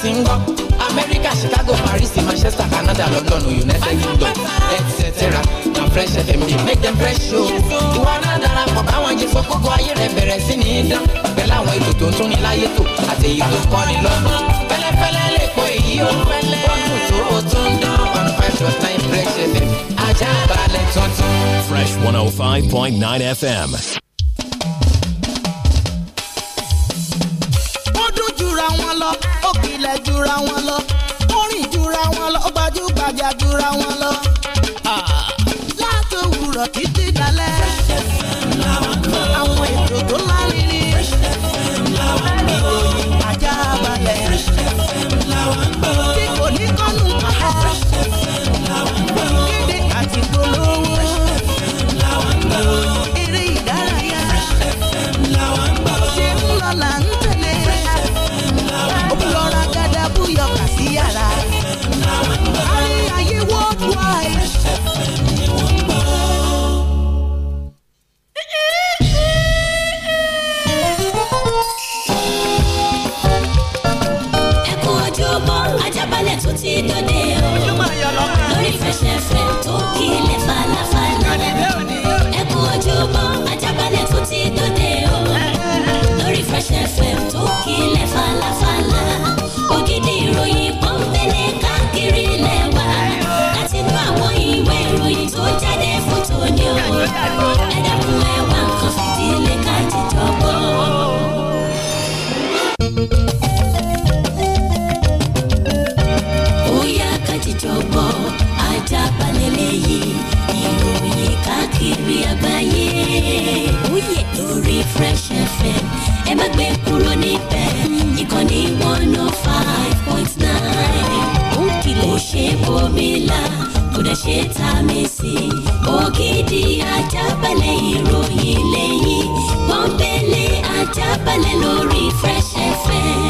ti ń gbọ́ America Chicago Paris Manchester Canada London United Kingdom etc na fresh fm dey make dem fresh o oh. ìwọ náà darapọ̀ báwọn jẹ sọ́kókó ayé rẹ̀ bẹ̀rẹ̀ sí ní dán pẹ̀lú àwọn ètò tó ń tún ní láyé tó àtẹ̀yí tó kọ́ ni lọ́gbọ́n fẹ́lẹ́fẹ́lẹ́ lè po èyí ó fẹ́lẹ́ bọ́ọ̀lù tó o tún dán one five dot nine fresh fm ajá balẹ̀ tuntun. fresh one oh five point nine fm ilẹ̀ jura wọn lọ orin jura wọn lọ gbajúgbajà jura wọn lọ. Ah, látòwúrọ̀ títí dalẹ́. lórí Fresh FM ẹ má gbé kúrò níbẹ̀ ìkànnì one oh five point nine ó kìlọ̀ ṣe bòmílà kò dẹ̀ ṣe tá a mi sí i ògidì ajábalẹ̀ ìròyìn lẹ́yìn pọ́npẹ́lẹ́ ajábalẹ̀ lórí Fresh FM.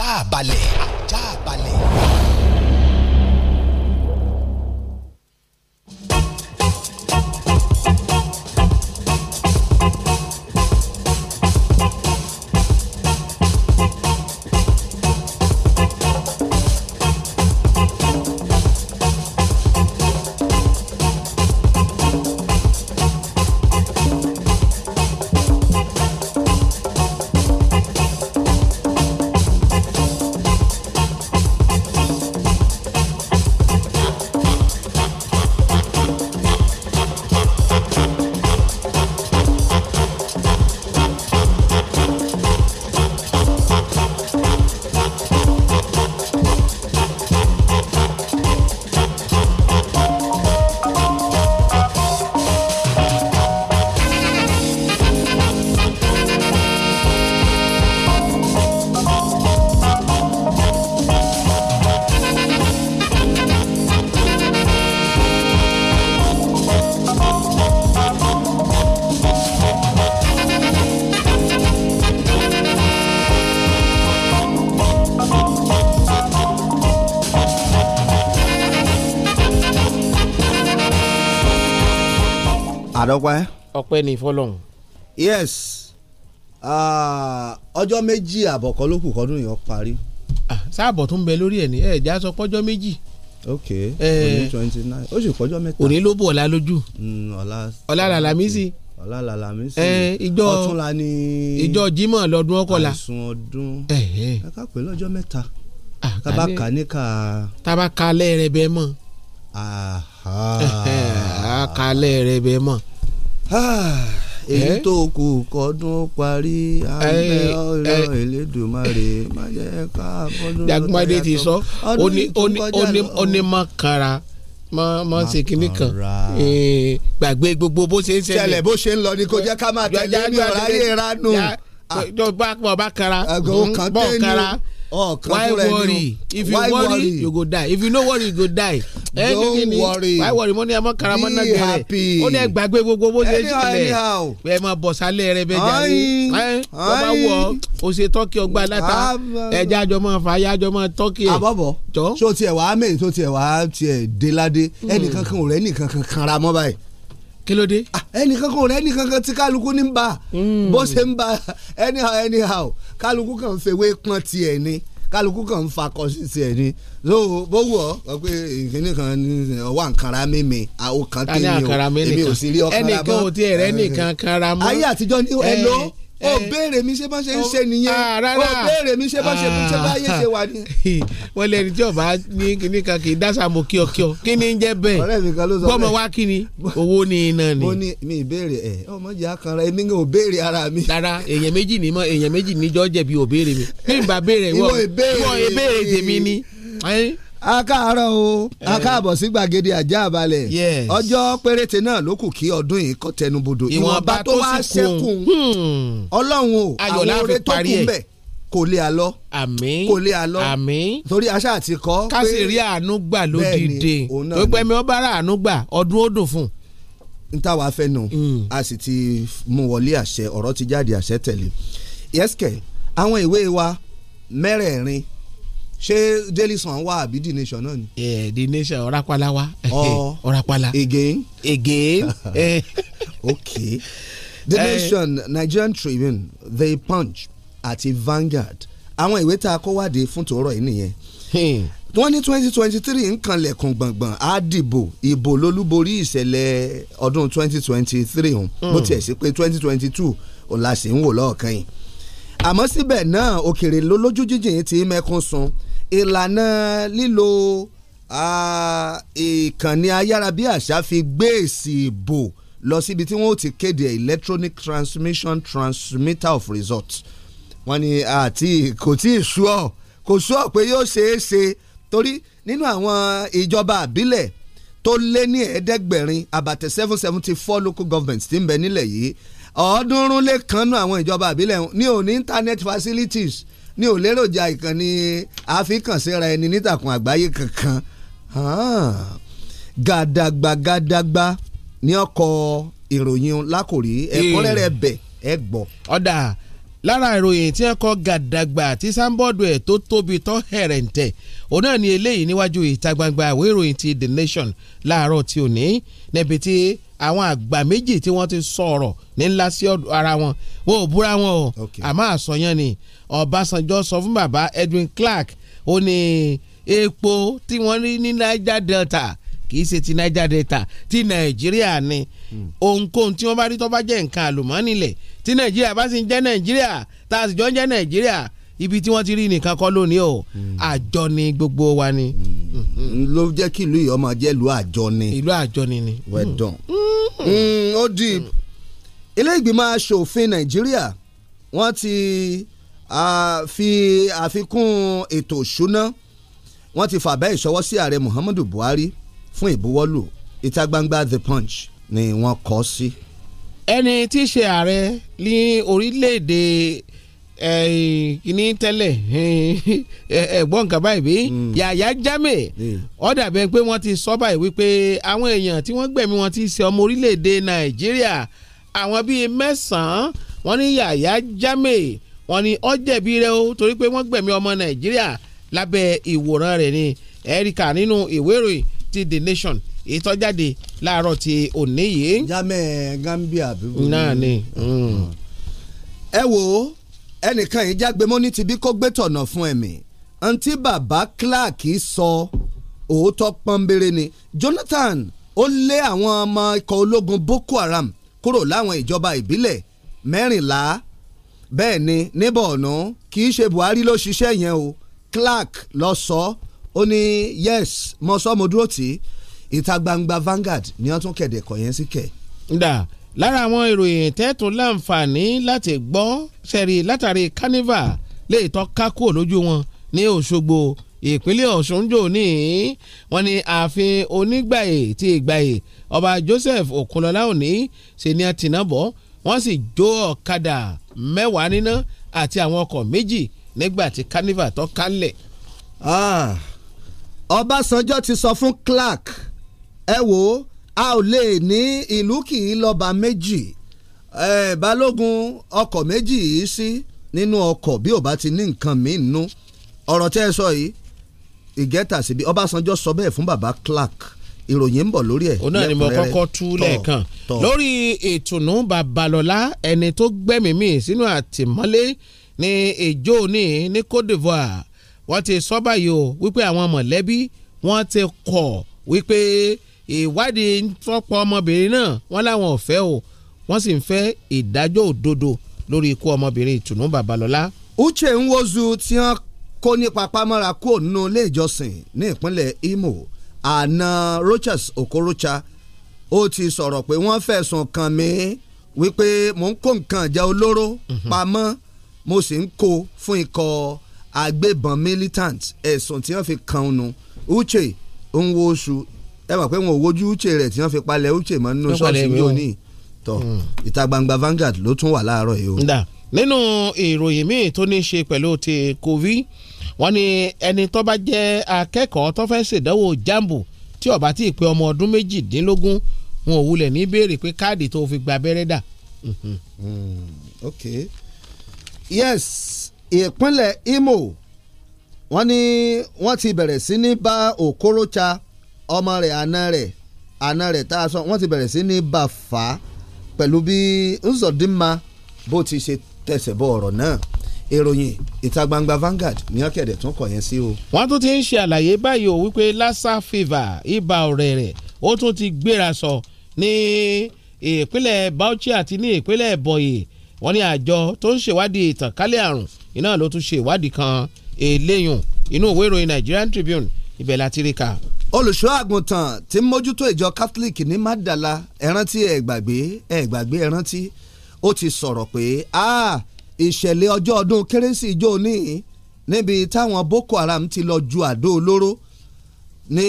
àjàbalẹ̀ àjàbalẹ̀. àdọ́pẹ́. ọpẹ́ ni fọlọ́hún. yes ah, ọjọ́ méjì àbọ̀kọ́ ló kù kọ́dún yẹn parí. sáàbọ̀ ah, tó ń bẹ lórí ẹ̀ ní ẹ̀ já sọ pọ́jọ́ méjì. ok òní twenty nine ó sì pọ́jọ́ mẹ́ta. òní ló bù ọ̀la lójú. Hmm, ọ̀la ọ̀la làlámísì. ọ̀la làlámísì. ìjọ ọ̀túnla ni ìjọ Jímọ̀ lọ́dún ọkọ̀la. àìsùn ọdún ẹ ká pè lọ́jọ́ mẹ́ta ah, tabaka níka. tabaka lẹ́rẹ̀ bẹ́ẹ̀ mọ̀. tabaka lẹ́rẹ̀ bẹ́ẹ̀ mọ̀. Ah, èyí eh? tó kù kọdún parí àmì eh, eh. ọ̀rọ̀ Elédùmarè má jẹ́ ká kọdún lọ́tẹ̀ lọ́tẹ̀ Jagunmade ti sọ ó ní má kara mọ mọ ṣe kinní kan gbàgbé gbogbo bó ṣe ń ṣẹlẹ̀ ṣẹlẹ̀ bó ṣe ń lọ ni kò jẹ́ ká máa tẹ̀lé ní ọ̀rá yẹra nù. bá kara bọ̀ kara ọkàn oh, why worry if you worry you go die if you no worry you go die. don't eh, worry why worry mo ní ẹmọ karamọ náà gẹrẹ ó ní gbàgbé gbogbo bó ṣe ṣẹlẹ̀ ẹ máa bọ̀ sálẹ̀ rẹ bẹ jáde ẹ wọ́n bá wọ̀ o ṣe tọ́kì ọgbà láta ẹja àjọ máa fà ayé àjọ máa tọ́kì ẹ̀. àbọ̀bọ̀ tó tiẹ̀ wàá mẹ́rin tó tiẹ̀ wàá tiẹ̀ déládé hmm. ẹnìkankan ò rẹ́ ẹnìkankan kanra mọ́ báyìí kí ló dé. Ah, ẹnìkan kò rẹ ẹnìkan kan tí kálukú ní bá hmm. bó ṣe ń bá anyhow anyhow kálukú kan fèwé pọ́n tiẹ̀ ni kálukú kan ń fa kọ sí tiẹ̀ ni so bó wù ọ́ ọ pé ìkíní kan ọwọ́ àǹkárá mímì àwọn kan tèmi o èmi ò sì rí ọkàn rà bọ́ ẹnìkan ò tiẹ̀ rẹ ẹnìkan kan ra mọ́ ayé àtijọ́ ni ẹ lọ. Eh, ah, ó béèrè mi ṣé bá ṣe ń ṣe nìyẹn ó béèrè mi ṣé bá ṣe ṣe bá yé ṣe wà ní. wọ́n lẹ́ni tí ọba ní kíní kan kì í dáṣà mọ́ kíọ̀kíọ̀ kí ni ń jẹ́ bẹ́ẹ̀ ọ̀rẹ́ mi kan ló sọ bẹ́ẹ̀ bọ́mọ wá kí ni owó ni iná ni. mo ní mi ìbéèrè ẹ eh, ọmọ jẹ akanra èmi ò béèrè ara mi. rárá èèyàn méjì ni mọ èèyàn méjì níjọ jẹ̀bi ò béèrè mi bí n bá béèrè wọ ìwọ ìbéèrè tèmi ni akáàárọ̀ o eh. akáàbọ̀ sí gbàgede ajá balẹ̀ ọjọ́ péréte náà ló kù kí ọdún yìí kọ́ tẹnubodò ìwọ̀nba tó wá ṣẹ́kùn hmm. ọlọ́run o àwọn oore tó kù mbẹ̀ kò lè àlọ́ àmín kò lè àlọ́ àmín torí aṣá àti kọ́ pé kásì rí àánú gbà lódìde tó pẹ́ mi ó bá ra àánú gbà ọdún ó dùn fún un n táwa fẹ́ nù hmm. a sì ti mú wọlé àṣẹ ọ̀rọ̀ ti jáde àṣẹ tẹ̀lé yẹ́sìkẹ̀ àwọn ìwé wa mẹ́rẹ̀ẹ̀rin ṣé Daily Sun wà àbí The Nation náà ni. ẹ eh, The Nation ọ̀rápálá wa eh, ọ̀rápálá. again again. Eh. okay The Nation Nigerian Tribune The Punch àti Vanguard àwọn ìwé tá a kó wádìí fún tòórọ̀ yìí nìyẹn hmm. wọ́n ní twenty twenty three nǹkan lẹ̀kùn gbọ̀ngbọ̀n á dìbò ìbò lolúborí ìṣẹ̀lẹ̀ ọdún twenty twenty three ọ̀hún hmm. bó tiẹ̀ sí pé twenty twenty two ò la sì ń wò lọ́ọ̀kan yìí àmọ́ síbẹ̀ náà òkèrè lolójú jíjìn ti mẹ́kún sun ìlànà lílo ìkànnì ayárabíàṣá fi gbé èsì ìbò lọ síbi tí wọ́n ti kéde electronic transmission transmitter of results wọ́n ní àti kò tí ì sú ọ kò sú ọ pé yóò ṣeé ṣe torí nínú àwọn ìjọba àbílẹ̀ tó lé ní ẹ̀ẹ́dẹ́gbẹ̀rin àbàtẹ̀ seven seventy four local governments tí ń bẹ nílẹ̀ yìí ọ̀ọ́dúnrún lé kan nú àwọn ìjọba àbílẹ̀ ní òní internet facilities ní ò léròjà ìkànnì àfikànsíra ẹni nítàkùn àgbáyé kankan gàdàgbà gàdàgbà ní ọkọ̀ ìròyìn lákòrí ẹ̀kúnrẹ́rẹ́ bẹ̀ ẹ̀ gbọ́. ọ̀dà lára ìròyìn tí wọ́n kọ gàdàgbà tí sáńbọ́ọ̀dù ẹ̀ tó tóbi tó hẹ̀rẹ̀ǹtẹ̀ òun náà ni eléyìí níwájú ìta gbangba ìwé ìròyìn ti The Nation láàárọ̀ tí ò ní níbi tí àwọn àgbà méjì tí wọ́n ti sọ̀rọ̀ ní ńlá sí ara wọn wọn ò búra wọn o àmọ́ àsọyàn ni Ọbásanjọ́ sọ fún bàbá Edwin Clark ó ní epo tí wọ́n rí ní Niger Delta kì í ṣe ti Niger Delta ti Nàìjíríà ni hmm. ohunkóhun tí wọ́n bá rí tó bá jẹ́ nǹkan àlùmọ́nì lẹ̀ tí Nàìjíríà bá sì ń jẹ́ Nàìjíríà tá a sì jọ ń jẹ́ Nàìjíríà ibi tí wọ́n ti rí nìkan kọ́ lónìí o hmm. àjọ ni gbogbo wa ni. Hmm. ló jẹ́ kí ìlú ìyọ́mọ jẹ́ ìlú àjọ ni. ìlú àjọ ni ni. wẹ́ẹ̀ dán. Hmm, ó deep ilé ìgbìmọ̀ asòfin nàìjíríà wọ́n ti fi àfikún ètò òṣùná wọ́n ti fàbẹ́ ìṣọwọ́ sí ààrẹ muhammadu buhari fún ìbuwọ́lù ìta gbangba the punch ni wọ́n kọ sí. ẹni tí í ṣe ààrẹ ní orílẹ̀-èdè kìíní tẹ́lẹ̀ ẹ̀gbọ́n nǹkan báyìí bí hmm. yàyà jámẹ̀ ọ̀dà bẹ́ẹ̀ pé wọ́n ti sọ báyìí wípé àwọn èèyàn tí wọ́n gbẹ̀mí wọn ti ṣe ọmọ orílẹ̀-èdè nàìjíríà àwọn bíi mẹ́sàn-án wọ́n ní yàyà jámẹ̀ wọ́n ní ó jẹ̀bi rẹ̀ o torí pé wọ́n gbẹ̀mí ọmọ nàìjíríà lábẹ́ ìwòran rẹ̀ ni erika nínú ìwé ìròyìn ti the nation ìtọ́jáde láàárọ̀ ti òní yìí. jámẹ́ Gambia bíbélì. náà ni. Hmm. Hmm. ẹ wo ẹnìkan yìí jágbe mọ́ ní tibí kó gbé tọ̀nà fún ẹ̀mí àǹtí bàbá Clark sọ òótọ́ pọ́nbéré ni Jonathan ó lé àwọn ọmọ ikọ̀ ológun Boko Haram kúrò láwọn ìjọba ìbílẹ̀ mẹ́rìnlá bẹ́ẹ̀ ni ní Borno kì í ṣe Buhari ló ṣiṣẹ́ yẹn o Clark lọ sọ ó ní yes mo sọ mo dúró tì í ìta gbangba Vanguard ni wọ́n tún kẹ̀dẹ̀ yẹn sí kẹ̀ lára àwọn ìròyìn tẹ́tùn láǹfààní láti gbọ́ sẹ́rí látàrí kánífà lè tọ́ ká kúrò lójú wọn ní Òṣogbo ìpínlẹ̀ Ọ̀ṣun jò ní wọn ni ààfin onígbàyè ti ìgbàyè ọba Joseph Òkúnlọ́lá òní ṣe ni a ti náà bọ́ wọ́n sì jó ọ̀kadà mẹ́wàá níná àti àwọn ọkọ̀ méjì nígbà tí kánífà tó kálẹ̀. Ah, Ọbásanjọ́ ti sọ fún Clark ẹ wò ó a ò lè ní ìlú kì í lọ́ba méjì balógun ọkọ̀ méjì yìí sí nínú ọkọ̀ bí ò bá ti ní nǹkan míì nú ọ̀rọ̀ tẹ́ ẹ sọ yìí ìgẹ́ta síbi Ọbásanjọ́ sọ bẹ́ẹ̀ fún baba Clark ìròyìn ń bọ̀ lórí ẹ̀. òun náà ni mo kọ́kọ́ tú lẹ́ẹ̀kan lórí ìtùnú Babalọ́lá ẹni tó gbẹ́mìí sínú àtìmọ́lé ní ìjó ní ní Côte d'Ivoire wọ́n ti sọ báyìí o wípé àwọn mọ̀lẹ́bí wọ́n ti kọ̀ Wípé ìwádìí tọ́pọ̀ ọmọbìnrin náà wọ́n láwọn ò fẹ́ o wọ́n sì ń fẹ́ ìdájọ́ òdodo lórí ikú ọmọbìnrin ìtùnú babalọ́lá. uche nwozu tí wọ́n kó nípa pamọ́ra kúrò nínú ilé ìjọsìn ní ìpínlẹ̀ imo àna rochas okorocha ó ti sọ̀rọ̀ pé wọ́n fẹ̀sùn kàn mí wípé mò ń kó nǹkan ìjà olóró mhm. pamọ́ mo sì ń kó fún ikọ̀ agbébọn militant ẹ̀sùn tí wọ́n fi kàn ún nu uche nwozu ẹ mọ̀ pé wọn ò wojú uche rẹ̀ tí wọ́n fi palẹ̀ uche mọ́ nínú ṣọ́ọ̀ṣì yóò ní tọ̀ hmm. ìta gbangba Vanguard ló tún wà láàárọ̀ yìí o. nínú ìròyìn míì tó ní í ṣe pẹ̀lú ti covid wọ́n ní ẹni tó bá jẹ́ akẹ́kọ̀ọ́ tó fẹ́ ṣèdánwò jambu tí ó bá ti pé ọmọ ọdún méjìdínlógún wọn ò wulẹ̀ ní béèrè pé káàdì tó fi gba abẹ́rẹ́ dà. Hmm, ok yes ìpínlẹ̀ Imo wọ́n ní wọ́n ti bẹ̀rẹ̀ sí ní bá Okorocha ọmọ rẹ̀ àna rẹ̀ àna rẹ̀ tá a sọ wọ́n ti bẹ̀rẹ̀ sí ní bàfà pẹ̀lú bí Uzodinma bó ti ṣe tẹ̀sẹ̀ bọ ọ̀rọ̀ náà ìròyìn ìta gbangba Vanguard ní ọ̀kẹ́dẹ̀ tún kọ̀ yẹn sí o. wọ́n tún ti ń ṣe àlàyé báyìí o wípé lassa fever ibà ọ̀rẹ́ rẹ̀ ó tún ti gbéra sọ ní ìpínlẹ̀ Bauchi àti ní ìpínlẹ̀ Bọ̀yè wọ́n ní àjọ tó ń ṣèwádìí ìtànkálẹ̀ àrùn iná ló tún ṣe ìwádìí kan eléyùn inú ìwé ìròyìn Nigerian Tribune ibẹ̀ láti rí ka olùṣọ́ àgùntàn tí ń mójútó ìjọ catholic ní madala ẹ̀rántí ẹ̀gbàgbé ẹ̀gbàgbé ẹ̀rántí ó ti sọ̀rọ̀ pé ìṣẹ̀lẹ̀ ọjọ́ ọdún kérésì ìjọ òní níbi táwọn boko haram ti lọ ju àdó olóró ní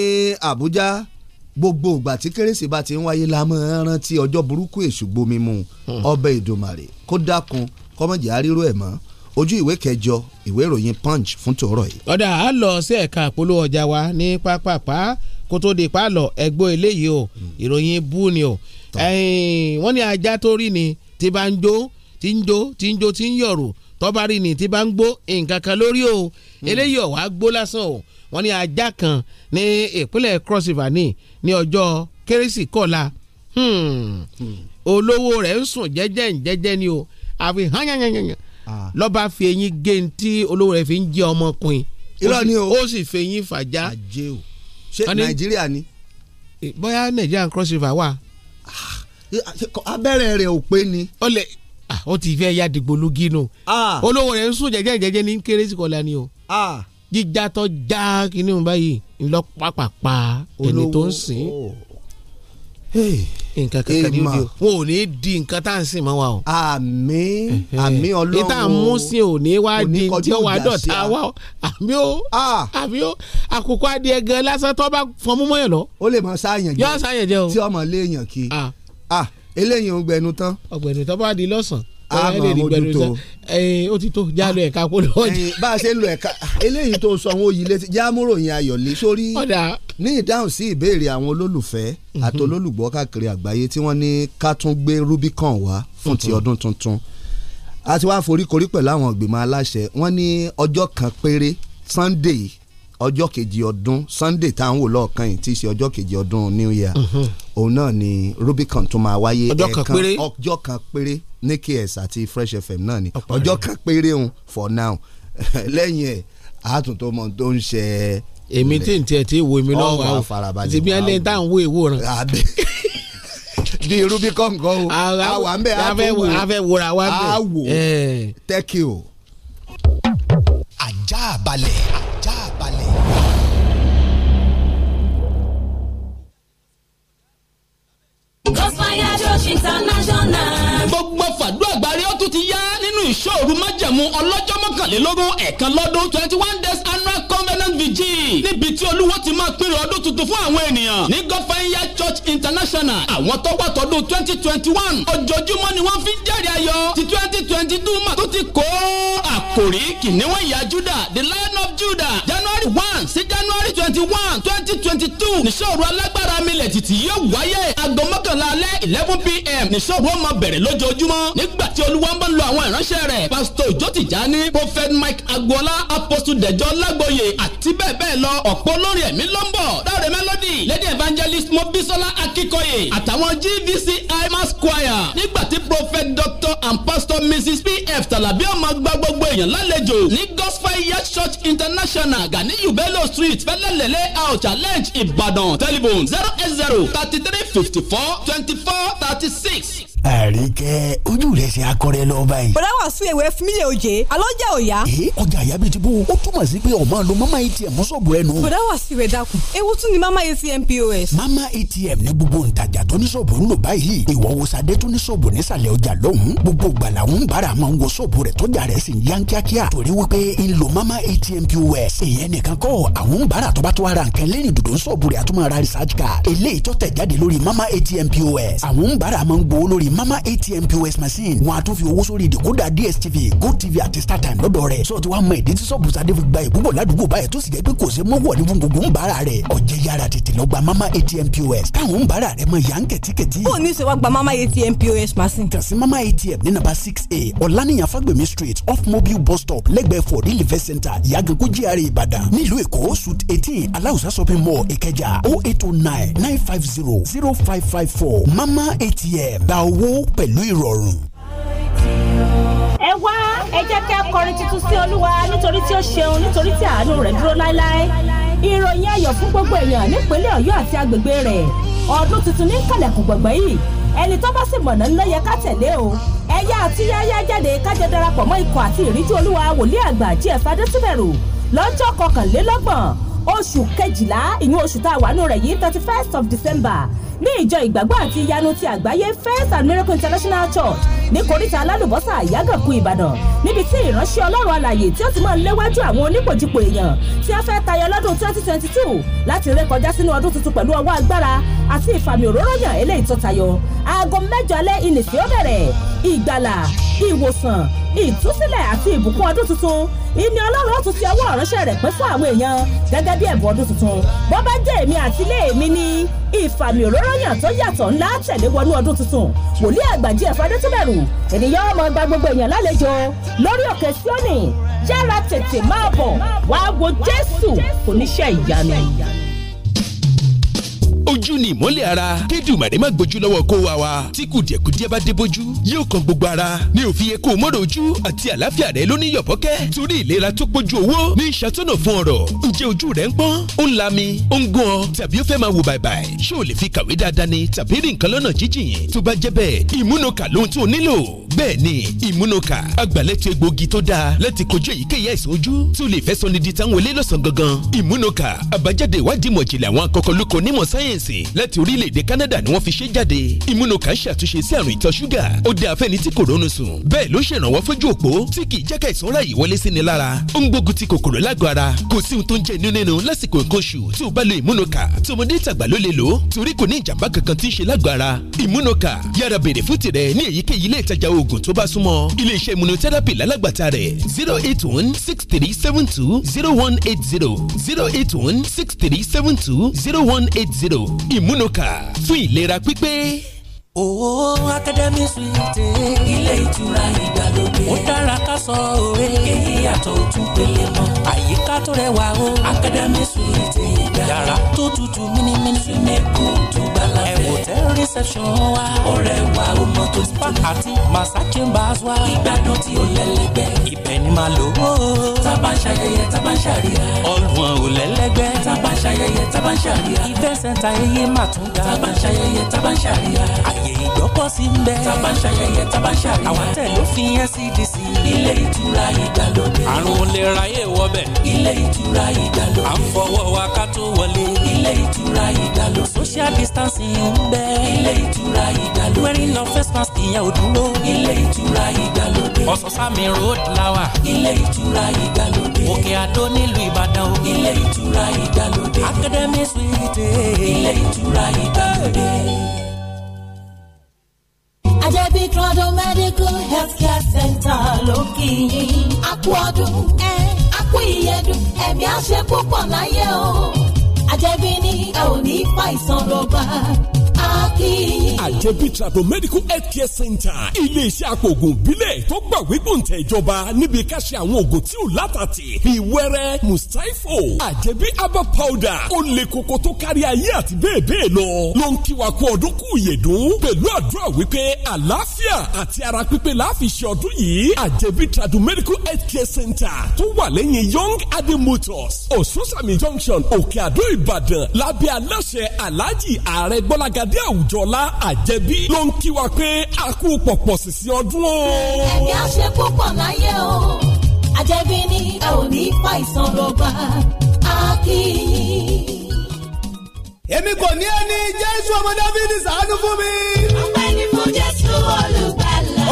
àbújá gbogbo ìgbà tí kérésì bá ti ń wáyé la mọ̀ rántí ọjọ́ burúkú èṣù gbomi mu hmm. ọbẹ̀ ìdòmàrè kó dákun kọ́mọ̀jì aríró ẹ̀ mọ́ ojú ìwé kẹjọ ìwé ìròyìn punch fún tòórọ̀ yìí. ọ̀dà á lọ sí ẹ̀ka àpolówó ọjà wa ní pápápá kó tó di pálọ̀ ẹgbọ́ eléyìí o hmm. ìròyìn bú ni o wọ́n ní ajá tó rí ni tí bá ń jó tí ń jó tí ń jó tí ń yọ̀rù tọ́ba rí ni tí bá ń gbó nǹkan kan lórí o hmm. eléyìí ọ̀wá gbó lásán o wọ́n ní ajá kan ní ìpínlẹ̀ cross river ní ní ọjọ́ kérésì kọ́la hmm. olówó rẹ̀ ń sùn jẹ́jẹ́ ń jẹ́jẹ́ ni o àfi hán lọ́ba fi eyín gé ní tí olówó rẹ̀ fi ń jẹ́ ọmọkùnrin irọ́ ni o ó sì fi eyín fàjá. àjẹ o ṣé nàìjíríà ni. Eh, bóyá nàìjíríà cross river wà. Ah, abẹ́rẹ́ rẹ̀ ò pé ni. ó lè ah, ó ti fẹ́ ya dìgbòlugi nù. Ah. olówó rẹ̀ ń sùn jẹ́jẹ́ jẹ́jẹ́ ní kérésì kọ́lá ni o. jíjá tó já kínní báyìí ńlọ pàpàpà ẹni tó ń sìn nǹkan kankan ni ó di o wọn ò ní di nǹkan tá à ń sìn mọ́ wa o. àmín àmín ọlọ́run ìta àmúsìn ò ní wá di tí ó wà dọ̀tá wa o àmín o àmín o àkókò adìẹ gan lásán tó bá fọmú mọ́yàn lọ. ó lè mọ sáyàn jẹ yọ sáyàn jẹ o tí ọmọ lè yàn kí eléyìí ò gbẹnu tán. ọgbẹnu tán bá di lọ́sàn-án àmọ́ mójútó ó ti tó já lọ ẹ̀ka kó lọ́ọ́ jù. bá a ṣe ń lo ẹ̀ka eléyìí tó sọ wọn òyì létí já múròyìn ayọ̀lé sórí ní ìdáhùn sí ìbéèrè àwọn olólùfẹ́ mhm. àti olólùgbọ́ káàkiri àgbáyé tí wọ́n ní ká tún gbé Rubicon wá fún ti ọdún tuntun a ti wá foríkorí pẹ̀lú àwọn ìgbìmọ̀ aláṣẹ wọ́n ní ọjọ́ kan péré Sunday ọjọ́ kejì ọdún sunday tá à ń wò lọ́ọ̀kan yìí tí í ṣe ọjọ́ kejì ọdún new year mhm. òun náà ni rubicon tó máa wáyé ẹ̀ẹ̀kan ọjọ́ kan péré ní KS àti Fresh FM náà ni ọjọ́ kan péré òun for now lẹ́yìn ẹ̀ àtúntò mọ̀ tó ń ṣe é èmi tí n tiẹ̀ ti wo èmi lọ́wọ́ àwọn farabalẹ̀ ti bí ẹ lẹ́yìn tá à ń wo èwo ràn. di irú bí kọ̀ǹkọ̀ o àwa ń bẹ̀ á tó wò á fẹ́ wòra wa bẹ̀ á wò tẹ́kì o. ajá balẹ̀ ajá balẹ̀. Crossfire Church International gbogbo fàdúrà gbárí ó tún ti yá nínú ìṣòro májẹ̀mú ọlọ́jọ́ mọ́kànlélógún ẹ̀kan lọ́dún twenty one days annual Christian Vigil níbi tí olúwo ti máa pinnu ọdún tuntun fún àwọn ènìyàn ní Godfire Church International àwọn tọ́gbà tọdún twenty twenty one ojoojúmọ́ ni wọ́n fi ń jẹ́rìí ayọ̀ ti twenty twenty two mà tó ti kó àkòrí kìnìún ìyá Judah the Lion of Judah January one sí January twenty one twenty twenty two níṣòro alágbára milẹ̀ títí yóò wáyé aago alẹ́ eleven pm níṣòro ó máa bẹ̀rẹ̀ lójoojúmọ́ nígbà tí olúwa ń bá lo àwọn ìránṣẹ́ rẹ̀ pásítọ̀ Òjó Tìjání prophet Mike Agboola apostle Dẹjọ́ Lágbóyè àti àti bẹ́ẹ̀ bẹ́ẹ̀ lọ ọ̀pọ̀ olórin ẹ̀mí ló dáre melody lady evangelist mobisola akikoye àtàwọn gvc ima choir nígbàtí prophet doctor and pastor mrs pf tàlàbí ọmọ gba gbogbo èèyàn lálejò ní gospel yacht church international gani yubelo street fẹlẹlẹlẹ out challenge ìbàdàn telephone zero eight zero thirty three fifty four twenty four thirty six àríkẹ́ ojú rẹ̀ ṣe akọrẹ lọ báyìí. bọ̀dá wà sún ewé fún oje alọ́ jẹ́ òya. ee ọjà àyà bíi ti bó o túmọ̀ sí pé ọmọ lo mama atm sọ̀bù ẹnu. bọ̀dá wà sí ìwé dàkún ewu tún ni mama atm pos. mama atm ní gbogbo ntajà tó ní sọ̀bù ń lò báyìí ìwọ wo sadé tó ní sọ̀bù nísàlẹ̀ ọjà lọ́hùn gbogbo gbala ń bára máa ń wo sọ̀bù rẹ̀ tọ́jà rẹ̀ sì ń yan kíákíá mama atm pos èèyàn nìkan kọ́ àwọn bára tó bá tó ara nǹkan lẹ́yìn dòdò ń sọ̀bù rẹ̀ àtúmọ̀ ara research card mama atm pos àwọn bára máa mama atm pos machine wọn a tún fi owó sórí ìdìkúdà dstv gotv àti startime lọ́dọ̀ rẹ̀ sọ ti wá mọ ìdí tí sọ́ọ̀bù sadé fi gba ìbúbọ̀ ládùúgbò báyìí tó sì jẹ́ pé kò sí mọ́wọ́ ní gbogbo ń bára rẹ̀ ọ̀jẹ̀ yára tètè lọ gba mama atm pos táwọn ń bára rẹ̀ mọ yà ń kẹ̀tíkẹ̀tí. ó ní sèwá gba mama atm pos machine. kàn sí mama atm ní nàbà six a ọ̀lànìyàn fagbemi street off mobile bus stop lẹ́gbẹ̀ẹ́ for real event center ìyàgànkú gr ìbàdàn nílùú èkó suit eighteen aláùsá shopping mall ìkẹjà o oh eight o oh nine nine five zero zero five five four mama atm gba owó lówó pẹ̀lú ìrọ̀rùn. ẹ wá ẹ jẹ́ kí a kọrin tuntun sí olúwa nítorí tí ó ṣeun nítorí tí àánú rẹ̀ dúró láéláé ìròyìn ayọ̀ fún gbogbo èèyàn nípínlẹ̀ ọ̀yọ́ àti agbègbè rẹ̀ ọdún tuntun ní kàlẹ̀kùn gbọ̀ngbẹ́ yìí ẹni tó bá sì mọ̀nà ńlọ yẹ ká tẹ̀lé o ẹ̀yà àti yáyá jáde kájọ darapọ̀ mọ́ ikọ̀ àti ìríjú olúwa wòlíì àgbà jíẹ̀fà dẹ́tìbẹ̀rù lọ́jọ́ kọkànlélọ́gbọ̀n oṣù kejìlá ìyún oṣù tá a wà nù rẹ̀ yìí thirty first of December ní ìjọ ìgbàgbọ́ àti ìyanu ti àgbáyé First and Miracle International Church ní koríta alálùbọ́sà àyágànkù Ìbàdàn níbi tí ìránṣẹ́ Ọlọ́run alàyè tí ó ti máa ń léwájú àwọn onípòjìpò èèyàn tí a fẹ́ tayọ lọ́dún 2022 láti rékọjá sínú ọdún tuntun pẹ̀lú ọwọ́ agbára àti ìfàmì òróró yàn eléyìí tó tayọ aago mẹ́jọ alẹ́ ìnìsí ó bẹ̀rẹ̀ ìgbàlà ìwòsàn ìtúsílẹ̀ àti ìbùkún ọdún tuntun ìní ọlọ́run ó tún fi ọwọ́ ìránṣẹ́ rẹ̀ pín fún àwọn èèyàn gẹ́gẹ́ bí ẹ̀bùn ọdún tuntun bó bá jẹ́ èmi àti ilé mi ní ìfàmì òróró yàn tó yàtọ̀ ńlá tẹ̀lé wọnú ọdún tuntun wòlíì àgbàjì ẹ̀fọ́dé tó bẹ̀rù ènìyàn ọmọ gba gbogbo èèyàn lálejò lórí òkè Síónì yára tètè máa bọ̀ wàá wo Jésù oníṣẹ́ ìyanu ojú ni ìmọ́lẹ̀ ara kédùmàrè má gbójú lọ́wọ́ kó wa wa tí kùdìẹ̀kùdìẹ̀ bá dé bójú yóò kan gbogbo ara ní òfin yẹ kó o mọ́rọ̀ ojú àti àlàáfíà rẹ ló ní yọ̀bọ́kẹ́ torí ìlera tó pójú owó ní ìṣàtọ̀nà fún ọ̀rọ̀ ǹjẹ́ ojú rẹ ń pọ́n ó ń lami ó ń gún ọ tàbí ó fẹ́ máa wò bàìbàì ṣé o lè fi kàwé dáadáa ni tàbí rìn kan lọ́nà jíjìn tó bá jẹ́ bẹ́ẹ̀ ìmúnukà lóhun tó nílò bẹ́ẹ̀ ni ìmúnukà agbálẹ́tọ̀ egbòogi tó dáa láti kojú èyíkéyìí àìsàn ojú tí o lè fẹ́ sọ ní di táwọn olé lọ́sàn gangan ìmúnukà àbájáde ìwádìí ìmọ̀jìnlẹ̀ àwọn akọkọlùkọ onímọ̀ sáyẹn sáyẹ̀nsì láti orílẹ̀-èdè Canada ni wọ́n fi ṣe jáde ìmúnukà ṣàtúnṣe sí àrùn ìtọ̀ ṣúgà ó dá afẹ́ni tí kò rónú sùn bẹ́ẹ̀ ló ṣèrànwọ́ fójú òpó tí kì í jẹ́ ká ìsàn ráàyè wọlé sí ni lára ó ń gbógun ti kòkòrò lágọ̀ọ́ ara kò sí ohun tó ń jẹ́ inú nínú lásìkò nǹkan oṣù tí o bá lo ìmúnukà tọmọdé tàgbà ló lè lò ó torí kò ní ìjàmbá kankan tí ń ṣe lágọ̀ọ́ ara zero eight one six three seven two zero one eight zero zero eight one six three seven two zero one eight zero o ìmúnuka fún ìlera pípé. Owó Akademi Suite. Ilé ìtura ìgbàlódé. Ó dára ká sọ òwe. Èyí yàtọ̀ òtún pélé mọ́. Àyíká tó rẹwà o. Akademi Suite. Yàrá tó tutù mímímí. Súnmẹ́kù tó gbàlá hòtẹ́ẹ̀lì reception wa. ọ̀rẹ́ wa ó mọ tó ti tó. spa àti massa chambers wa. ìgbádùn tí ó lẹ́lẹ́gbẹ́. ibẹ̀ ni màá lò ó. tábà ń ṣayẹyẹ tábà ń ṣàríyá. ọ̀gbun ò lẹ́lẹ́gbẹ́. tábà ń ṣayẹyẹ tábà ń ṣàríyá. event center eye máa tún ga. tábà ń ṣayẹyẹ tábà ń ṣàríyá. àyè ìgbọ́kọ̀ sí ń bẹ. tábà ń ṣayẹyẹ tábà ń ṣàríyá. àwọn tẹ̀ ló fi NCDC. ilé ìtura ìgbàlódé. àrùn olè ráyè wọbẹ̀. ilé ìtura ìgbàlódé. à ń fọwọ́ wa ká tó wọlé. ilé ìtura ìgbàlódé social distancing ń bẹ. ilé ìtura ìgbàlódé. wearing of face mask ìyẹn ò dúró. ilé ìtura ìgbàlódé. ọ̀sán road lawa. ilé ìtura ìgbàlódé. òkè àdó nílùú ìbàdàn o. ilé ìtura ìgbàlódé. academy suite. ilé ìtura ìgbàlódé. Ajẹ́bí Trọ́dọ̀ Medical Healthcare Center ló kì í. A kú ọdún ẹ̀ a kú ìyẹ́dùn ẹ̀mí àṣẹ púpọ̀ láyé o àjẹbí ni a ò ní pa ìsanrọba àjẹbí trado medical health care center iléeṣẹ́ àpògùn ìbílẹ̀ tó gbà wígbòǹtẹ̀ ìjọba níbi ká ṣe àwọn oògùn tí ò látàtì bíi wẹ́rẹ́ mustapho àjẹbí herbal powder ó lè koko tó kárí ayé àti bẹ́ẹ̀ bẹ́ẹ̀ lọ ló ń kíwa kú ọdún kú ìyèdún pẹ̀lú àdúrà wípé àlàáfíà àti ara pípé láàfin ṣe ọdún yìí àjẹbí trado medical health care center tó wà lẹ́yìn young adé motors ososami junction òkè àdó ìbàdàn lábẹ́ aláṣẹ aláàjì ààrẹ gbọ́lágadé Adé Àwùjọlá àjẹbí ló ń kí wa pé a kú pọ̀pọ̀ sísí ọdún o. ẹ̀yà ṣe púpọ̀ láyé o àjẹbí ni ẹ ò ní fa ìsan rọgbà á kì í. èmi kò ní ẹni Jésù ọmọ Dáfídì ṣàánú fún mi. ọpẹ́ ni fún Jésù olùgbà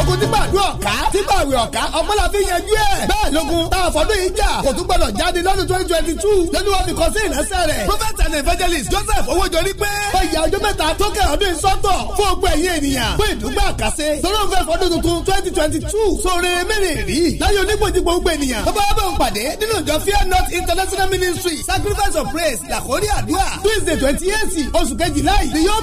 ogun tí gbàdúrà ọ̀ká tí gbàwé ọ̀ká ọ̀pọ̀lá fi yanjú ẹ̀. bẹ́ẹ̀ lógun tá a fọdún yìí jà kò tún gbọdọ̀ jáde lọ́dún twenty twenty two lẹ́nu wọn fi kọ́ sí ìrẹsẹ̀ rẹ̀. prophet and evangelist joseph owójorí pé. ó yà ọjọ́ mẹ́ta tó kẹ́ ọdún sọ́tọ̀ fún ogun ẹ̀yìn ènìyàn fún ìdúgbà àkàṣe. torí òun fẹ́ fọdún tuntun twenty twenty two sóore mẹ́rẹ̀ẹ̀rì láyé onígbòjìgbò gbogbo ènìyàn. bàbá bá òun pàdé nínú ìjọ fear not international ministry sacrifice of praise làkórí àdúrà tuesday twenty eight oṣù kejìlá yìí ni yóò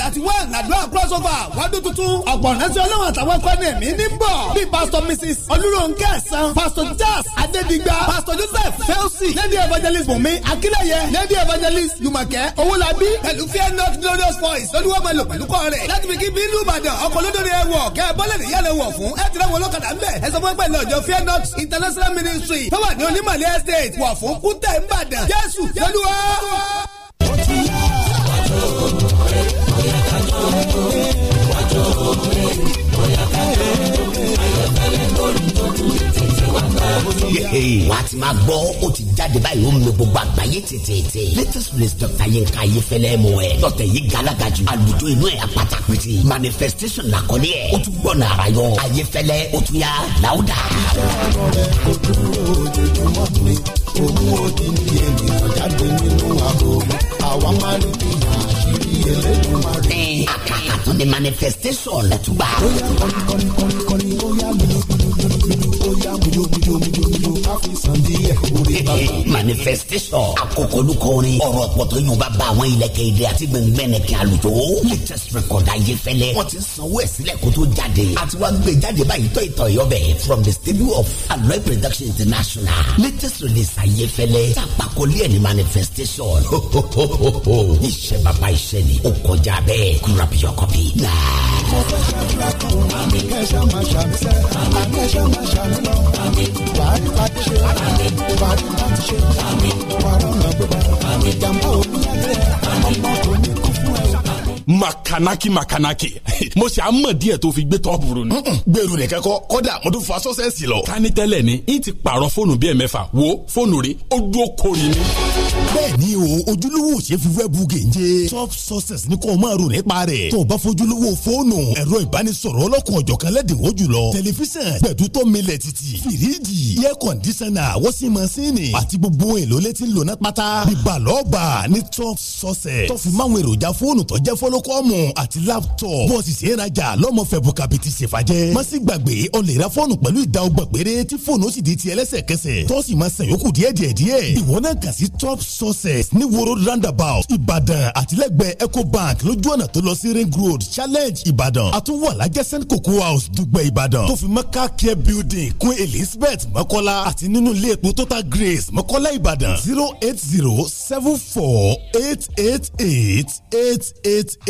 thirty one làdúrà crossover wádùn tuntun ọ̀pọ̀nẹ́sí ọlọ́run àtàwọn ẹ̀kọ́ ní ẹ̀mí ní bọ̀ bí pastor mrs olúrónkẹ́ ẹ̀sán pastor jazz adédigba pastor joseph felsi lady evangelist bùnmi akínlẹ̀yẹ lady evangelist jùmọ̀kẹ́ owólabí pẹ̀lú fear not glorious voice lọ́dúnwọ́ máa lò pẹ̀lú kọ́ rẹ̀ láti fi kí bí ìlú ìbàdàn ọkọ̀ lódòdó ẹ̀wọ̀ kẹ́ ẹ bọ́lẹ̀ níyàlẹ̀ wọ̀ fún ẹ̀ tẹ̀lé wọn olókàdá ńbẹ̀ ẹ̀ sọ fún pẹ̀lú ọjọ́ fear not international ministry tó wà ní onímọ̀lẹ́ estate wọ̀ fún kútẹ́ ńbàdàn jésù lọ́dúnwọ́. ó ti yá àtọ̀ bóyá kájọ òjò wájọ òwe bóyá kájọ òjò ayọ̀kẹ́lẹ́ lórí lójú tètè wá gbà òjò. wà ti jáde báyìí ó mi gbogbo àgbáyé tètè. latest release Dr. Yinka Ayefẹ́lẹ́ mu ẹ̀ lọ́tẹ̀ yìí galaga jù àlùjọ inú ẹ̀ apata pété manifestation làkọ́lé ẹ̀ ó tún gbọ́ nàrà yọ Ayefẹ́lẹ́ ó tún yà láwùdà. òun ò dín ní ènìyàn jáde nínú àbò àwa máa ń bìyànjú the manifestation to ó manifestation akokolukọ orin ọ̀rọ̀ pọ̀tọ́ yóò bá bá àwọn ilẹ̀kẹ̀ èdè àti gbẹ̀ngbẹ̀nẹ̀kẹ̀ àlùjọ. latest record ayé fẹ́lẹ́ wọ́n ti sanwó ẹ̀ sílẹ̀ kó tó jáde àti wàá gbé jáde báyìí tọ́ ìtọ̀ ìyọ́bẹ̀ from the studio of aloe production international latest release ayé fẹ́lẹ́ tàpákọ́lé ẹ̀ ní manifestation. iṣẹ́ bàbá iṣẹ́ ni ó kọjá bẹ́ẹ̀ grab your copy now. àmì ṣe wàhálà láti ṣe wàhálà gbogbo àrùn ìjàmbá òbí lábẹ́ ọmọ tó ní kọ́ makanaki makanaki mo ṣe àmọ̀ díẹ̀ tó fi gbé tọ́pù rò ni. gbèrú nìkan kọ kọ́dà mo tún fa sọ́sẹ́sì lọ. kání tẹ́lẹ̀ ni n ti pààrọ̀ fóònù bíi ẹ̀mẹ́fà wo fóònù rí ó dúró ni. bẹ́ẹ̀ni o ojúlówó ṣe fi wẹẹbù gèje top success ni kò máa rò nípa rẹ̀ tó o bá fojúlówó fóònù ẹ̀rọ ìbánisọ̀rọ̀ ọlọ́kùn ọ̀jọ̀kan lẹ́dínwó jùlọ tẹlifíṣàn gbẹdutọ milẹ titi firiji air conditioner wọ́sí masini àti gbogbo èlò létí lónà pátá bíbalọ́ọ̀bà ní top success tó fi máwọn èròjà fóònù tó jẹ́ fọlọ́ prókọ́mù àti láptọ̀pù bọ́ọ̀sì ṣe é rajà lọ́mọ fẹ̀bù kàbìtì ṣèfàjẹ́ má sì gbàgbé ọ lè ra fọ́ọ̀nù pẹ̀lú ìdá ọgbà péré tí fóònù ó sì di ti ẹlẹ́sẹ̀kẹsẹ̀ tọ́sí máa ṣàn yòókù díẹ̀díẹ̀ díẹ̀ ìwọ náà kà sí top sources ní woro roundabout ìbàdàn àtìlẹ́gbẹ̀ẹ́ bank, lójú ọ̀nà tó lọ sí ring road challenge ìbàdàn àtúwọ̀ alájẹsẹ́ni cocoa house dùgbẹ̀ ìbàdàn tó fi mẹ́ka care building kún elizabeth mọ́kọ́lá àti nínú ilé epo total grace mọ́kọ́lá ìbàdàn zero eight zero seven four eight eight eight eight eight eight.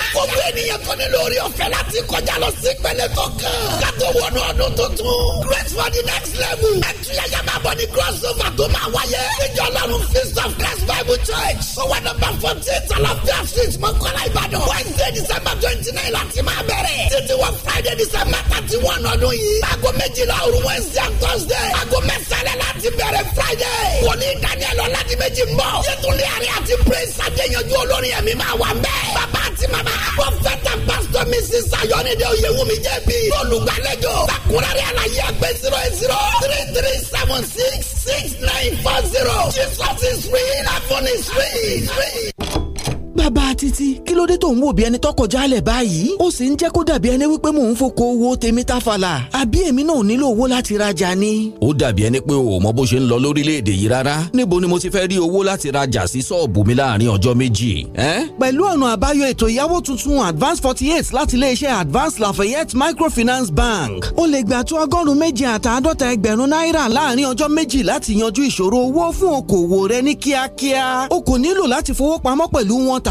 kó fún ènìyàn tó nílò orí ọ̀fẹ́ láti kọjá lọ sí ìpele tó kátó wọnú ọdún tuntun. grace for the next level. ẹtú yẹyẹ máa bọ̀ ní crossover tó máa wáyé. níjọ́ ọlọ́run feast of grace bible church. owó nọ́mbà fourteen talafia street mọ́kànlá ìbàdàn. wednesday december twenty nine láti máa bẹ̀rẹ̀. títí wọ friday december thirty one ọdún yìí. aago méjìlá òru wednesday and thursday. aago mẹ́sàn láti bẹ̀rẹ̀ friday. wòlíì daniel ọ̀làdìmẹ́jì prophet and pastor mrs ayọ̀nidé oyèwùmí jẹ́bi olùgbàlejò takurari àlàyé ẹgbẹ́ zero eight zero three three seven six six nine four zero jesus is real heaven is real bàbá Titi. kí ló dé tó ń wò bí ẹni tọkọ jálẹ̀ báyìí ó sì ń jẹ́ kó dàbí ẹni wípé mò ń foko owó tèmi tàfàlà àbí èmi náà nílò owó láti rajà ni. ó dàbí ẹni pé o ò mọ bó ṣe ń lọ lórílẹ̀‐èdè yìí rárá níbo ni mo ti fẹ́ rí owó láti rajà sí ṣọ́ọ̀bù mi láàrin ọjọ́ méjì. pẹ̀lú ọ̀nà àbáyọ ètò ìyàwó tuntun advance forty eight láti iléeṣẹ́ advance lafayette microfinance bank ó lè gbà tó ọgọ́rùn-ún méje àtàádọ́ta ẹgbẹ̀rún náírà láàrin ọjọ́ méjì láti yanjú ìṣòro owó fún okòwò rẹ ní kíákíá o kò nílò láti fowó pamọ́ pẹ̀lú wọn t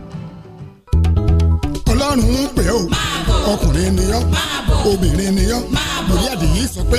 ọlọ́run ń pè ó ọkùnrin ni ọ́ obìnrin ni ọ́ lórí àdìyí sọ pé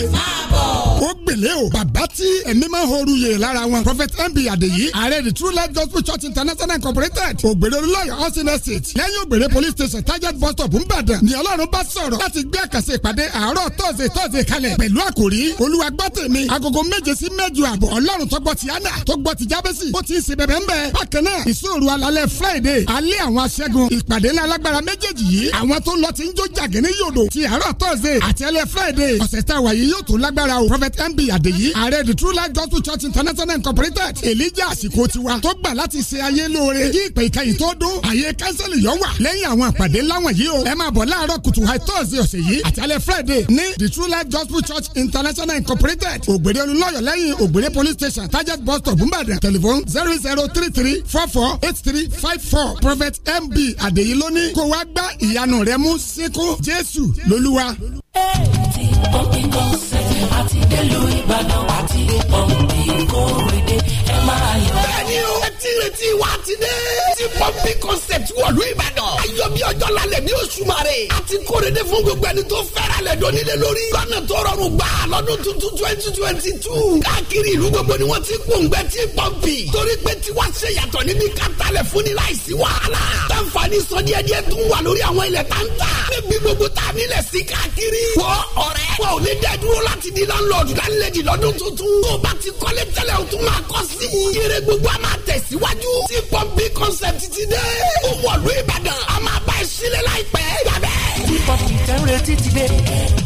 ó gbèlè o bàbá tí ẹ̀mí máa ń horu yè lára wọn prophet mb adeyi ààrẹ the true life gospel church international incorporated ògbèrè olùlọ́yọ̀ ọ̀sìn estate lẹ́yìn ògbèrè police station target bus stop ńbàdàn ni ọlọ́run bá sọ̀rọ̀ láti gbé àkànṣe ìpàdé àárọ̀ tọ́sẹ̀ tọ́sẹ̀ kalẹ̀ pẹ̀lú àkòrí olúwa gbọ́ tèmi agogo méje sí mẹ́jọ àbọ̀ ọlọ́run tó gbọ́ ti yánà tó gbọ́ ti jábẹ́sì ó ti ń ṣe bẹ̀bẹ̀ ńbẹ̀ bákan náà ìṣòro méjèèjì yìí àwọn tó lọ ti ń jó jàgínní yòdò ti àárọ̀ tọ́sídẹ̀ẹ́ àti ẹlẹ́ friday ọ̀sẹ̀ tá a wà yìí yóò tó lágbára o prophet mb adeyi ààrẹ the true life gospel church international incorporated elijah àsìkò tiwa tó gbà láti ṣe ayé lóore kí ìpè ìkẹyìn tó dún àyè kánsẹ́lì yọ wà lẹ́yìn àwọn àpàdé láwọn yìí o ẹ máa bọ̀ láàárọ̀ kùtù high thursday ọ̀sẹ̀ yìí àti alẹ́ friday ní the true life gospel church international incorporated ògbèrè olùlọ́yọ̀ lẹ́yìn ògbèrè police station target bus stop nìbàdàn telephone zero zero three three four four eight three five four prophet mb adeyi lóní kó wá wá gbá ìyanu rẹ mú síkú jésù lolúwa. ti pọ́ǹpì o ẹ ti retí wa ti dé ti pọ́ńpì concept wọ̀lú ìbàdàn. ayọ̀ bí ọjọ́ lálẹ́ ní oṣù mare. a ti kóre de fún gbogbo ẹni tó fẹ́ra lẹ̀ dọ́nilé lórí. lọ́nà tó rọrùn gbà lọ́dún tuntun twenty twenty two. káàkiri ìlú gbogbo ni wọ́n ti gbòǹgbẹ́ ti pọ́ńpì. torí pé tiwa ṣe yàtọ̀ níbi kátàlẹ̀ fún ni láìsí wàhálà. tàǹfààní sọ díẹ̀díẹ̀ tún wà lórí àwọn ilẹ̀ táǹtà. níbi gbogbo tá ni nílẹ̀ sí káàkiri. wọ ọ̀rẹ́ wọn ò ní dẹ́ dúró láti di lọ́nlọ́ọ̀dù lálẹ́dì lọ́dún tuntun. tó o bá ti kọ́lé tẹ́lẹ̀ o tún máa kọ́ sí i. yẹrẹ gbogbo a concept bẹ̀rẹ̀ títí dé. ó wọ̀lú ìbàdàn a máa bá ẹ sílẹ̀ láìpẹ́. gbàgbẹ́. hip-hop ìtẹ́ ń dé.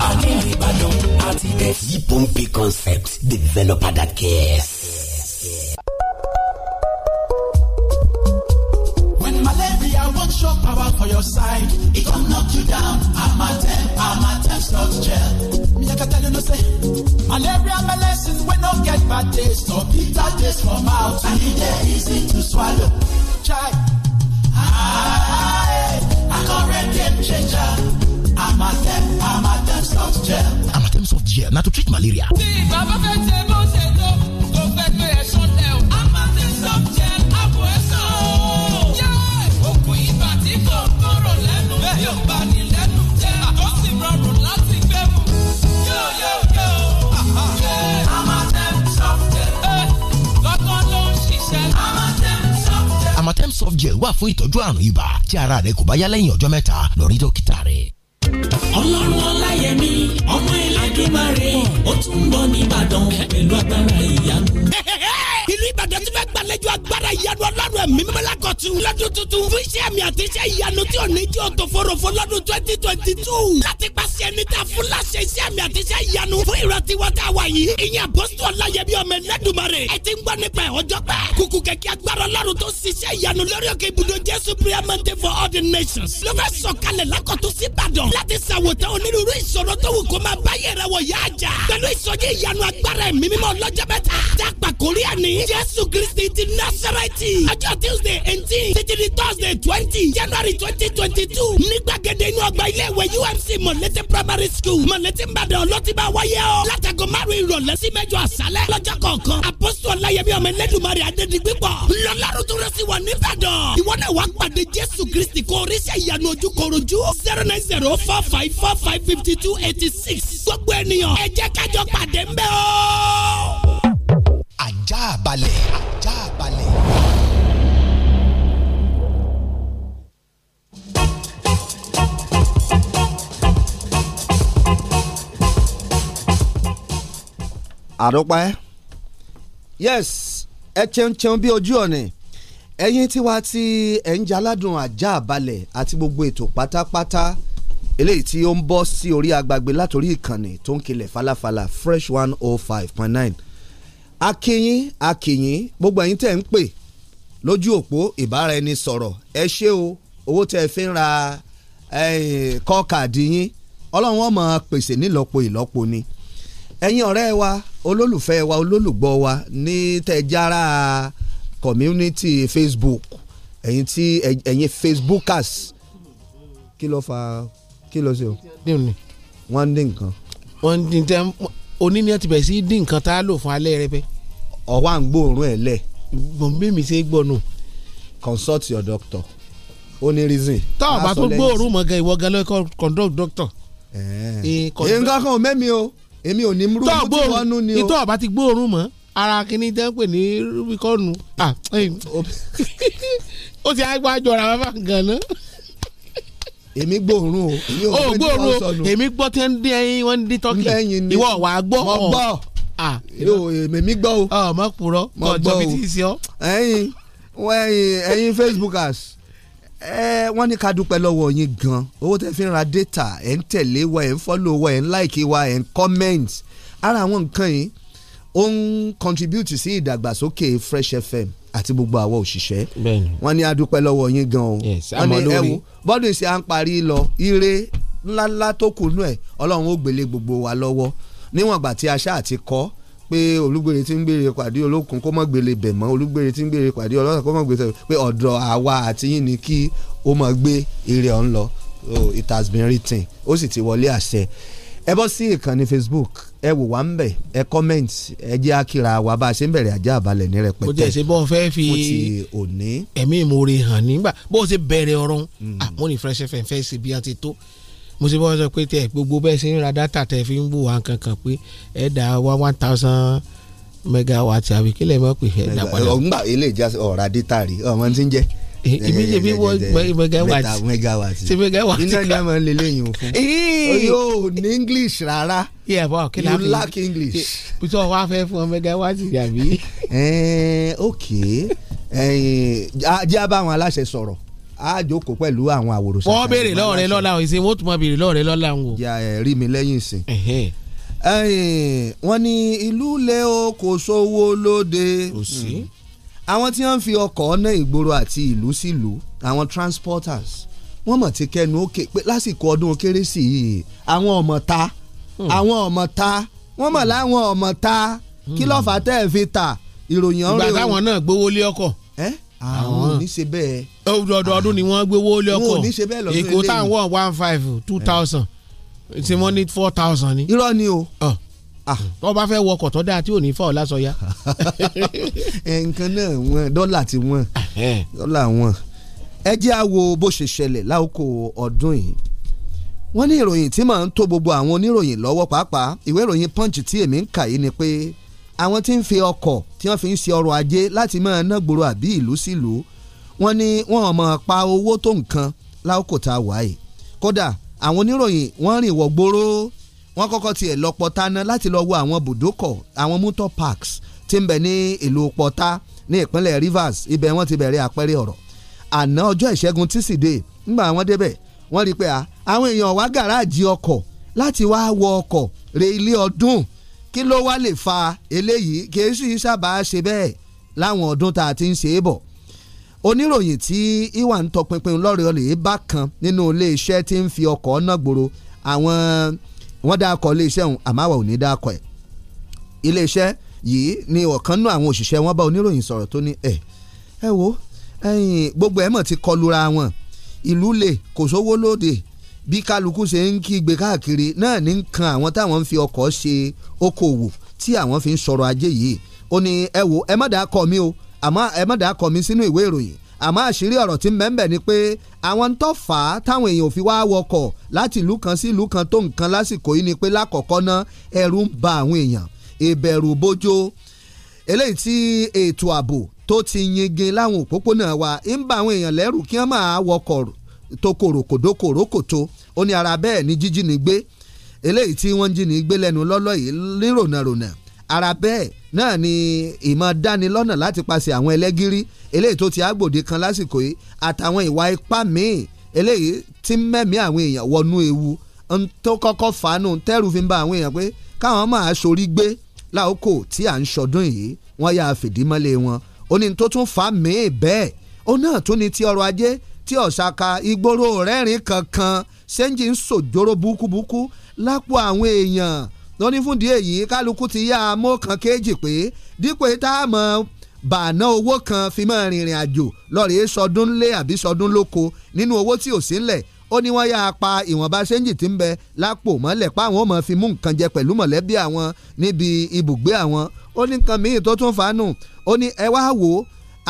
àní ìbàdàn àti dé. yipompe concept developer that cares. show power for your side. It can knock you down. a Amatem Salt Gel. Me I can tell you no say. Malaria lesson we no get bad days, No bitter days for mouth. I it dey easy to swallow chai. Aye, Acorrete changer. Amatem, Amatem soft gel. Amatem soft gel, now to treat malaria. soft gel wà fún ìtọ́jú àrùn ibà tí ara rẹ kò bá yá lẹ́yìn ọjọ́ mẹ́ta lọ rí dókítà rẹ. ọlọ́run ọláyẹmí ọmọ ẹlẹ́dùnmáre ó tún ń bọ̀ nìbàdàn pẹ̀lú agbára ìyanu Ìbàdàn ti fẹ́ gbàlejò agbára ìyanu ọlọ́run ẹ̀mí mímọ́lá kọ̀tù lọ́dún tuntun fún iṣẹ́ mi àti iṣẹ́ ìyanu tí ò ní jẹ́ òtòforòfo lọ́dún twenty twenty two láti pàṣẹ ẹni tá a fún láṣẹ iṣẹ́ mi àti iṣẹ́ ìyanu fún ìrántí wọn tá a wà yìí ìyẹn àpọ́sítù ọláyẹmí ọmọ ẹlẹ́dùnmarè ẹ ti ń gbọ́ nípa ẹ̀ ọjọ́ pẹ́ kùkù kẹ̀kẹ́ agbára ọlọ́run tó ṣiṣẹ́ ìyanu lórí òkè ibùdó jésù priamante for all the nations ló fẹ́ sọ̀kalẹ̀ lákọ̀tún sí jésù kristi ti násàrẹ́tì ọjọ́ tuesday eighteen títí di thursday twenty january twenty twenty two ní gbàgede inú ọgbà ilé ìwé umc mọ̀lẹ́tẹ̀ primary school mọ̀lẹ́tẹ̀ ìbàdàn ọlọ́tí bá wáyé o látàgọ́ márùn-ún ìrọ̀lẹ́ sí mẹ́jọ àṣálẹ́ lọ́jọ́ kọ̀ọ̀kan àpọ́sù ọláyẹmí ọmọ ẹlẹ́dùnmarè adédìgbé pọ̀ lọ́lọ́run tó rẹ̀ sí wọ̀ níbàdàn ìwọ náà wàá pàdé jésù kristi kó oríṣẹ́ ìyanu ojú korojú zero nine zero four five four five fifty two eighty six gbogbo ènìyàn ẹ jẹ́ kájọ pàdé ńbẹ̀ o ajá balẹ̀ ajá balẹ̀. àdópa ẹ yes ẹ cheun cheun bí ojú ọ̀nì ẹ̀yin tiwa tí ẹ ń jaládùn ajá balẹ̀ àti gbogbo ètò pátápátá eléyìí tí ó ń bọ́ sí orí agbágbé látòrí ìkànnì tó ń kilẹ̀ falafala fresh one oh five point nine akínyín akínyín gbogbo ẹ̀yin tẹ̀ ń pè lójú òpó ìbáraẹnisọ̀rọ̀ ẹ ṣé o owó tẹ́ ẹ fi ń ra kọ́kàdì yín ọlọ́run ó pèsè nílọ́po ìlọ́po ni ẹ̀yin ọ̀rẹ́ wa olólùfẹ́ wa olólùgbọ́ wa ní tẹ̀jára community Facebook ẹ̀yin tí ẹ̀yin Facebookers kí ló fà kí ló ṣe o wọ́n dín nǹkan. wọ́n dín tẹ́ oníní ẹ ti bẹ̀rẹ̀ sí dín nǹkan tá a lò fún alẹ́ rẹ pẹ́. ọwọ́ à ń gbóòórùn ẹ̀ lẹ̀. gbọ̀ngbẹ́ mi ṣe gbọ́ nù. consult your doctor ó ní reason. tá a bá tó gbóòórùn mọ̀ gan ìwọ gan lọ́kọ̀ conduct doctor. nǹkan kan ò mẹ́mi o èmi ò ní mú tí wọ́n nú ni o. ìtọ́ ọ̀bá ti gbóòórùn mọ́ ara kìíní tẹ́ ń pè ní rubicon ó ti á gbájọra bàbá gan náà èmi gbóòórùn o èmi ò gbóòórùn o èmi gbọ́ tí wọ́n dín wọ́n dín tọ́kì ìwọ wà á gbọ́ ọ gbọ́ ah. Ah, èmi gbọ́ o ọmọ kúrọ́ mọ gbọ́ o ẹ̀yin ẹ̀yin Facebookers ẹ wọ́n ní ká dúpẹ́ lọ́wọ́ yín gan owó tẹ́ fi ń ra data ẹ̀ ń tẹ̀lé wa ẹ̀ ń fọ́lọ̀ wa ẹ̀ ń láìkí wa ẹ̀ ń comment ara àwọn nǹkan yìí ó ń contribute sí ìdàgbàsókè Fresh FM àti gbogbo àwọn òṣìṣẹ́ wọ́n ní adúpẹ́ lọ́wọ́ yín gan o wọ́n ní ẹ wo bọ́dún ìsìn à ń parí lọ ire ńláńlá tó kù nú ẹ̀ ọlọ́run ó gbélé gbogbo wa lọ́wọ́ níwọ̀n ìgbà tí aṣá àti kọ́ pé olúgbèrè tí ń gbèrè pàdé olókun kó mọ̀ gbélé bẹ̀ mọ́ olúgbèrè tí ń gbèrè pàdé ọlọ́sàn kó mọ̀ gbèsè pé ọ̀dọ̀ àwa àti yín ni kí ó mọ̀ gbé ire ọ̀hún lọ it has been written ó sì ti wọlé àṣẹ ẹ bọ́ sí ìkànnì Facebook ẹ wò wá ń bẹ̀ ẹ comment ẹ jẹ́ àkìrà wa bá a ṣe ń bẹ̀rẹ̀ ajá àbálẹ̀ ní rẹpẹtẹ. o jẹ́ ṣe bọ́ fẹ́ fi ẹ̀mí ìmoore hàn nígbà bó ṣe bẹ̀rẹ̀ ọ̀rọ̀ hmm. ah, mo ní Fresh FM fẹ́ ṣe bí a ti tó mo ṣe bọ́ sọ pé tẹ gbogbo bẹ́ẹ̀ ṣe ń ra dátà tẹ fi ń wò wá kankan pé ẹ dá wá one thousand megawatt àbí kílẹ̀ mọ́ pé ẹ dá padà. ọ̀gbà ilé ìjà ọ̀rá dítà rí ọmọ tí ń jẹ́ èmi ṣe bí wọ́n megawatt megawatt ṣe megawatt iná ni a máa ń lè léyìn o fún yóò ní english rárá you lack english. bùtọ́ wa fẹ́ fún ọ megawatt yàbí. ok jẹ́ abáwọn aláṣẹ sọ̀rọ̀ a jókòó pẹ̀lú àwọn àwòrán. wọ́n béèrè lọ́wọ́ rẹ lọ́la o ìsìn wọ́n tún mọ béèrè lọ́wọ́ rẹ lọ́la o. ya ẹ rí mi lẹ́yìn ìsìn. wọ́n ní ìlú lẹ́ o kò sówó lóde. kò sí hmm àwọn tí wọ́n fi ọkọ̀ ọ̀nà ìgboro àti ìlú sílùú àwọn transporters wọ́n mọ̀ ti kẹnu ókè pé lásìkò ọdún kérésì yìí àwọn ọmọ ta hmm. àwọn ọmọ ta wọ́n mọ̀ hmm. láwọn ọmọ ta kí lọ́ọ̀fà hmm. tẹ́ ẹ̀ fi ta ìròyìn ọ̀rẹ́ o. ìgbà táwọn náà gbowó lé ọkọ̀. ẹ́ àwọn ò ní ṣe bẹ́ẹ̀. ọdún ọdún ah. ni wọ́n gbowó lé ọkọ̀ wọn ò ní ṣe bẹ́ẹ̀ lọ́dún ilé èkó táwọn one five two thousand tí eh. wọ́n ní four thousand ni. irọ́ ni o. Oh Ah. Hmm. tó bá fẹ́ wọkọ̀ tó dáa tí ò ní fà ọ́ lásọyá. nǹkan náà wọ́n dọ́là ti wọ́n dọ́là wọ́n ẹ jẹ́ á wo bó ṣe ṣẹlẹ̀ lákòókò ọdún yìí wọ́n ní ìròyìn tí màá ń tó gbogbo àwọn oníròyìn lọ́wọ́ pàápàá ìwé ìròyìn punch tí èmi ń kà yìí ni pé àwọn tí ń fi ọkọ̀ tí wọ́n fi ń ṣe ọrọ̀ ajé láti máa ná gbòòrò àbí ìlú sílùú wọ́n ní wọ́n ò pa owó tó nǹkan lákòókò tá a wà yìí kódà àwọn oníròyìn wọ́n rìn wọ̀ gbòòrò wọ́n kọ́kọ́ tiẹ̀ lọ pọ̀tá náà láti lọ wo àwọn bùdókọ̀ àwọn motor parks tí ń bẹ ní ìlú pọ̀tá ní ìpínlẹ̀ Rivers ibẹ̀ wọ́n ti bẹ̀rẹ̀ àpẹẹrẹ ọ̀rọ̀ àná ọjọ́ ìṣẹ́gun tísídẹ̀ẹ́ ńgbà wọ́n débẹ̀ wọ́n rí i pé àwọn èèyàn wá gàràjì ọkọ̀ láti wá wọ ọkọ̀ re ilé ọdún kí ló wá lè fa eléyìí kì í sì sábà ṣe bẹ́ẹ̀ láwọn ọdún tá a ti ń ṣe é bọ̀ oníròyìn tí ìwà ń tọpinpin lọ́rẹ̀ọ́lẹ̀ bá kan nínú iléeṣẹ́ tí ń fi ọkọ̀ náà gbòòrò àwọn wọ́n dá akọ iléeṣẹ́ òun àmọ́ àwa dá akọ ẹ̀ iléeṣẹ́ yìí ni ọ̀kan nú àwọn òṣìṣẹ́ wọn bá oníròyìn sọ̀rọ̀ tó ní ẹ̀ ẹ wo ẹ̀yin gbogbo ẹ̀ mọ̀ ti kọlura wọn ìlú lè kò sówó lóde bí kálukú ṣe ń kígbe káàkiri náà ní kan àwọn táwọn ń fi ọkọ̀ ṣe okòwò tí àwọn fi ń sọ̀rọ̀ ajé yìí ó ní ẹ wo ẹ má dá akọ mi o àmọ́ ẹ má dá akọ mi sínú ìwé ìròyìn àmọ́ àṣírí ọ̀rọ̀ tí mẹ́ńbẹ̀ ni pé àwọn tó fà á táwọn èèyàn ò fi wá wọkọ̀ láti ìlú kan sí ìlú kan tó nǹkan lásìkò yìí ni pé lákọ̀ọ́kọ́ ná ẹ̀rù ń ba àwọn èèyàn ìbẹ̀rù bójó eléyìí tí ètò ààbò tó ti yingin láwọn òpópónà wa ń ba àwọn èèyàn lẹ́rù kí wọ́n máa wọkọ̀ tó kòròkòdó kòrókòtó ó ní ara bẹ́ẹ̀ ni jíjí ni gbé eléyìí tí wọ́n jí lẹ́nu lọ́lọ́ yìí ara bẹ́ẹ̀ náà ni ìmọ̀ dáni lọ́nà láti paṣẹ àwọn ẹlẹ́gìrì eléyìí tó ti àgbòde kan lásìkò yìí àtàwọn ìwà ipá míì eléyìí tí mẹ́mí àwọn èèyàn wọnú ewu ń tó kọ́kọ́ fàánù tẹ́rù fi ń ba àwọn èèyàn pé káwọn máa sorí gbé láòkò tí à ń ṣọdún yìí wọ́n yà fìdí mọ́lé wọn ó ní tó tún fà míì bẹ́ẹ̀ ó náà tún ní ti ọrọ̀ ajé tí ọ̀sàkà ìgboro rẹ́rìn kankan ṣẹ́ńjì ń sòjóró búkúbúkú lápò àwọn èèyàn ló ní fúndì èyí kálukú ti yá amó kan kéjì pé dípò tá a mọ bàánà owó kan fi mọ́ rìnrìn àjò lọ́ọ̀rẹ́ sọdún lé àbí sọdún lóko nínú owó tí ò sí ńlẹ̀ ó ní wọ́n yáa pa ìwọ̀nba sẹ́ńjì tí ń bẹ lápò mọ́lẹ̀ pa àwọn ọmọ fi mú nǹkan jẹ pẹ̀lú mọ̀lẹ́bí àwọn níbi ibùgbé àwọn ó ní nǹkan míì tó tún fàánù ó ní ẹ wá wò ó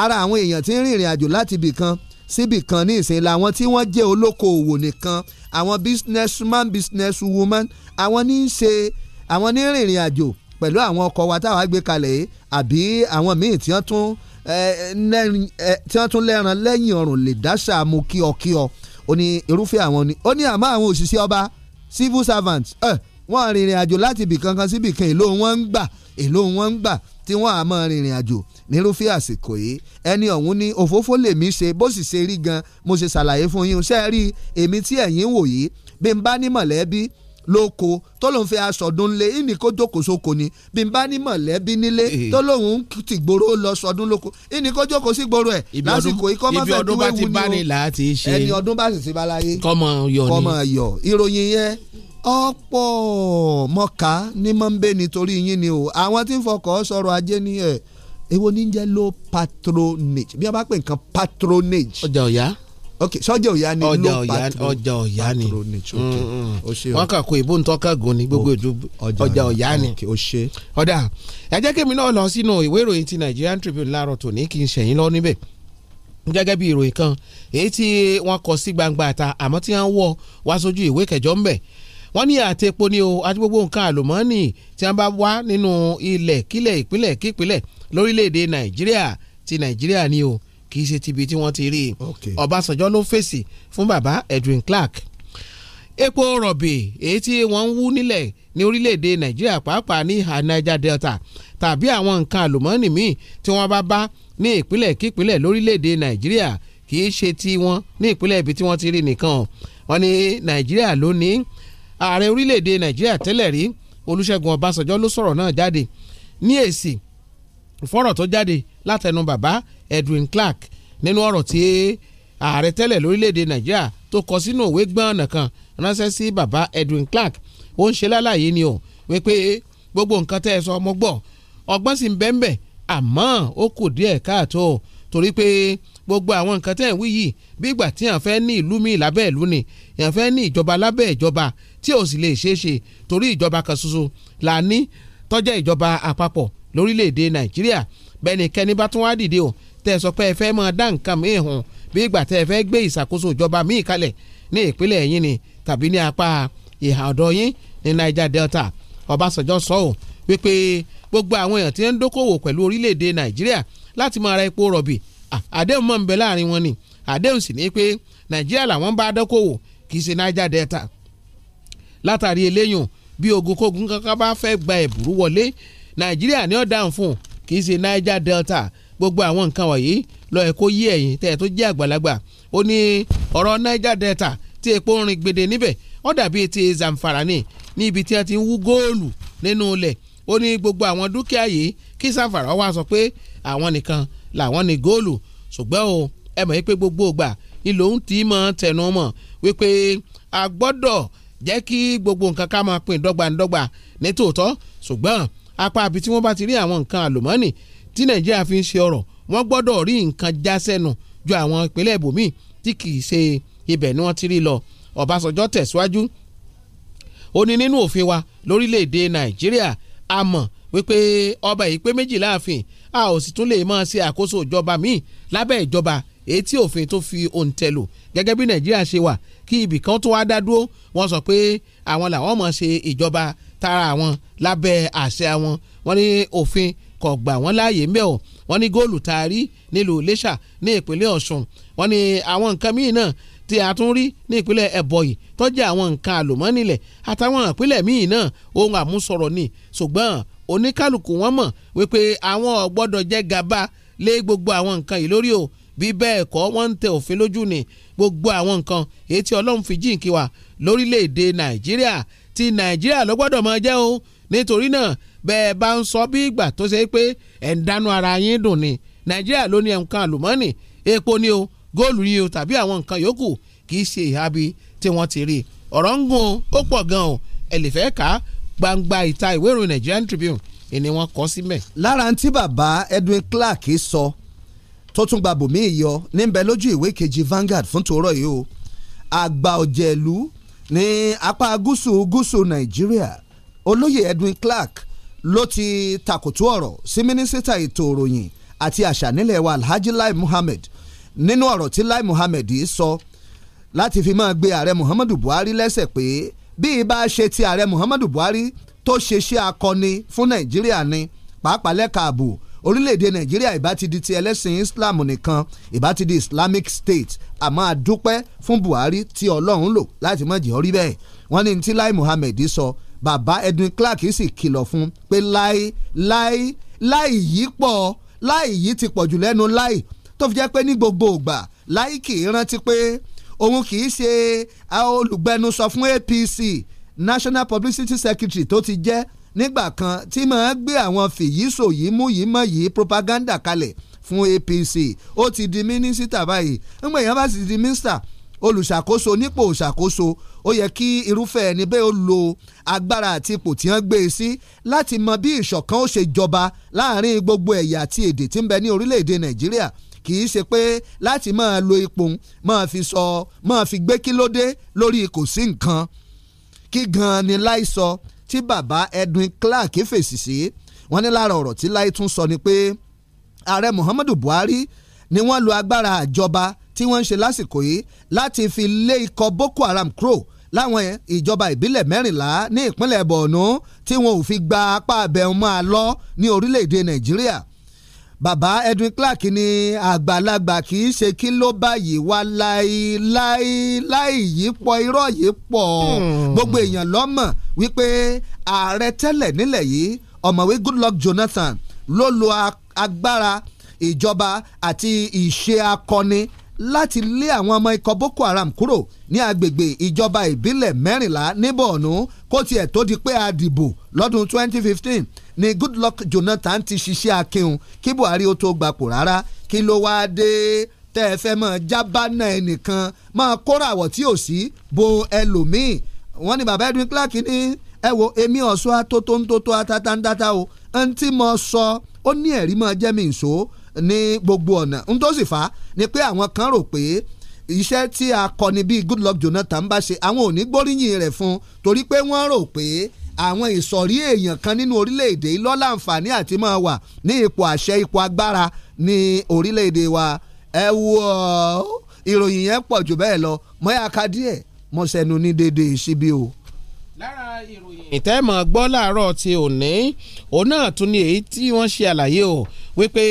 ara àwọn èèyàn tí ń rìnrìn àjò láti ibì kan síbì kan ní ìsìn làwọn tí wọ́n jẹ́ olókoòwò nìkan àwọn businessman businesswoman àwọn ní í ṣe àwọn nírìnrìn àjò pẹ̀lú àwọn ọkọ̀ wa táwa gbé kalẹ̀ yìí àbí àwọn míì tí wọ́n tún tí wọ́n tún lẹ́ran lẹ́yìn ọ̀rùn lè dáṣà mu kíọkíọ ó ní irúfẹ́ àwọn ni ó ní àmọ́ àwọn òṣìṣẹ́ ọba civil servant wọ́n rìnrìn àjò láti ibì kankan síbì kan èló wọn ń gbà èló wọn ń gbà tí wọ́n á rìnrìn àjò nírúfẹ́ àsìkò yìí ẹni ọ̀hún ni òfófó lèmi ṣe bó sì ṣe rí gan mo ṣe ṣàlàyé fún yín ṣe rí èmi tí ẹ̀yin wò yìí bí n bá ní mọ̀lẹ́bí lóko tó lòun fẹ́ aṣọ̀dún lé ìní kó jókòó sóko ni bí n bá ní mọ̀lẹ́bí nílé tó lòun ti gbòòrò lọ sọdún lóko ìní kó jókòó sí gbòòrò ẹ̀ lásìkò ikọ́ máa fẹ́ dúró ewu ni o ẹni ọdún bá sì ti bá láyé kọ́mọ yọ ni kọ́mọ yọ ìròyìn yẹn ọ̀pọ̀ mọ̀ká ní mọ́ńbé nítorí yín ni o àwọn tí ń fọkọ̀ sọ̀rọ̀ ajé ni ẹ̀ èwo ní jẹ́ low patronage bí wọ́n bá pè nǹkan patronage. ọjà ọ̀yá ok sọjà òyà ni low patronage ọjà òyà ni mm, mm, mm. wọn kà kó ìbò ń tọ́ka gùn ní gbogbo ìlú ọjà òyà ni ọ̀dà ẹ jẹ́ kémi náà lọ sínú ìwé ìròyìn ti Nigerian Tribune láàárọ̀ tòní kì í ṣẹ̀yìn lọ níbẹ̀ gẹ́gẹ́ bí ìròyìn kan èyí tí wọ́n kọ sí gbangba ta àmọ́ tí wọ́n wọ́ wá sójú ìwé kẹjọ ń wọ́n ní àtẹ̀pó ni o àti gbogbo nǹkan àlùmọ́ọ́nì tí wọ́n bá wá nínú ilẹ̀ kílẹ̀ ìpínlẹ̀ kípínlẹ̀ lórílẹ̀‐èdè nàìjíríà ti nàìjíríà ni o kì í ṣe tibi tí wọ́n ti rí i Ọbásanjọ́ ló fèsì fún bàbá Edwin Clark epo rọ̀bì èyí tí wọ́n ń wú nílẹ̀ ní orílẹ̀-èdè Nàìjíríà pàápàá ní ìhà Delta tàbí àwọn nǹkan àlùmọ́ọ́nì míì tí wọ́n bá bá ní ìpínlẹ̀ kípínlẹ̀ lórílẹ̀-èdè Nàìjíríà kì í ṣe ti wọn ní ìpínlẹ̀ ibi tí wọ́n ti rí nìkan wọ́n ní Nàìjíríà lónìí ààrẹ orílẹ̀-èdè Nàìjíríà tẹ́lẹ̀ rí Olúṣẹ́gun Ọbásanjọ́ ló sọ̀rọ̀ náà jáde ní èsì fọ́rọ̀ tó jáde látẹnu bàbá Edwin Clark nínú ọ̀rọ̀ tí ààrẹ tẹ́lẹ̀ lórílẹ̀‐èdè Nàìjíríà tó kọ sínú òwe gbọ́n nìkan ránṣẹ́ sí baba Edwin Clark ó ń ṣe lálàyé ni o wípé gbogbo nǹkan tẹ́ ẹ sọ ọmọ gbọ́ ọgbọ́n sì ń bẹ́ńbẹ́ àmọ́ ó kù díẹ̀ káàtó torí pé gbogbo àwọn nǹkan tẹ́ ẹ̀ wí yìí bí ìgbà tí èèyàn fẹ́ ní ìlú míì lábẹ́ ìlú ni èèyàn fẹ́ ní ìjọba lábẹ́ ìjọba tí ò sì lè ṣeé ṣe torí ìjọba kan ṣoṣo là ní tó ìjọba àpapọ̀ lórílẹ̀‐èdè Nàìjíríà bẹ́ẹ̀ni kẹ́ni bá tún wá dìde o tẹ́ ẹ sọ pé ẹ fẹ́ máa dá nǹkan míì hàn bí ìgbà tẹ́ ẹ fẹ́ gbé ìṣàkóso ìjọba míì kalẹ̀ ní ìpínlẹ̀ yín ni tàbí ní apá ìhà ọ̀dọ̀ yín ní Niger Delta Ọbásanjọ́ sọ ọ́ wípé gbogbo àwọn èèyàn tí ń dókòwò pẹ̀lú orílẹ̀-èdè Nàìjíríà láti máa ra epo rọ̀bì àdéhùn mọ̀ ń bẹ láàrin wọn ni àdéhùn sì ní pé Nàìjíríà làwọn bá dókòwò kì í ṣe Niger Delta látàrí eléyìn bí ogunkógun kankan bá fẹ́ gba ẹ̀bùrú wọlé Nàìjíríà ni ó dáhùn fún kì í ṣe Niger Delta gbogbo àwọn nǹkan wọ̀nyí lọ ẹ̀ kó yí ẹ̀yìn tẹ̀ tó jẹ́ àgbàlagbà ó ní ọ̀rọ̀ Niger Delta tí epo ń rin gbèdé níbẹ̀ ó dàbí ti Zamfara ni níbi tí wọ́n ti ń wú góòlù nínú ilẹ̀ ó ní gbogbo àwọn dúkìá yìí kí Zamfara wá sọ pé àwọn nìkan làwọn ní góòlù ṣùgbọ́n o ẹ mọ̀ pé gbogbo ìgbà ni lòun ti mọ̀ tẹnu mọ́ wípé a gbọ́dọ̀ jẹ́ kí gbogbo nǹkan ká máa pín dọ́gbandọ́gba ní tòótọ́ ṣùgbọ́n apá àbí tí wọ́n bá ti rí àwọn nǹkan àlùmọ́ọ́nì tí nàìjíríà fi ń ṣe ọrọ̀ wọ́n gbọ́dọ̀ rí nǹkan já sẹ́nu ju àwọn ìpínlẹ̀ ibòmíì tí kì í ṣe ibẹ̀ ni wọ́n ti rí lọ ọ̀básọjọ́ tẹ̀síwájú ó ní nínú òfin wa lórílẹ̀‐èdè nàìjíríà a mọ̀ wípé ọba yìí pé méjì láàfin a ò sì tún lè máa ṣe àkóso ìjọba míì lábẹ́ ìjọba èyí òfin tó fi òǹtẹ̀ lò gẹ́gẹ́ bí nàìjíríà ṣe wà kí ibì kan tó wá dá dúró wọ́n sọ pé àwọn làwọn máa ṣe ìjọba tara àwọn lábẹ́ àṣẹ àwọn wọ́n ní òfin kò gbà wọ́n láàyè ńbẹ̀ o wọ́n ní góòlù taari nílùú Iléṣà ní ìpínlẹ̀ Ọ̀ṣun wọ́n ní àwọn nǹkan míì náà tí a tún rí ní ìpínlẹ̀ ẹ̀bọ̀yì tó jẹ́ àwọn nǹkan àlùmọ́nilẹ̀ àtàwọn ìpínlẹ̀ míì náà ohun àmúsọ̀rọ̀ ni ṣùgbọ́n oníkálukú wọn mọ̀ wípé àwọn ò gbọ́dọ̀ jẹ gàba lé gbogbo àwọn nǹkan yìí lórí o bí bẹ́ẹ̀ kọ́ wọ́n ń tẹ òfin lójú ni gbogbo àwọn nǹkan èyí tí ọlọ́run fi jíǹkí wa lórílẹ̀‐èdè nàìjíríà ti nàìjíríà ló gbọ́dọ̀ jẹ́ o nítorí náà bẹ́ẹ̀ bá ń sọ bí ìgbà tó ṣe pé ẹ̀ ara yín dùn ni nàìjíríà ló ní nǹkan àlùmọ́ọ́nì epo ni o góòlù ni o tàbí àwọn nǹkan yòókù kì í ṣe ìhábi tí wọ́n ti rí ọ̀rọ̀ ń gùn ó pọ̀ gan o ẹ lè fẹ́ ká gbangba ìta ìwé ìròyìn Nigerian Tribune ìní wọn kọ síbẹ̀. lára tí bàbá Edwin Clark sọ tó tún gba bòmí ìyọ níbẹ̀ lójú ìwé kejì Vanguard fún tòórọ́ yìí o àgbà ọ̀jẹ̀lú ní apá gúúsù gúúsù Nàìjíríà olóyè Edwin Clark ló ti takòtú ọ̀rọ̀ sí mínísítà ètò òròyìn àti àṣà nílẹ̀ wa Alhaji Lai Muhammed nínú ọ̀rọ̀ tí Lai Muhammed yìí sọ láti fi máa gbé ààrẹ Muhammadu Buhari lẹ́sẹ̀ pé bí ibà ṣe ti ààrẹ Muhammadu Buhari tó ṣe ṣe akọni fún Nàìjíríà ni pàápàá lẹ́ka ààbò orílẹ̀-èdè nàìjíríà ìbá ti di ti ẹlẹ́sìn islam nìkan ìbá ti di islamic state àmọ́ àdúpẹ́ fún buhari tí ọlọ́run lò láti má orí bẹ́ẹ̀ wọ́n ní tí lai muhammed sọ bàbá Edwin Clark sì kìlọ̀ fún pé láì láì láì yí pọ̀ láì yí ti pọ̀ jù lẹ́nu láì tó fi jẹ́ pé ní gbogbo ìgbà láì kì í rántí pé òun kì í ṣe olùgbẹnusọ fún APC National Publicity Secretary tó ti jẹ́ nígbà kan tí màá gbé àwọn fìyísò yìí mú yìí mọ̀ yìí propaganda kalẹ̀ fún APC ó ti di mínísítà báyìí ń gbẹ̀yìn bá sì di mínísítà olùṣàkóso nípò ìṣàkóso ó yẹ kí irúfẹ́ ẹni bẹ́ẹ̀ ó lo agbára àti ipò tí wọ́n gbé e sí láti mọ bí ìṣọ̀kan ó ṣe jọba láàrin gbogbo ẹ̀yà àti èdè tí ń bẹ ní orílẹ̀-èdè Nàìjíríà kì í ṣe pé láti máa lo ipò máa fi sọ máa fi gbé kí ló dé lórí kò sí nǹkan kí gan-an ni láì sọ tí bàbá Edwin Clark fèsì sí wọ́n ní lára ọ̀rọ̀ tí láì tún sọ ni pé ààrẹ Muhammadu Buhari ni wọ́n lo agbára àjọba tí wọ́n ń ṣe lásìkò yìí láti fi lé ikọ̀ Boko Haram kúrò láwọn ìjọba ìbílẹ̀ mẹ́rìnlá ní ìpínlẹ̀ Borno tí wọn ò fi gba apá abẹ́hùn máa lọ ní orílẹ̀-èdè Nàìjíríà bàbá Edwin Clark ni àgbàlagbà kì í ṣe kí ló báyìí wá láìláìláì yìí pọ̀ irọ́ yìí pọ̀ hmm. gbogbo èèyàn lọ́mọ̀ wípé ààrẹ tẹ́lẹ̀ nílẹ̀ yìí ọ̀mọ̀wé Goodluck Jonathan ló lo agbára ìjọba àti ìṣe akọni láti lé àwọn ọmọ ikọ̀ Boko Haram kúrò ní agbègbè ìjọba ìbílẹ̀ mẹ́rìnlá ní Borno kó tiẹ̀ tó di pé a dìbò lọ́dún 2015 ni Goodluck Jonathan ti ṣiṣẹ́ akínun kí Buhari ó tó gbapò rárá kí ló wáá dé tẹ́ ẹ fẹ́ mọ̀ jábánà ẹnìkan máa kóra àwọ̀ tí ò sí bo ẹlòmíì wọ́n ní bàbá Edwin Clark ní ẹ wo èmi ọ̀ṣọ́ atótóntótó atatántátá o ohun tí mo sọ ó ní ẹ̀rí mọ́ jẹ́mi ìṣó ní gbogbo ọ̀nà n tó sì fà á ni pé àwọn kan rò pé iṣẹ́ tí akọni bíi Goodluck Jonathan bá ṣe àwọn ò ní gbóríyìn rẹ̀ fún torí pé wọ́n rò pé àwọn ìsọ̀rí èèyàn kan nínú orílẹ̀-èdè yìí lọ́la àǹfààní àti máa wà ní ipò àṣẹ ipò agbára ní orílẹ̀-èdè wa ẹ wo ìròyìn yẹn pọ̀ jù bẹ́ẹ̀ lọ mọ́yà ká díẹ̀ mọ́sẹ̀nu ní déédéé síbí o lára ìròyìn ìtẹ́mọ̀ gbọ́ láàárọ̀ ti òní òun náà tún ní èyí tí wọ́n ṣe àlàyé o wípé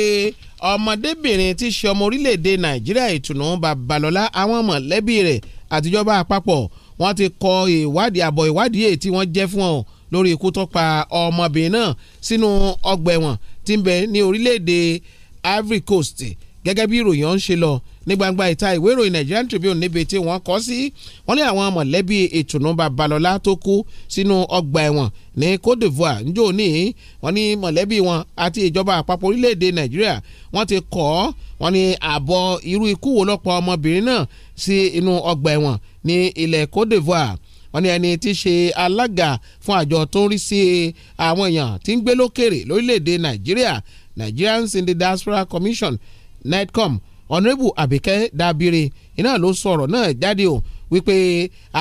ọmọdébìnrin tí í ṣe ọmọ orílẹ̀-èdè nàìjíríà ìtùnú babalọ́lá àwọn mọ̀lẹ́bí rẹ̀ àtijọba àpapọ̀ wọ́n ti kọ ìwádìí àbọ̀ ìwádìí èyí tí wọ́n jẹ́ fún ọ lórí ikú tó pa ọmọbìnrin náà sínú ọgbà ẹ̀wọ̀n tí ń bẹ ní orílẹ̀-èdè Ivory Coast gẹ́gẹ́ bí ìròyìn ọ̀hún ṣe lọ ní gbangba ìta ìwé ìròyìn Nigerian Tribune níbi tí wọ́n kọ́ sí wọ́n ní àwọn mọ̀lẹ́bí ìtùnú Babalọ́lá tó kú sínú ọgbà ẹ̀wọ̀n ní Côte d'Ivoire njó ní wọ́n ní mọ̀lẹ́bí wọn àti ìjọba àpapọ̀ orílẹ̀-èdè Nàìjíríà wọ́n ti kọ́ wọ́n ní àbọ̀ irú ikú wo lọ́pọ̀ ọmọbìnrin náà sí inú ọgbà ẹ̀wọ̀n ní ilẹ̀ Côte d'Ivoire wọ́n ní ẹni tí í ṣe alága fún àjọ tó ń rí sí àwọn èèyàn tí ń gbé lókèrè lórílẹ̀‐èdè nàìjíríà Nigerians in the Diaspora Commission netcom honourable abike dabire iná ló sọ̀rọ̀ náà jáde o wípé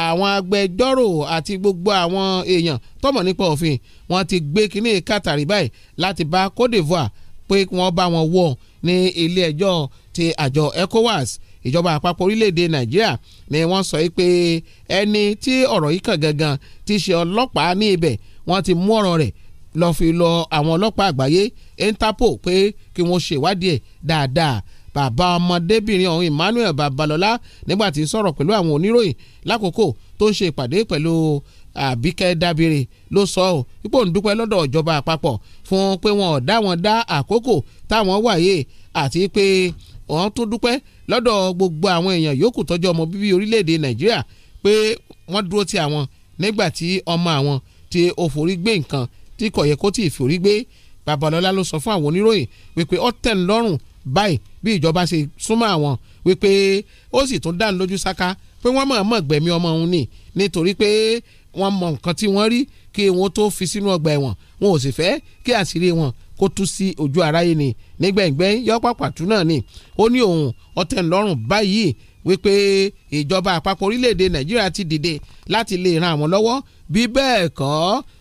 àwọn agbẹjọ́rò àti gbogbo àwọn èèyàn tọ́mọ̀ nípa òfin wọn ti gbé kínní kàtàrí báyìí láti bá Côte d'Ivoire pé wọ́n bá wọn wọ̀ ní ilé ẹjọ́ ti àjọ ECOWAS ìjọba àpapọ̀ orílẹ̀-èdè nàìjíríà ni wọ́n sọ pé ẹni tí ọ̀rọ̀ yìí kàn gangan ti ṣe ọlọ́pàá ní ibẹ̀ wọ́n ti mú ọ̀rọ̀ rẹ̀ lọ́ọ́ fi lọ àwọn ọlọ́pàá àgbáyé Interpol pé kí wọ́n ṣèwádìí ẹ̀ dáadáa bàbá ọmọdébìnrin ọ̀hún Emmanuel Babalọlá nígbà tí ń sọ̀rọ̀ pẹ̀lú àwọn oníròyìn lákòókò tó ń ṣe ìpàdé pẹ̀lú Àbíkẹ́ Dábìrì ló sọ ọ́ ipò ń dúpẹ́ lọ́dọ̀ ìjọba àpapọ̀ fún pé wọn ò dá wọn dá àkókò táwọn wáyé àti pé wọ́n tún dúpẹ́ lọ́dọ̀ gbogbo àwọn èèyàn yòókù tọ́jú ọmọ bíbí orílẹ̀-èdè Nàìjíríà pé wọ́n dúró ti àwọn nígbà tí ọmọ àwọn tí ó gbé nǹkan tí kò yẹ kó tí ì forí gbé babalọ́lá ló sọ fún àwọn oníròyìn wípé ó tẹ̀ ń lọ́rùn báyìí bí ìjọba ṣe súnmọ́ àwọn wípé ó sì tún dá lójú sáká pé wọ́n mọ̀ mọ̀ gbẹ̀mí ọmọ òun ni nítorí pé wọ́n mọ nǹkan tí wọ́n rí kí wọ́n tó fi sínú ọgbà ẹ̀wọ̀n wọn ò sì fẹ́ kí àṣírí wọn kó tú sí ojú aráyé ni nígbẹ̀ngbẹ́ yọpá pàtó náà ni ó ní òun ọtẹ̀ ńlọ́rùn báyìí wípé ìjọba àpapọ̀ orílẹ̀-èdè nàìjíríà ti dìde láti lè ran àwọn lọ́wọ́ bí bẹ́ẹ̀ kọ́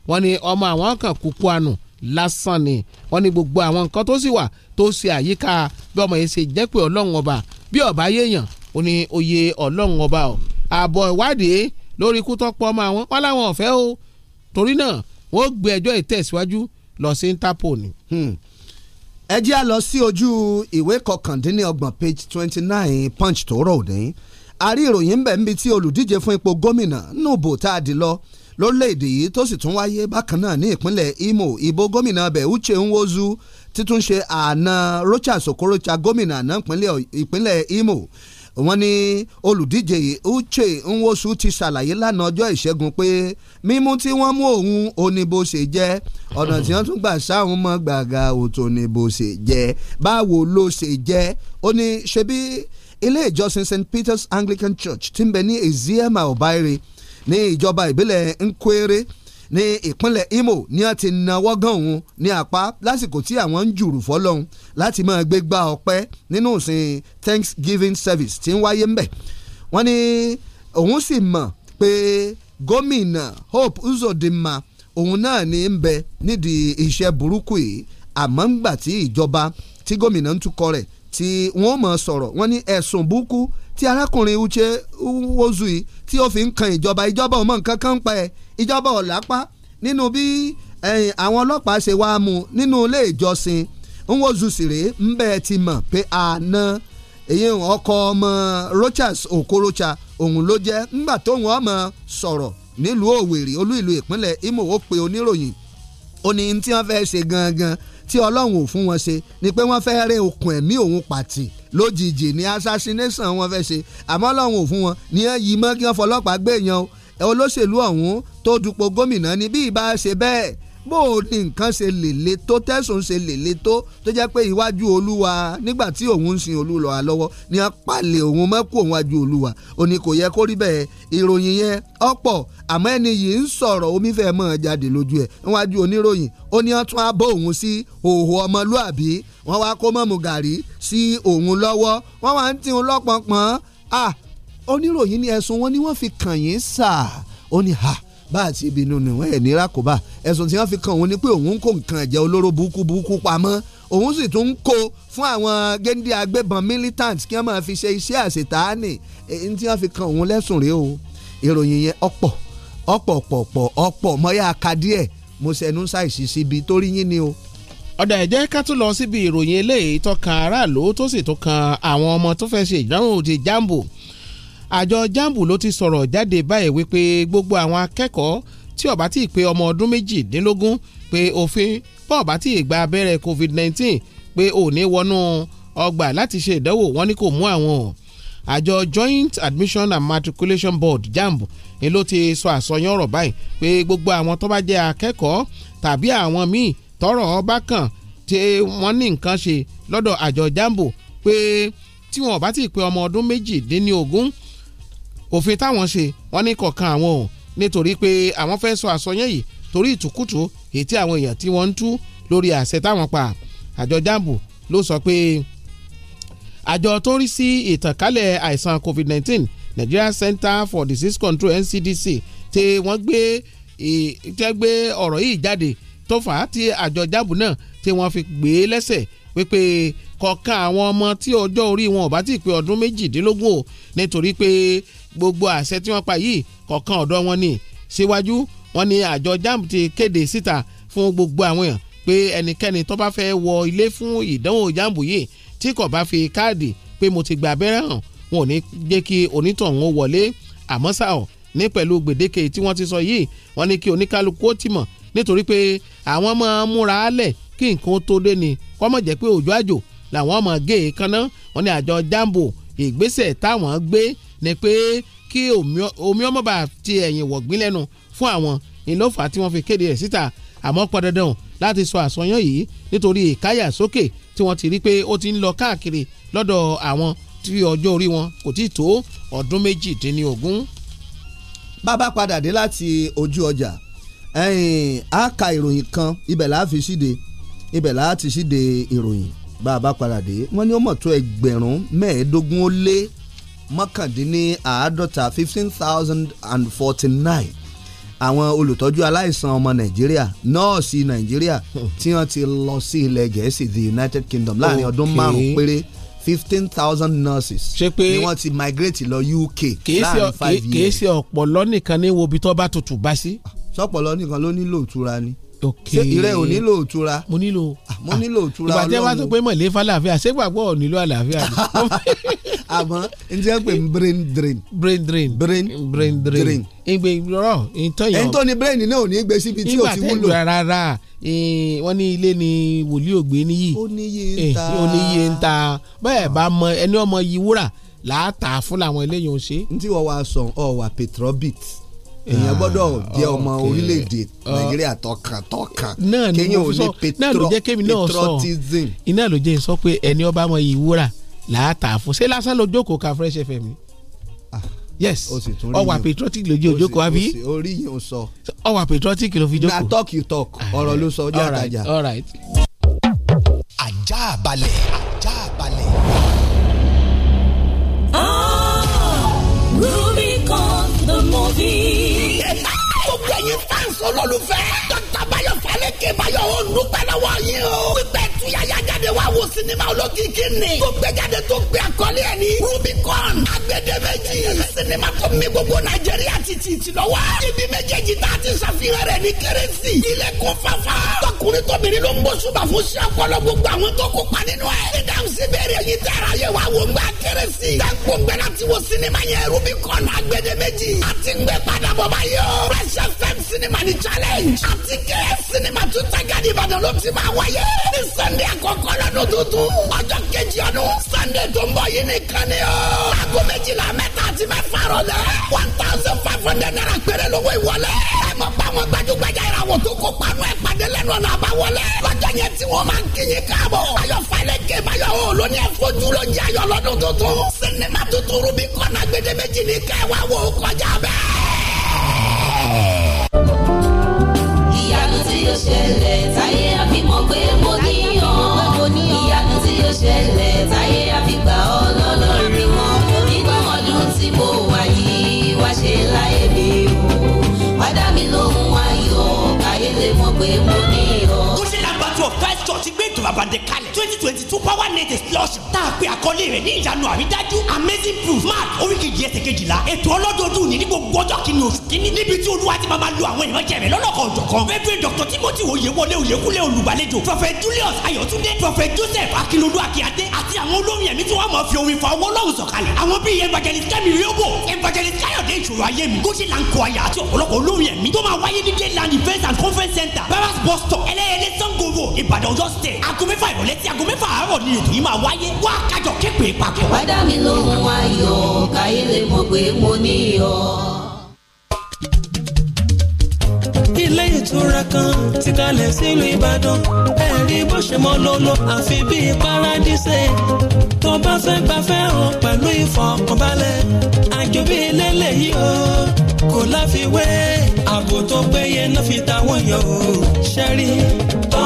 wọ́n ní ọmọ àwọn kan kúkú àánú lásán ni wọ́n ní gbogbo àwọn nǹkan tó sì wà tó ṣe àyíká bí ọmọ yìí ṣe jẹ́ pé ọlọ́run ọba bí ọba yéèyàn ó ní oyè ọlọ́run ọba o àbọ̀ ìwádìí lórí ikú tó pọ̀ ọmọ àwọn wọn làwọn ọ̀fẹ́ o torí náà wọ́n gbé ẹjọ́ ìtẹ̀síwájú lọ sí Interpol ni. Hmm. ẹ jẹ́ a lọ sí ojú ìwé kọkàndínlọ́gbọ̀n page twenty nine punch tó rọ̀ òní àrí ìròyìn ń bẹ̀ níbi tí olùdíje fún ipò gómìnà nùbò tá a dì lọ lórílẹ̀‐èdè yìí tó sì tún wáyé bákan náà ní ìpínlẹ̀ Imo ìbò gómìnà abẹ́ Uche Nwozu títún ṣe àna Rochas Okorocha gómìnà àná ìpínlẹ̀ Imo wọ́n ní olùdíje Uche Nwosu ti ṣàlàyé lánàá ọjọ́ ìṣẹ́gun pé mímú tí wọ́n mú òun oníbo ṣe jẹ́ ọ̀nà tí wọ́n tún gbà sáwọn mọ́ gbàgà òtò oníbo ṣe jẹ́ báwo ló ṣe jẹ́ ó ní ṣebí ilé ìjọsìn St Peter's Anglican Church ti ń bẹ ní Eziama Obaire ní ìjọba ìbílẹ̀ nkwere ní ìpínlẹ̀ Imo ní wọ́n ti nawọ́ gan òun ní apá lásìkò tí àwọn ń jùrù fọ́lọ́hún láti máa gbé gba ọpẹ́ nínú ìsìn Thanksgiving service tí ń wáyé ńbẹ̀ wọ́n ní òun sì mọ̀ pé gómìnà Hope Uzodinma òun náà ní ń bẹ nídìí iṣẹ́ burúkú yìí àmọ́ ńgbà tí ìjọba tí gómìnà ń tukọ̀ rẹ̀ tí wọ́n mọ̀ sọ̀rọ̀ wọ́n ní ẹ̀sùn burúkú tí arákùnrin Uche Wozui tí ó fi ń kan ìjọba ìjọba ò mọ nǹkan kan pa ẹ̀ ìjọba ò nínú bí àwọn ọlọ́pàá ṣe wá mú nínú ilé ìjọsìn Nwozu sì rèé ń bẹ́ẹ̀ ti mọ̀ pé àná èyí ọkọ ọmọ Rochas Okorocha òun ló jẹ́ ńgbà tóun ọmọ sọ̀rọ̀ nílùú Òwèrè olú ìlú ìpínlẹ̀ Imo ó pe ó ní tí wọ́n fẹ́ ṣe gangan tí ọlọ́run ò fún wọn ṣe ni pé wọ́n fẹ́ rẹ́ okùn ẹ̀mí òun pàtì lójijì ní assassination wọ́n fẹ́ ṣe àmọ́ ọlọ́run ò fún wọn ní yìí mọ́ kí wọ́n fọlọ́pàá gbé yan o olóṣèlú ọ̀hún tó dupò gómìnà ni bí ìbá ṣe bẹ́ẹ̀ bó o ní nǹkan ṣe lèlè tó tẹ̀sùn ṣe lèlè tó tó jẹ́ pé iwájú olúwa nígbà tí òun ń sin olúwa lọ́wọ́ ni a palẹ̀ òun mọ́kù òun wájú olúwa òní kò yẹ kó rí bẹ́ẹ̀ ìròyìn yẹn ọ̀pọ̀ àmọ́ ẹni yìí ń sọ̀rọ̀ omi fẹ́ mọ́ ọ jáde lójú ẹ̀ níwájú oníròyìn ó ní wọ́n tún òun sí òhò ọmọlúàbí wọ́n wá kó mọ́mú gàrí sí òun lọ́wọ́ wọ́n wá ń tí òun ah oníròyìn ni ẹ̀sùn wọn ni wọ́n fi kàn yín sáà ó ní ha bá a ti ibinú ni wọ́n ẹ̀ ní rákòbá ẹ̀sùn tí wọ́n fi kàn òun ni pé òun ń kó nǹkan ẹ̀jẹ̀ olóró burúkú burúkú pamọ́ òun sì tún ń kó fún àwọn géńdé agbébọn militant kí wọ́n máa fi ṣe iṣẹ́ àṣetáàní èyí tí wọ́n fi kàn òun lẹ́sùn rèé o ìròyìn yẹn ọ̀pọ̀ ọ̀pọ̀ pọ̀pọ̀ ọ̀pọ̀ mọ́yá ka díẹ̀ mo ṣẹnu ṣàìsí síbi torí yín ni o. ọ̀dà ẹ̀jẹ̀ ká tún lọ síbi ìròyìn eléyìí tó aráàlú tó sì tó kan àwọn ọmọ tó fẹ́ ṣe ìdánwò ti jambo àjọ jambu ló ti sọ̀rọ̀ jáde báyìí wípé gbogbo àwọn akẹ́kọ̀ọ́ tí ó bá ti pé ọmọ ọdún méjìdínlógún pé òfin bó bá ti gba abẹ́rẹ́ covid-19 pé ò ní wọnú ọgbà láti ṣe ìdánwò wọn ni kò mú àwọn àjọ joint admission and matriculation board jambu ni ló ti sọ àsọyán ọ̀rọ̀ báyìí pé gbogbo àwọn tó bá jẹ́ akẹ́kọ̀ọ́ tàbí àwọn míì tọ́rọ̀ ọba kan tí wọ́n ní nǹkan ṣe lọ́dọ̀ àjọ jambo pé tí wọ́n bá ti pé ọmọ ọdún méjìdínlógún òfin táwọn ṣe wọn ní kọ̀ọ̀kan àwọn o nítorí pé àwọn fẹ́ sọ àsọyẹ́ yìí torí ìtùkùtù èyí tí àwọn èèyàn tí wọ́n ń tú lórí àṣẹ táwọn pa àjọ jambu ló sọ pé àjọ tó rí sí ìtànkálẹ̀ àìsàn covid-19 Nigeria Center for Disease Control NCDC tí wọ́n gbé tẹ́ gbé ọ̀rọ̀ yìí jáde tó fà á tí àjọ jambu náà tí wọ́n fi gbé e lẹ́sẹ̀ wípé kọ̀ọ̀kan àwọn ọmọ tí ọjọ́ orí wọn ò bá ti pé ọdún méjìdínlógún o nítorí pé gbogbo àṣẹ tí wọ́n pa yìí kọ̀ọ̀kan ọ̀dọ̀ wọn ni síwájú wọn ni àjọ JAMB ti kéde síta fún gbogbo àwọn èèyàn pé ẹnikẹ́ni tó bá fẹ́ wọ ilé fún ìdánwò JAMB yìí tí kò bá fi káàdì pé mo ti gba abẹ́rẹ́ hàn wọn ò ní jẹ́ kí onítọ̀hún wọlé àmọ́ ṣá o ní pẹ̀lú gbèdéke tí wọ́n ti sọ yìí wọ́n ní kí oníkálukú ó ti mọ̀ nítorí pé àwọn máa múra álẹ̀ kí nǹkan tó dé ni kọ́mọ̀ jẹ́ pé òjò àjò làwọn ọmọ gé e kaná wọn ní àjọ jambo ìgbésẹ̀ táwọn gbé ni pé kí omi ọmọ bá ti ẹ̀yìn wọ̀gbìn lẹ́nu fún àwọn ìlọ́fà tí wọ́n fi kéde rẹ̀ síta àmọ́ pọn dandan láti sọ àsọyán yìí nítorí ìkáyà sókè tí wọ́n ti rí pé ó ti ń lọ káàkiri lọ́dọ̀ àwọn tí ọjọ́ orí wọn kò tí ì tó ọdún méjìdínlógún. bàbá padà dé láti ojú ọjà a ka ìròyìn kan ibẹ̀ la fi síde ibẹ̀ la ti síde ìròyìn bàbá padà dé wọ́n ní ó mọ̀ tó ẹgbẹ̀rún mẹ́ẹ̀ẹ́dógún ó lé mọ́kàndínláàádọ́ta fifteen thousand and forty nine àwọn olùtọ́jú aláìsàn ọmọ nàìjíríà nọ́ọ̀sì nàìjíríà hmm. tí wọ́n ti lọ sí ilẹ̀ gẹ̀ẹ́sì the united kingdom láàrin ọdún márùn-ún péré fifteen thousand nurses. ṣe pé ni wọ́n ti migrate lọ UK láàrin five years. kìí ṣe ọ̀pọ̀lọ́ nìkan ní wo ibi tó bá tutù bá sí. Ah, sọ̀pọ̀lọ́ nìkan ló nílò ìtura ni. ok ṣé ìrẹ́ ò nílò ìtura. mo nílò ah, mo nílò ah, ìtura ọlọ́run. ìbàjẹ́ wa tó pé mọ̀lẹ́ fàlàáfíà ṣé gbàgbọ́ ò nílò àlàáfíà ni. àmọ́ n ti yẹ pé brain drain. brain drain brain brain drain. ìgbè ìrọ̀ ìtọ́yọ̀. ẹni tó ní brain náà ò ní gbé síbi tí ò ti wúlò. ìgbà tẹ́lẹ̀ rárá wọ́n ní ilé ni wòlíì ògbé níyì. ó ní iye ń ta ó ní iye ń ta bẹ́ẹ̀ bá mọ ẹni ọmọ yìí wúrà làátà fún làwọn eléyìí ò ṣe. n tí wọ́n wá sọ ọ wà petrobit ah, èèyàn gbọ́dọ̀ jẹ́ ọmọ orílẹ̀-èdè ah. nàìjíríà tọkàntọkàn kéèyàn ò ní petrotism. náà ló jẹ́ kémi náà sọ iná ló jẹ́ sọ pé ẹni ọba mọ yìí wúrà láàtà fún ṣé lásán ló jókòó ka fresh fm ni ah, yes ọwà patriotic ló jẹ òjókòó àbí orí yìí ò sọ ọwà patriotic ló fi jókòó na talk you talk ọ̀rọ̀ ló sọ ọjà àtàjà ajá balẹ̀ ajá balẹ̀. Ah, Rubicon the movie. Ah, gbogbo ẹ̀yin fans olólùfẹ́ pásítọ̀ Báyọ̀ Fálékè Báyọ̀ olùpẹ̀lọ́wọ́ yìí o. pípẹ́ tuyaya jáde wá wo sinimá olókìkí ni. tó gbé jáde tó gbé àkọlé ẹ̀ ní. Rubicon agbẹdẹmẹjì. sinimá tó mi gbogbo Nàìjíríà ti ti ti lọ wá. ibi méjèèjì tá a ti ṣàfihàn rẹ̀ ní kérésì. ilé kò fàfà. tọkùnrin tóbìnrin ló ń bó ṣùgbà fún sí ọpọlọ gbogbo àwọn tó kópa nínú ẹ̀. ìdáhùn sí bẹ́ẹ̀rẹ̀ yìí tẹ̀ra yẹ wá wo ńgbà kérésì. tẹ́kù gbẹ láti wo sinimá yẹn Rubicon agbẹdẹmẹjì. a ti gbẹ padà bọ̀ báyọ̀. Fresh FM sinimá ni challenge. a ti jẹ́ sinima tún tagadi ìbàdàn ló ti máa wáyé ní sunday àkọ́kọ́ lọ́dún tuntun ọjọ́ kejì ọdún sunday tó ń bọ̀ yìí nìkan ni ó. aago méjìlá mẹ́ta àti mẹ́fà rọ̀lẹ́ one thousand five hundred naira péré lówó ìwọlé. ẹ mọ̀ pa àwọn gbajúgbajà ìràwọ̀ tó kó panu ẹ̀ pàdé lẹ́nu ọ̀nà àbáwọlé. lọ́jọ́ yẹn tí wọ́n máa ń kíyìn káàbọ̀. ayọ̀ falẹ̀ ké bayọ̀ o ló ní ẹ̀fọ́jú ló jẹ́ ayọ̀ lọ́dún tuntun. sinima tuntun rubicon agbèdémèjì ní kẹwàá wò kọjá bẹ́ẹ̀. yóò ṣẹlẹ̀ táyé àfi mọ̀ pé mo níyàn ìyanu tí yóò ṣẹlẹ̀ táyé àfi gbà ọ́ lọ́lọ́rin wọn nínú ọdún tí mo wà yìí wá ṣe láyé mi o padà mi lóhun ayọ̀ káyé lè mọ̀ pé mo níyàn. kó ṣe lágbàtú ọ̀fẹ́ ṣọ̀tí gbé ìtura bàdé kalẹ̀ one eight slush tá a pe àkọlé rẹ̀ ní ìyanu àrídájú amazing proof mark oríkejì ẹsẹ̀ kejìlá ètò ọlọ́dọọdún ní ní gbogbo ọjọ́ kìíní oṣù kìíní níbi tí olúwa ti máa lu àwọn ìrànjẹ rẹ̀ lọ́lọ́kan ọ̀jọ̀kan reverend dr timothy oyewole oyekule olùgbàlejò prophet julius ayọ̀túndé prophet joseph akilolu akíade àti àwọn olórin ẹ̀mí tí wọ́n mọ̀ fi orin fa ọwọ́ lọ́hùn sọ̀kalẹ̀ àwọn bíi evangelist kẹ́mi riobo evangelist káyọ̀dé ìṣòro ayé mi gúúsì lanko àyà àti ọ̀pọ̀lọpọ̀ olórin ẹ̀mí tó máa wáyé ní dayland event and conference center barras bus stop ẹlẹ́yẹlé sango road ìbàdàn ọjọ́ state aago mẹ́fà ìrọ̀lẹ́ sí aago mẹ́fà àárọ̀ ní oríire kì í máa wáyé wá kájọ képe papọ̀. wá dá mi lóhùn ayọ̀ káyé lè mọ̀ pé mo ní iyọ̀. ilé ìtura kan ti kalẹ̀ sílùú Ìbàdàn ẹ̀rí bó ṣe mọ́ ló lọ àfi bíi paradíṣẹ́ tó bá fẹ́ gbà fẹ́ràn pẹ̀lú ìfọkànbalẹ̀ àjò bíi lélẹ́yìí o kò láfiwé ààbò tó péye náà fi ta wọ́n ṣẹ́rí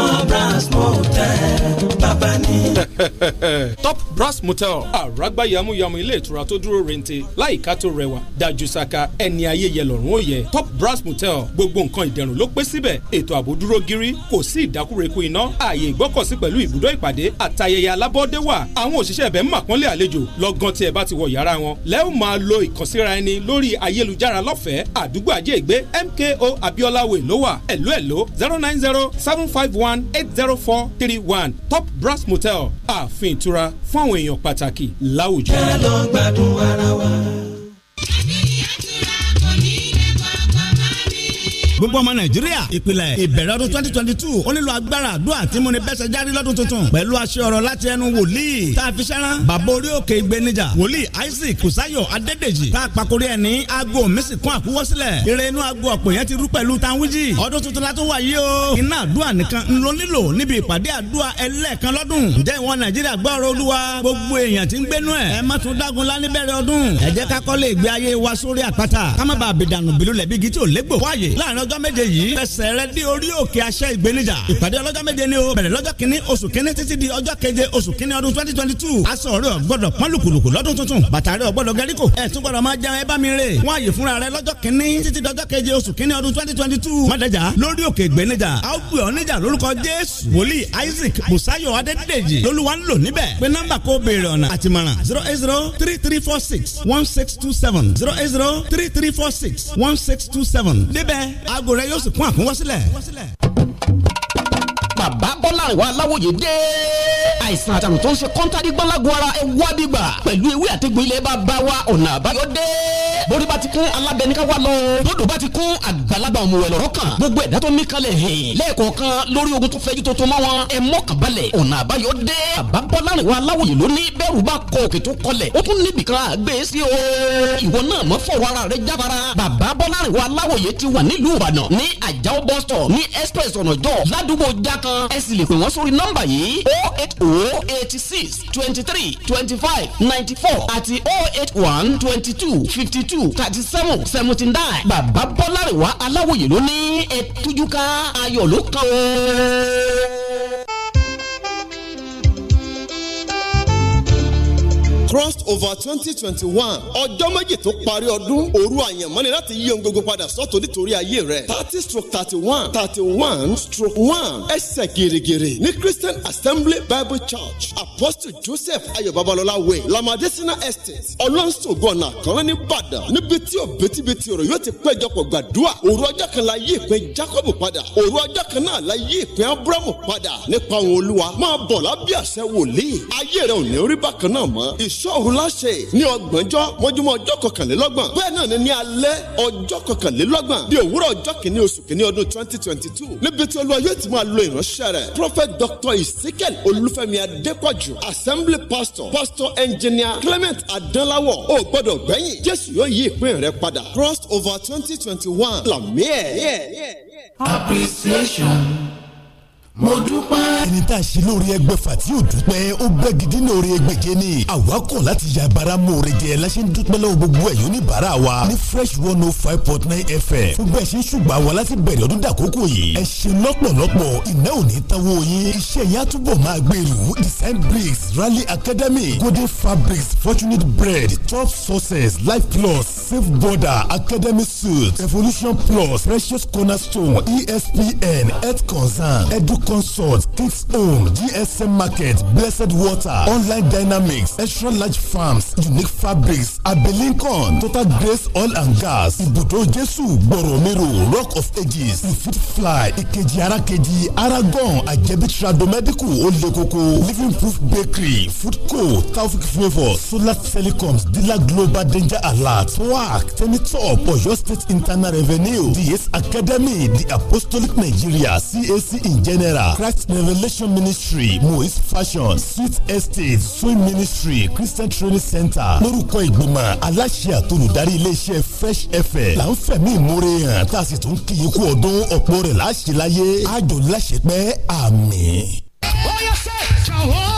top brass motel bàbá ni. top brass motel àràgbá yamuyamu ilé ìtura tó dúró rente láìka tó rẹwà dájú saka ẹni ayé yẹ lọ́rùn ó yẹ top brass motel gbogbo nǹkan ìdẹ̀rùn ló pé síbẹ̀ ètò ààbò dúró gírí kò sí ìdákúrekú iná ààyè ìgbọ́kọ̀sí pẹ̀lú ibùdó ìpàdé àtayẹyẹ alábọ́dé wà àwọn òṣìṣẹ́ ibẹ̀ ń màpọ́nlé àlejò lọ́gán tí ẹ bá ti wọ yàrá wọn lẹ́wọ̀n máa lo ìkànsíra ẹni lórí ayélujára lọ́fẹ̀ẹ́ àdúgbò àjẹ́ mko abiolawe ló wà ẹ̀lú ẹ̀lú zero nine zero seven five one one eight zero four three one top brass motel ààfin ìtura fún àwọn èèyàn pàtàkì láwùjọ. ká lọ gbádùn wa. gbogbo ọmọ nàìjíríà ìpìlẹ̀ ìbẹ̀rẹ̀ ọdún twenty twenty two ó nílò agbára àdúrà tí mo ní bẹ́sẹ̀ járí lọ́dún tuntun pẹ̀lú aṣọ ọ̀rọ̀ láti ẹnu wòlíì tá a fi ṣẹ́rán bàbá orí òkè ìgbénijà wòlíì isaac kùsáyọ̀ adédèjì tá a pàkórí ẹ̀ ní aago mísì kún àkúwọ́ sílẹ̀ eré inú aago ọ̀pọ̀ yẹn ti rú pẹ̀lú tanwiji ọdún tuntun la tó wà yìí o iná àdúrà nìkan ń lo nílò níbi ìpàdé àdúrà ẹlẹ́ẹ̀kan lọ́dún ǹjẹ́ ìwọ nàìjíríà gbọ́rọ̀ olúwa gbogbo èèyàn ti ń gbénú ẹ̀ ẹ má tún dágun lá níbẹ̀rẹ̀ ọdún ẹ jẹ́ ká kọ́lé ìgbé ayé wa sórí àpáta ká má bàa bìdànù bìlú lẹ̀bi igi tí ò légbò ọlọ́jọ́ méje yìí fẹsẹ̀ rẹ dé orí òkè aṣẹ́ ìgbénijà ìpàdé ọlọ́jọ́ méje ni o bẹ̀rẹ̀ lọ́jọ́ kìíní oṣù kìíní títí di ọjọ́ keje oṣù kìíní ọdún twenty twenty two aṣọ rẹ gbọ́dọ̀ pọ́n lùkùlùkù lọ́dún tuntun bàtà rẹ gbọ́dọ̀ gẹ́ríkò ẹ̀ tún gbọ́dọ̀ máa jẹun ẹ bá mi rè wọ́n àyè fúnra rẹ lọ́jọ́ kìíní títí dọ́jọ́ aago rẹ yóò sì kún àkúnwọ́sílẹ̀. bàbá bọ́lá àwọn aláwòye dé àìsàn àtàrùn tó ń ṣe kọ́ńtàdígbọ́lágun guara ẹ̀ wá bíbà pẹ̀lú ewé àtẹ̀gbọ́ ilẹ̀ bá bá wa ọ̀nà àbáyọ dé borí bá ti kún alábẹ́ni ká wá lọ. lódò bá ti kún àgbàlagbà ọmọ wẹ̀ lọ́rọ́ kan. gbogbo ẹ̀dá tó mí kalẹ̀ hìn. lẹ́ẹ̀kọ̀ọ̀kan lórí ogun tó fẹ́jú tó tó mọ́ wọn. ẹ mọ́ kàbalẹ̀ ọ̀nà àbáyọ dé. bàbá bọ́lárin wa aláwòye lónìí bẹ́ẹ̀rù bá kọ òkè tó kọlẹ̀. ó tún níbi kan àgbè sí o. ìwọ náà mọ fọwọ́ ara rẹ jábára. bàbá bọ́lárin wa aláwòye ti wà nílùú ìbàdàn ní àjàó bus stop ní express ọ̀nà ládùúgbò jákan ẹ sì lè pè wọ́n sórí nọ́mbà yìí oh eight oh eighty six twenty three twenty five ninety four àti oh eight one twenty two fifty two two thirty seven seventy nine bàbá bọ́lárẹ̀wá aláwòye ló ní ẹ̀tújúká ayọ̀ ló kàn ó. crossed over twenty twenty one ọjọ́ méjì tó parí ọdún òru àyànmọ́ ni láti yí ohun gbogbo padà sọ́tò nítorí ayé rẹ̀ thirty stroke thirty one thirty one stroke one ẹsẹ̀ gèrègèrè ní Christian Assembly Bible Church Apostle Joseph Ayọ̀ Babalọlá way Lamadesina Estate ọlọ́nṣogọ́nà kan ní Ìbàdàn níbi tí òbítíbitì ọ̀rọ̀ yóò ti péjọpọ̀ gbàdúrà òru ọjọ́ kan la yí ìpín Jacob padà òru ọjọ́ kan náà la yí ìpín Abrahamu padà nípa òun Olúwa máa bọ̀ lábẹ́ àṣẹ wòlíì ayé rẹ̀ ò ní rí bákan náà mọ́ ìṣ sọ́ọ̀hún láṣẹ ní ọgbọ̀njọ́ mọ́júmọ́ ọjọ́ kọkànlélọ́gbọ̀n bẹ́ẹ̀ náà ni ní alẹ́ ọjọ́ kọkànlélọ́gbọ̀n di òwúrọ̀ ọjọ́ kìíní oṣù kìíní ọdún twenty twenty two níbi tí olúwa yóò ti máa lo ìránṣẹ́ rẹ̀ prophet doctor ezekiel olúfẹ́mi adépọ̀jù assembly pastor pastor engineer clement adánláwọ̀ ò gbọ́dọ̀ gbẹ́yìn jésù yóò yí ìpín rẹ̀ padà cross over twenty twenty one appreciation mo dúpẹ́. ẹni tá a ṣe lóore ẹgbẹ́fà tí yóò dúpẹ́ ó gbẹ́ gidi lóore ẹgbẹ́je ni àwa kọ̀ láti ya bara mòore jẹ láṣẹ dúpẹ́ lọ́wọ́ gbogbo ẹ̀yọ́ ní bara wa ní fresh one oh five point nine fm fún bẹ́ẹ̀ ṣe ń ṣùgbọ́n àwa láti bẹ̀rẹ̀ ọdún dàkókò yìí ẹ ṣe lọ́pọ̀lọpọ̀ iná ò ní tanwó yín iṣẹ́ yẹn á máa gbèrú design bricks rally academy golden fabrics fortunate bread top sources life plus safe border academy suits revolution plus precious cornerstone espn health concern educ Consort, Kids Own, GSM Market, Blessed Water, Online Dynamics, Extra Large Farms, Unique Fabrics, Abelincon, Total Grace Oil and Gas, Ibùdó Jesu, Boromiro, Rock of Ages, Fit Fly, Ìkejì Arákejì, Aragon, Ajẹ́bí Medical, Olekoko, Living Proof Bakery, Food Co, Taufik Flavour, Solar Telecoms, Dila Global Danger Alert, WAC, Tenitop, Oyo State Internal Revenue, DS Academy, The Apostolic Nigeria, CAC in general. Agbára Christ Revelation Ministry Moise Fashion Sweet Estate Swim Ministry Christian Training Center lórúkọ ìgbìmọ̀ aláṣẹ àtolùdarí iléeṣẹ́ Fresh FM là ń fẹ̀mí ìmúre hàn tá a sì tún kì í kú ọdún ọ̀pọ̀ rẹ̀ láṣẹ láyé àjò láṣẹ pẹ́ àmì. ó yẹ sẹ́ jọ̀wọ́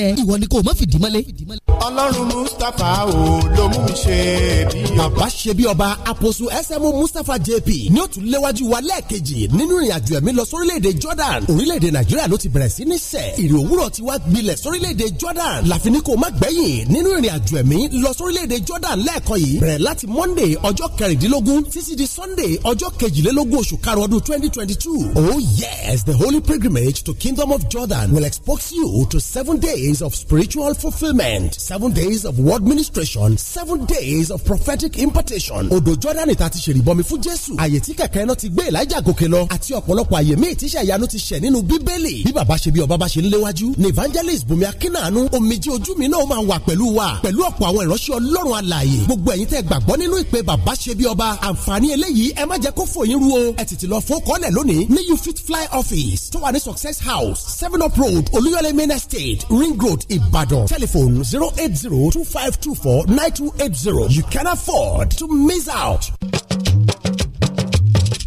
ẹ ìwọ ni kò mọ fìdí mọ́lẹ̀. ọlọ́run mustapha o ló mú mi ṣe bí ọba. àbá ṣe bí ọba àpòsù SMO mustapha jp ní ó tún léwájú wa lẹ́ẹ̀kejì nínú ìrìnàjò ẹ̀mí lọ sórílẹ̀-èdè jordan orílẹ̀-èdè nàìjíríà ló ti bẹ̀rẹ̀ sí ní sẹ̀ ìrì òwúrọ̀ ti wá gbilẹ̀ sórílẹ̀-èdè jordan láfi ní kò má gbẹ̀yìn nínú ìrìnàjò ẹ̀mí lọ sórílẹ̀-èdè jordan lẹ́ẹ̀kan yìí bẹ̀rẹ̀ láti monday ọjọ́ kẹrìndínlógún títí di sunday ọjọ́ kejìlélógún oṣù karùn-ún ọdún twenty twenty two oh yes the holy pilgrimage to kingdom of jordan will expose you to seven days days of spiritual fulfillment, seven days of word ministration, seven days of prophetic impartation. Odò Jọ́dánì ta ti ṣèrìbọmi fún Jésù. Àyè tí kẹ̀kẹ́ náà ti gbé Elijah gòkè lọ àti ọ̀pọ̀lọpọ̀ àyè míì tíṣà ìyanu ti ṣẹ̀ nínú Bíbélì. Bí bàbá ṣe bí ọba bá ṣe ń léwájú ni evangelist Bùnmi Akínàánú omijì ojú mi náà máa wà pẹ̀lú wa pẹ̀lú ọ̀pọ̀ àwọn ìránṣẹ́ Ọlọ́run alààyè. Gbogbo ẹ̀yin tẹ́ gbàgbọ́ nínú ìpè bàbá ṣe bí ọba. Àǹfààní eléyìí ẹ má jẹ́ kó fò yín ru o. Ẹ tètè lọ fún kọ́lẹ̀ lónìí ní You Fit Fly office tó wà ní Success House, Seven Up Road, Olúyọ̀lé Main Estate, Ring Road, Ibadan. Telephone 080 2524 9280. You can afford to miss out.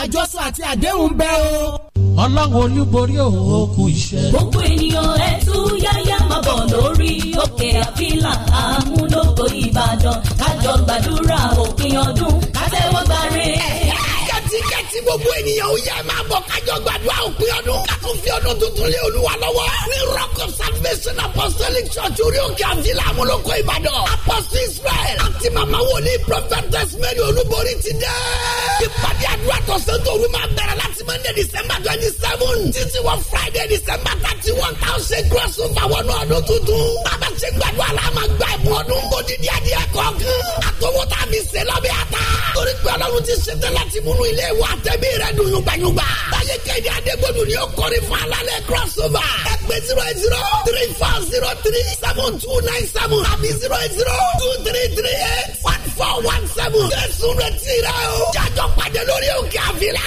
àjọsọ àti àdéhùn bẹ́ o. ọlọ́run olúborí òun kú iṣẹ́. gbogbo ènìyàn ẹ tú yáyá máa bọ̀ lórí òkè àfílà àmúlòkọ ìbàdàn kájọ gbàdúrà òpin ọdún kátẹ́wọ́ gbàre kí gbogbo ènìyàn yẹ máa bọ̀ kájọ gbàdúrà òpin ọdún kátó fi ọdún tuntun lé olúwa lọ́wọ́ ní rock of salvation apostolic church orí òkè àfilà àmúlòkọ ìbàdàn apostle israel àti màmá wòlíì prophetess mary olúborí ti dẹ́. ìpàdé àdúrà tọ̀sán tòru máa bẹ̀rẹ̀ láti monday december twenty seven títí wọ friday december thirty one thousand cross over wọnú ọdún tuntun. bàbá ṣe gbàdúrà la máa gba ẹ̀bùn ọdún odidi adìẹ kọ̀ọ̀kan àtọwọ́ta mi ṣe lọ́bẹ̀ àtà. torí pé ọlọ́run ti ṣe tẹ́lẹ̀ ti múnú ilé wa t tẹ̀mí rẹ̀ dùn yùgbàyùgbà. báyìí kẹ́hìndé ni ó kọrin fún alalẹ̀ crossover. ẹ pé zero eight zero three four zero three seven two nine seven àbí zero eight zero two three three eight one four one seven. jésù retí rẹ o. jájọ pàdé lórí òkè àfilà.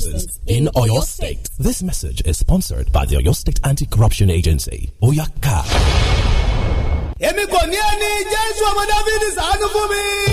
citizens in Oyo State. This message is sponsored by the Oyo State Anti-Corruption Agency, Oyaka. èmi kò ní ẹni jésù ọmọ dáfídì fún mi.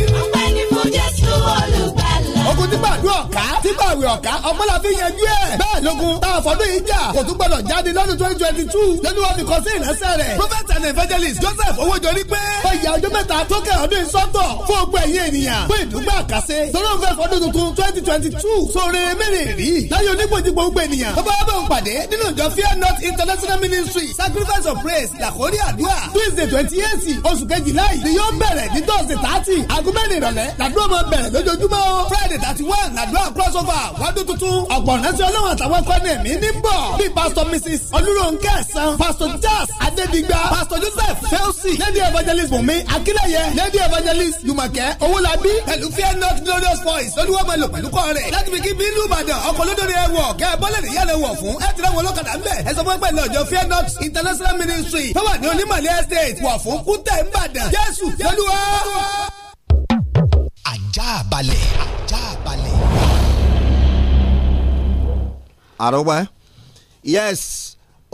gbàdúrà ọ̀ká tí gbàwé ọ̀ká ọmọlá fi yanjú ẹ̀. bẹ́ẹ̀ lógun tá a fọdún yìí jà kò tún gbọdọ̀ jáde lọ́dún twenty twenty two lẹ́nu wọn fi kọ́ sí ìrẹsẹ̀ rẹ̀. prophet and evangelist joseph owójorí pé. ó yà ọjọ́ mẹ́ta tó kẹ́ ọdún sọ́tọ̀ fún ogun ẹ̀yìn ènìyàn fún ìdúgbò àkàṣe tọ́lọ́ fẹ́ fọdún tuntun twenty twenty two sóore mẹ́rẹ̀ẹ̀rí láyé onígbòjìgbò gbogbo ènìyàn. bàbá bá ń pàdé nínú ìjọ fear not international ministry sacrifice of praise làkórí àdúrà tuesday twenty eight oṣù kejìlá yìí ni yóò bẹ̀rẹ̀ ní thursday thirty àgùnbẹ́ni ìrọ̀lẹ́ làdúrà máa bẹ̀rẹ̀ lójoojúmọ́ friday thirty one náà nàdúrà crossover wádùn tuntun ọ̀pọ̀ ọlọ́run àtàwọn akọni ẹ̀mí ní bọ̀ bíi pastor mrs olúronke ẹ̀sán pastor jazz adédigba pastor joseph felsi lady evangelist bùnmi akínlẹ̀yẹ lady evangelist jùmọ̀kẹ́ owólabí pẹ̀lú fear not glorious voice olúwọ́mọlò pẹ̀lú kọ́ láti fi kí bí ìbàdàn ọkọ̀ lódòdó ẹ wọ̀ kẹ́ ẹ bọ́lẹ̀ níyàlẹ̀ wọ̀ fún ẹ ti rẹ́wọ̀n ọlọ́kadà ń bẹ̀ ẹ sọ fún pẹ̀lú balẹ̀. àròwá yes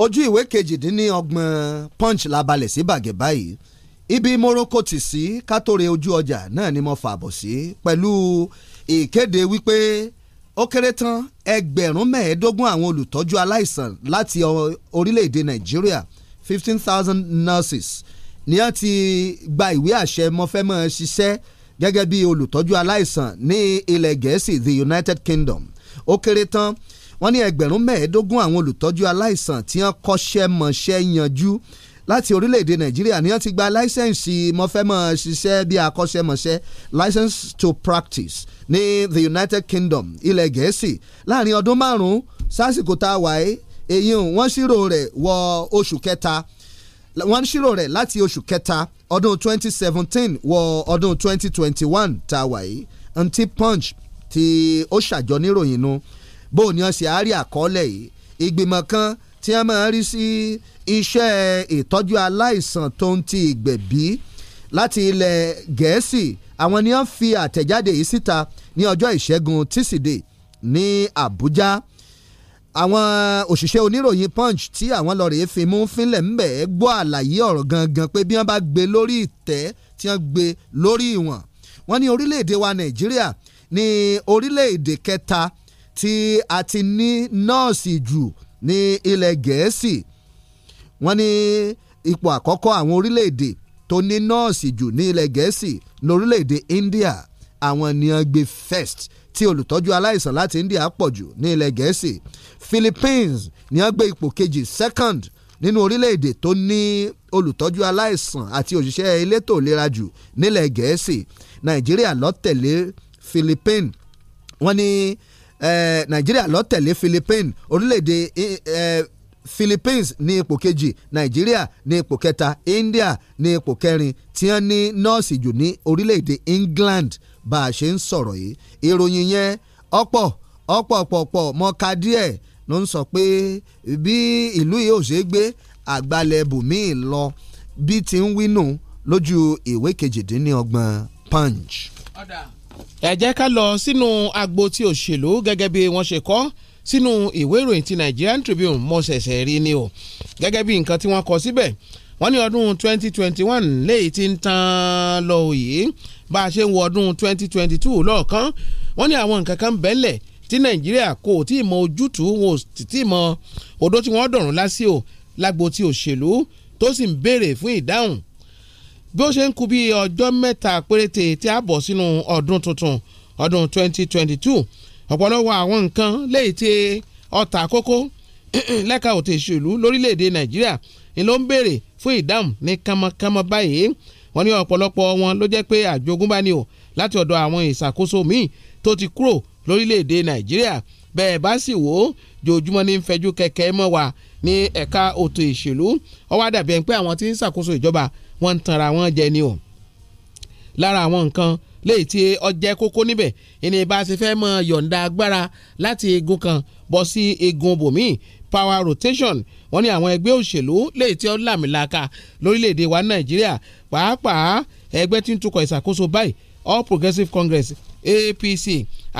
ojú ìwé kejìdínlọ́gbọ̀n punch la balẹ̀ sí bàgẹ́ báyìí ibi morocco ti sí kátólé ojú ọjà náà ni mo fàbọ̀ sí pẹ̀lú ìkéde wípé ó kéré tán ẹgbẹ̀rún mẹ́ẹ̀ẹ́dógún àwọn olùtọ́jú aláìsàn láti orílẹ̀-èdè nàìjíríà fifteen thousand nurses ní a ti gba ìwé àṣẹ mọ́fẹ́mọ́ ṣiṣẹ́ gẹ́gẹ́ bí olùtọ́jú aláìsàn ní ilẹ̀ gẹ̀ẹ́sì the United Kingdom ó kéré tán wọ́n ní ẹgbẹ̀rún mẹ́ẹ̀ẹ́dógún àwọn olùtọ́jú aláìsàn tí wọ́n kọ́ṣẹ́ mọṣẹ́ yanjú láti orílẹ̀-èdè nàìjíríà ni wọ́n ti gba láísẹ̀nsì mọ́fẹ́mọ́ ṣiṣẹ́ bí akọ́ṣẹ́mọṣẹ́ license to practice ní the United Kingdom ilẹ̀ gẹ̀ẹ́sì láàrin ọdún márùn-ún sásìkò tá a wà é èyí wọ́n ṣírò rẹ̀ wọ oṣù kẹta wọ́n ń ṣírò rẹ̀ láti oṣù kẹta ọdún 2017 wọ ọdún 2021 tá a wà yìí ntí punch ti ó ṣàjọ níròyìn nu bó ni wọ́n ṣe àárí àkọọ́lẹ̀ yìí ìgbìmọ̀ kan tí wọ́n máa ń rí sí iṣẹ́ ìtọ́jú aláìsàn tó ń ti ìgbẹ̀bí láti ilẹ̀ gẹ̀ẹ́sì àwọn ni wọ́n fi àtẹ̀jáde yìí síta ní ọjọ́ ìṣẹ́gun tísídẹ̀ẹ́ ní Àbújá àwọn òṣìṣẹ́ oníròyìn punch tí àwọn lọ rèé fimú fínlẹ̀ ńbẹ̀ gbọ́ àlàyé ọ̀rọ̀ gangan pé bí wọ́n bá gbé lórí ìtẹ́ tí wọ́n gbé lórí ìwọ̀n wọ́n ní orílẹ̀-èdè wa nàìjíríà ní orílẹ̀-èdè kẹta tí a ti ní nọ́ọ̀sì jù ní ilẹ̀ gẹ̀ẹ́sì wọ́n ní ipò àkọ́kọ́ àwọn orílẹ̀-èdè tó ní nọ́ọ̀sì jù ní ilẹ̀ gẹ̀ẹ́sì lórílẹ̀-èdè India àwọn ni wọ́n gbé first tí olùtọ́jú aláìsàn láti India pọ̀ jù ní ilẹ̀ gẹ̀ẹ́sì Philippines ní wọ́n gbé ipò kejì second nínú orílẹ̀-èdè tó ní olùtọ́jú aláìsàn àti òṣìṣẹ́ elétò ìlera jù nílẹ̀ gẹ̀ẹ́sì Nàìjíríà ló Philippines wọ́n ní Nàìjíríà ló Philippines orílẹ̀-èdè Philippines ní ipò kejì Nàìjíríà ní ipò kẹta India ní ipò kẹrin tí wọ́n ní nọ́ọ̀sì jù ní orílẹ̀-èdè England bá a ṣe ń sọ̀rọ̀ yìí ìròyìn yẹn ọ̀pọ̀ ọ̀pọ̀ pọ̀pọ̀ mọ́ka díẹ̀ ló ń sọ pé bí ìlú yìí ò ṣe gbé àgbàlẹ̀ bùnmíì lọ bí ti ń wínú lójú ìwé kejìdínlọ́gbọ̀n punch. ẹ jẹ́ ká lọ sínú agbo ti òṣèlú gẹ́gẹ́ bí wọ́n ṣe kọ́ sínú ìwé ìròyìn ti Nigerian Tribune mo ṣẹ̀ṣẹ̀ rí ni o gẹ́gẹ́ bí nǹkan tí wọ́n kọ síbẹ̀ wọ́n ní ọdún 2021 léyìí ti ń tán lọ yìí bá a ṣe ń wọ ọdún 2022 lọ́ọ̀kan wọ́n ní àwọn nǹkan kan bẹ́lẹ̀ tí nàìjíríà kò tí ì mọ ojútùú wọn ò tí ì mọ odó tí wọ́n dọ̀rùn lásì o lágbo ti òṣèlú tó sì ń béèrè fún ìdáhùn bí ó ṣe ń kù bí ọjọ́ mẹ́ta péréte tí a bọ̀ sínú ọdún tuntun ọdún 2022 ọ̀pọ̀lọpọ̀ àwọn nǹkan léyìí tí ọta kókó lẹ́ka òtẹ̀ṣèlú lórílẹ̀‐èdè nàìjíríà ni ló ń béèrè fún ìdáhùn ní kánmọ́kánmọ́ báyìí wọ́n ní ọ̀pọ̀lọpọ̀ wọn ló jẹ́ pé àjogúnbá ni o láti ọ̀dọ̀ àwọn ìṣàkóso míì tó ti kúrò lórílẹ̀‐èdè nàìjíríà bẹ́ẹ̀ bá sì wò ó jòjúmọ́ ní fẹjú kẹ̀kẹ́ mọ́ wa ní ẹ̀ka òtò ìṣèlú ó wá dàbí ẹni pé àwọn tí ń ṣàkóso ìjọba wọ́n ń tanra wọn jẹ ni o lára àwọn nǹkan léyìí tí ọjẹ́ kókó níbẹ̀ ìní bá ṣe fẹ́ mọ yọ̀ǹda agbára láti egun kan bọ́ sí egun bòmíì power rotation wọ́n ní àwọn ẹgbẹ́ òṣèlú lè tí ó làmìlaka lórílẹ̀‐èdè wa nàìjíríà pàápàá ẹgbẹ́ tí ń tukọ̀ ìṣàkóso báyìí all Progressive congress apc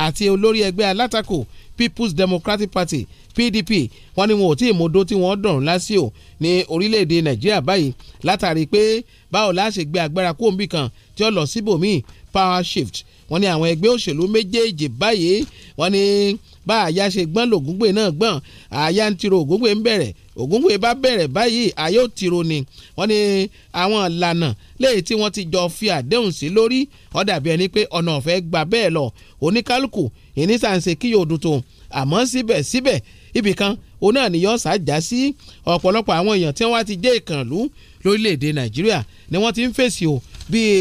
àti olórí ẹgbẹ́ alátakò people's democratic party pdp wọ́n ní wọn ò tí ì mọdó tí wọ́n dọ̀rùn lásì ò ní orílẹ̀‐èdè nàìjíríà báyìí látàrí pé báwo la ṣe gbé agbára kóńbì kan tí ó lọ síbòmíì power shift wọ́n ní àwọn ẹgbẹ́ òṣèlú méjèèjì báyìí wọ́n ní. Ni bá àyà ṣe gbọ́n lògúngbè náà gbọ́n àyà ń tiro ògúngbè ń bẹ̀rẹ̀ ògúngbè bá bẹ̀rẹ̀ báyìí àyà ò tiro ni wọ́n ní àwọn ìlànà lẹ́yìn tí wọ́n ti jọ fi àdéhùn sí lórí ó dàbí ẹni pé ọ̀nà ọ̀fẹ́ gbà bẹ́ẹ̀ lọ oníkálukú ìnísànsè kí yóò dùn tó àmọ́ síbẹ̀síbẹ̀ ibìkan òun náà nìyọ́ sàjà sí ọ̀pọ̀lọpọ̀ àwọn èèyàn tí wọ́n ti dé ìkànnlú lórílẹ̀‐èdè nàìjíríà ni wọ́n ti ń fèsì o bíi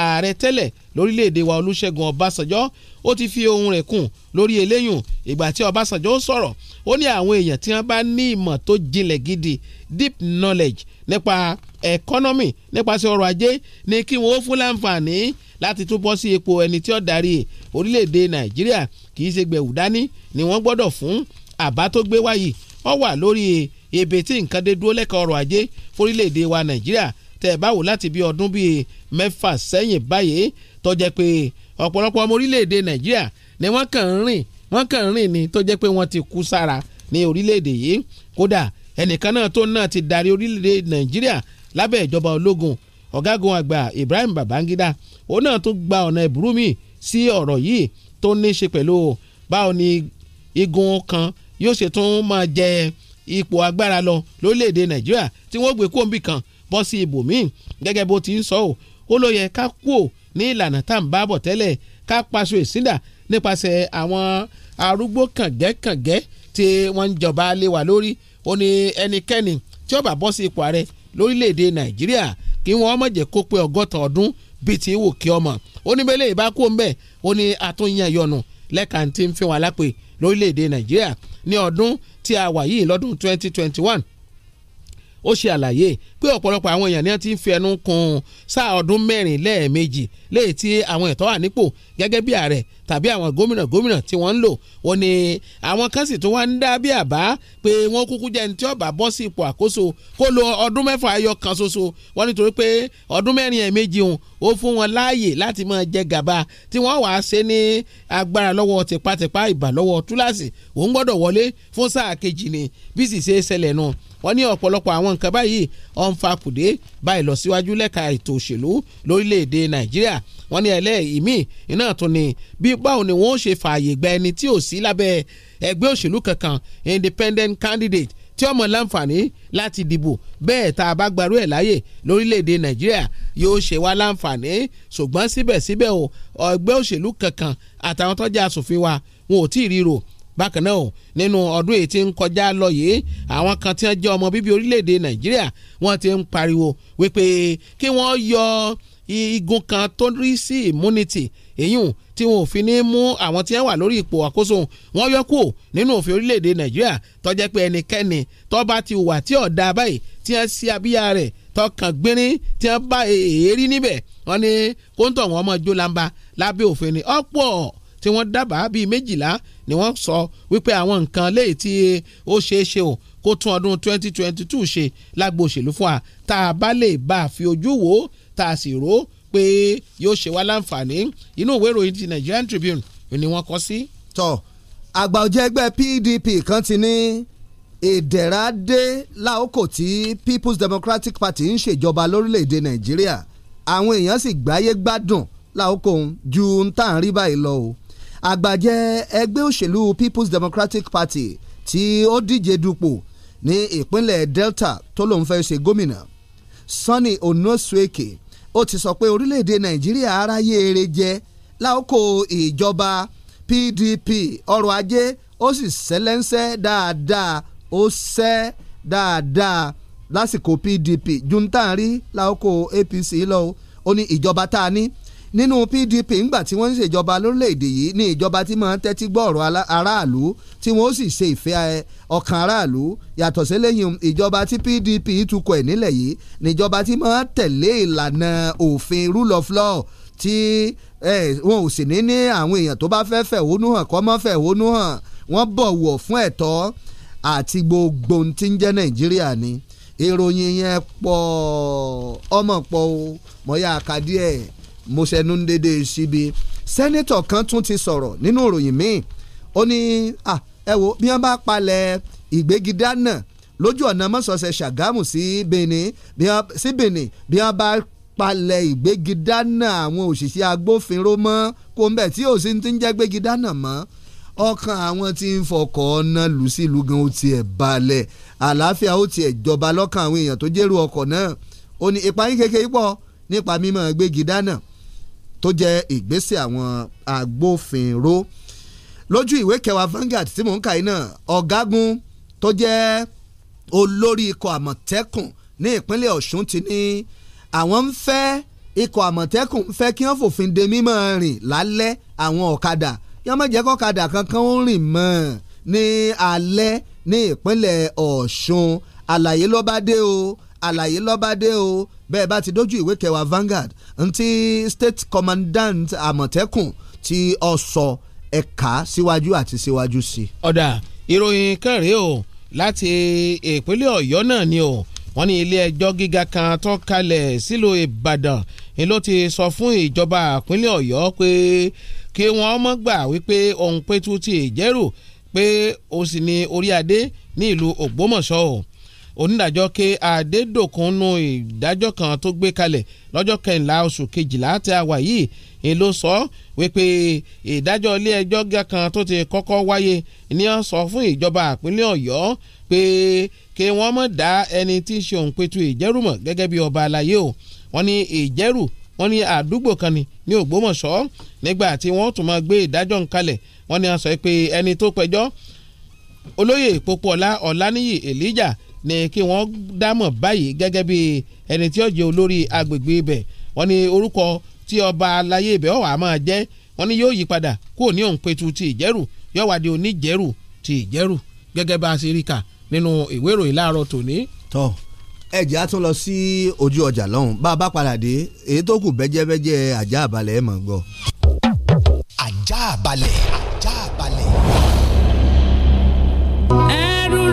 ààrẹ tẹ́lẹ̀ lórílẹ̀‐èdè wa olúṣẹ́gun ọbásanjọ́ ó ti fi ohun rẹ̀ kùn lórí eléyùn ìgbà tí ọbásanjọ́ ń sọ̀rọ̀ ó ní àwọn èèyàn tí wọ́n bá ní ìmọ̀ tó jinlẹ̀ gidi deep knowledge nípa economy nípasẹ̀ ọrọ̀ ajé ni kí wọ́n ó fún láǹfààní láti tún bọ́ sí ipò ẹni tí ó darí orílẹ̀‐èdè nàìjíríà kì í ṣe gbẹ̀wù dání ni wọ́n gbọ́dọ̀ fún àbá tó gbé wáyìí ó wà lórí ebè tí nǹkan dé dúró lẹ́ka ọrọ̀ ajé fórílẹ̀‐èdè wa nàìjíríà tẹ̀ báwo láti bí ọdún bíi mẹ́fà sẹ́yìn báyìí tó jẹ́ pé ọ̀pọ̀lọpọ̀ ọmọ orílẹ̀-èdè nàìjíríà ni wọ́n kàn ń rìn wọ́n kàn ń rìn ni tó jẹ́ pé wọ́n ti kú sára ní orílẹ̀-èdè yìí kódà ẹnìkan náà tó náà ti darí orílẹ̀-èdè nàìjíríà lábẹ́ ìjọba ológun ọ̀gágun àgbà Ibrahim Babangida òun náà tún gba ọ̀nà ìbúrú mi sí ọ̀rọ̀ yìí tó ní í ṣe pẹ̀lú báwo ni igun kan yóò ṣe tún máa jẹ ipò agbára lọ lórílẹ̀‐èdè Nàìjíríà tí wọ́n gbé kóńbì kan bọ́ sí ibòmíì gẹ́gẹ́ bó ti ń sọ ọ́ ó ló ká kú ò ní ìlànà tá à ń bá bọ̀ tẹ́lẹ̀ ká paṣọ ìsíndà nípasẹ̀ àwọn arúgbó kàngẹ́kàngẹ́ tí wọ́n ń jọba lé wa lórí ó ní ẹnikẹ́ni tí ó bá bọ́ sí ipò ààrẹ lórílẹ̀‐èdè nàìjíríà kí wọ́n má jẹ́ kó pé ọgọ́ta ọdún bíi ti wò kí ọmọ ó ní bẹ́lẹ̀ ìbá kó ń bẹ̀ ó ní àtúnyàn yọnu lẹ́ka tí ń fi wọn alápè lórílẹ̀‐èdè nàìjíríà ní ọdún tí a wà yìí lọ́dún 2021 ó ṣe àlàyé pé ọ̀pọ̀lọpọ̀ àwọn èèyàn ni wọ́n ti ń fi ẹnu kun sáà ọdún mẹ́rin lẹ́ẹ̀mejì léyìí tí àwọn ẹ̀tọ́ wà nípò gẹ́gẹ́ bí ààrẹ tàbí àwọn gómìnà gómìnà tí wọ́n ń lò wọ́n ní àwọn kan sì tún wá ń dá bí àbá pé wọ́n kúkú jẹ́ ní tí ọ̀bà bọ́ sí ipò àkóso kó lo ọdún mẹ́fà ayọ̀ kan ṣoṣo wọ́n nítorí pé ọdún mẹ́rin ẹ̀ẹ̀mejì òun ó fún wọn láàyè láti máa jẹ gàba tí wọ́n wàá ṣe ní agbára lọ́wọ́ tipátipá ìbà lọ́wọ́ túláàsì òun gbọ́dọ̀ wọlé fún sáà kejì ni bí sì ṣe ṣẹlẹ̀ nù wọ́n ní ọ̀pọ̀lọpọ̀ àwọn nǹkan báyìí ọ̀n fakùdé bá ìlọsíwájú lẹ́ka ètò òṣèlú lórílẹ̀‐èdè nàìjíríà wọ́n ní ẹlẹ́yìí míì iná tún ni bí báwo ni wọ́n ṣe fààyè gba ẹni tí ò sí lábẹ́ ẹgbẹ́ òṣèlú kankan independent candidate tí ọmọ láǹfààní láti dìbò bẹ́ẹ̀ tá a bá gbarú ẹ̀ láyè lórílẹ̀‐èdè nàìjíríà yóò ṣe wá láǹfààní ṣùgbọ́n síbẹ̀síbẹ̀ o ẹgbẹ́ òṣèlú kankan àtàwọn tọ́jà aṣòfin wa wọn ò tí ì ríro bákan náà nínú ọdún èyí tí ń kọjá lọ yìí àwọn kan tí wọ́n jẹ́ ọmọ bíbí orílẹ̀-èdè nàìjíríà wọ́n ti ń pariwo wípé kí wọ́n yọ igun kan tó rí sí immunity èyún tí wọn ò fi ní mú àwọn tí wọn wà lórí ipò àkóso wọn yọ kúrò nínú òfin orílẹ̀-èdè nàìjíríà tó jẹ́ pé ẹnikẹ́ni tó bá ti wà tí ọ̀dà báyìí tí wọ́n sí abíyá rẹ̀ tọkàn gbinrin tí wọ́n bá èérí níbẹ̀ wọ́n ní kóńtọ̀ wọn ọmọ jó lamba lábẹ́ òfin ni ọ̀pọ̀ tí wọ́n dábàá bíi méjìlá ni wọ́n sọ wípé àwọn nǹkan léyìí tí ó ṣeé o kó tún ọdún 2022 ṣe lágbo òṣèlú fún wa tá a bá lè bá a fi ojú wò ó tá a sì rò ó pé yóò ṣe wá láǹfààní inú ìwé ìròyìn ti Nigerian Tribune ni wọ́n kọ sí. tọ́ àgbà ọ̀jẹ̀ ẹgbẹ́ PDP kan ti ní ìdẹ̀ra dé láòkò tí People's Democratic Party ń ṣèjọba lórílẹ̀‐èdè Nàìjíríà àwọn èèyàn sì gbáyé gbádùn láòkò ju ń tàn rí báyìí lọ o àgbàjẹ ẹgbẹ́ òṣèlú People's Democratic Party tí ó díje dupò ní ìpínlẹ̀ Delta tó lòun fẹ́ ṣe gómìnà Sunny Onosueke ó ti sọ pé orílẹ̀-èdè Nàìjíríà aráyé eré jẹ́ láòkó ìjọba PDP ọrọ̀ ajé ó sì sẹ́lẹ́ńsẹ́ dáadáa ó sẹ́ dáadáa lásìkò PDP junta rí láòkó APC lọ́wọ́ ó ní ìjọba tá a ní nínú PDP ńgbà tí wọ́n ń ṣèjọba lórílẹ̀‐èdè yìí ní ìjọba tí máa ń tẹ́tí gbọ́ ọ̀rọ̀ aráàlú tí wọ́n ó sì ṣe ìfẹ́ ọkàn aráàlú yàtọ̀ sílẹ̀yìn ìjọba tí PDP tukọ̀ ẹ̀ nílẹ̀ yìí níjọba tí máa ń tẹ̀lé ìlànà òfin rule of law tí wọn ò sì ní ní àwọn èèyàn tó bá fẹ́ fẹ̀hónú hàn kọ́ mọ́ fẹ̀hónú hàn wọ́n bọ̀wọ̀ fún ẹ̀tọ́ àti gbogbo ohun tí ń jẹ́ Nàìjíríà ni ìròyìn yẹn pọ̀ ọmọ pọ̀ o mọ̀ yá àkàdé ẹ̀ mo ṣẹnu dédé síbi sẹ́nẹ́tọ̀ kan tún ti sọ̀rọ̀ nínú ìròyìn míì ó ní ẹ wo bí wọ́n bá palẹ̀ ìgbégidá náà lójú ọ̀nà mọ́sọ̀ọ̀sẹ̀ Ṣàgámù sí Benin bí wọ́n bá palẹ̀ ìgbégidánà àwọn òṣìṣẹ́ agbófinró mọ́ kó ń bẹ̀ tí ò sí ti ń jẹ́ gbégidánà mọ́ ọkàn àwọn tí ń fọkọ̀ ọ̀nà lù sí ìlú gan ó tiẹ̀ balẹ̀ àlàáfíà ó tiẹ̀ jọba lọ́kàn àwọn èèyàn tó jẹ́rú ọkọ̀ náà ó ní ipa kékeré pọ̀ nípa mímọ́ gbégidánà tó jẹ́ ìgbésẹ̀ àwọn agbófinró lójú ìwé kẹwàá Vanguard tí mò ń kà yìí náà ọ̀gágun tó jẹ́ olórí ikọ̀ àmọ̀tẹ́kùn ní ìpínlẹ̀ Ọ̀ṣun ti ní àwọn ń fẹ́ ikọ̀ àmọ̀tẹ́kùn ń fẹ́ kí wọ́n fòfin de mímọ́ rìn lálẹ́ àwọn ọ̀kadà yọ́n má jẹ́ kọ́kadà kankan ó rìn mọ́ ní alẹ́ ní ìpínlẹ̀ Ọ̀ṣun àlàyé ló dé o àlàyé lọ́bàdé o bẹ́ẹ̀ bá ti dójú ìwé kẹwàá Vanguard ntí state commandant àmọ̀tẹ́kùn ti ọ̀sọ̀ ẹ̀ka síwájú àti síwájú sí. ọ̀dà ìròyìn kẹrìí o láti ìpínlẹ̀ ọ̀yọ́ náà ni o wọ́n ní ilé ẹjọ́ gíga kan tó kalẹ̀ sílùú ìbàdàn ni ló ti sọ fún ìjọba ìpínlẹ̀ ọ̀yọ́ pé kí wọ́n mọ́ gbà wípé òun pẹ̀tù ti ìjẹ́rù pé ó sì ní orí adé ní ìlú ògbómọ̀ṣọ́ o onídàájọ́ K Adédòkun nu ìdájọ́ kan tó gbé kalẹ̀ lọ́jọ́ kẹrìnlá oṣù kejìlá tí a wà yìí ni ló sọ wípé ìdájọ́ ilé ẹjọ́ gíga kan tó ti kọ́kọ́ wáyé ni wọ́n sọ fún ìjọba àpínlẹ̀ Ọ̀yọ́ pé kí wọ́n má dá ẹni tí ń ṣe òǹpẹ̀tù ìjẹ́rùmọ̀ gẹ́gẹ́ bí ọba àlàyé o wọ́n ní ìjẹ́rù wọ́n ní àdúgbò kan ni ní Ògbómọ̀ṣọ́ nígbà tí wọ́n tún máa gbé ìdájọ́ nkalẹ̀ wọ́n ní a sọ pé ẹni tó pẹjọ́ olóyè Pópóọlá Ọláníyì Èlíjà ni kí wọ́n dámọ̀ báyìí gẹ́gẹ́ bí ẹni tí ó jẹ́ olórí agbègbè ibẹ̀ wọ́n ní orúkọ tí ọba aláyé ibẹ̀ ọ̀wà máa jẹ́ wọ́n ní yóò yí padà kúrò ní òǹpetu ti ìjẹ́rù yóò wá di oníjẹ́rù ti ìjẹ́rù gẹ́gẹ́ bá a ṣe rí kà nínú ìwé ìròyìn láàárọ̀ tòní. tọ́ ẹ̀jẹ̀ á tún lọ sí ojú ọjà lọ́hùn bá a bá padà dé èyí tó kù bẹ́jẹ́bẹ́jẹ́ ajá àbálẹ̀ ẹ̀ mọ̀ gbọ́. ajá àbálẹ̀ ajá àbálẹ̀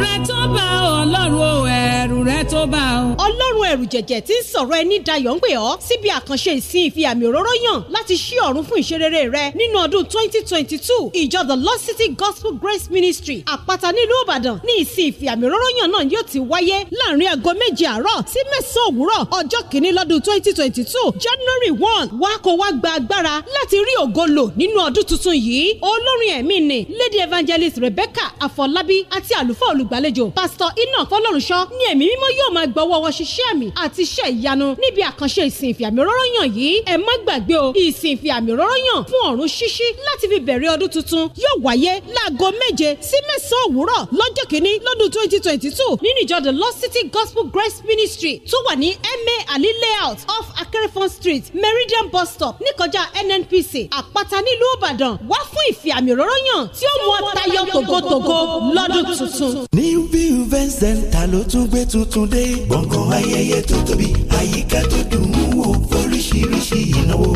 rẹ tó bá ọlọ́run o ẹ̀rù rẹ tó bá o. ọlọ́run ẹ̀rù jẹ̀jẹ̀ tí ń sọ̀rọ̀ ẹni dayọ̀ ń pè ọ́ síbi àkànṣe ìsìn ìfi àmì òróró yàn láti ṣí ọ̀run fún ìṣerere rẹ nínú ọdún twenty twenty two ìjọ the lost city gospel grace ministry àpáta nílùú ìbàdàn ní ìsìn ìfi àmì òróró yàn náà yóò ti wáyé láàrin aago méje àárọ̀ sí mẹ́sàn-án òwúrọ̀ ọjọ́ kìíní lọ́dún twenty twenty two january one wá kó wá gba agbára láti rí ògo lò nínú ọdún tuntun yìí olórin ẹ̀mí ni lady evangelist rebecca afọlábí àti àlùfáà olùgbà agbàlejò pásítọ̀ enoch fọlọ́runṣọ́ ní ẹ̀mí mímọ́ yóò máa gba ọwọ́ ṣiṣẹ́ àmì àti iṣẹ́ ìyanu níbi àkànṣe ìsìn ìfì àmì òróró yàn yìí ẹ má gbàgbé o ìsìn ìfì àmì òróró yàn fún ọ̀run ṣíṣí láti fi bẹ̀rẹ̀ ọdún tuntun yóò wáyé láago méje sí mẹ́sàn-án òwúrọ̀ lọ́jọ́ kìíní lọ́dún twenty twenty two nínú ìjọ lost city gospel grace ministry tó wà ní ma ali layout off akérèfọ́n street meridian bus stop níkọjá nnpc àpáta nílùú ìbàdàn wá fún ìfì àmì òróró yàn tí ó mú ọ tayọ tògótògó tuntun. ní new view event center ló tún gbé tuntun dé. gbọ̀ngàn ayẹyẹ tó tóbi àyíká tó dùn ún wò fóríṣiríṣi ìnáwó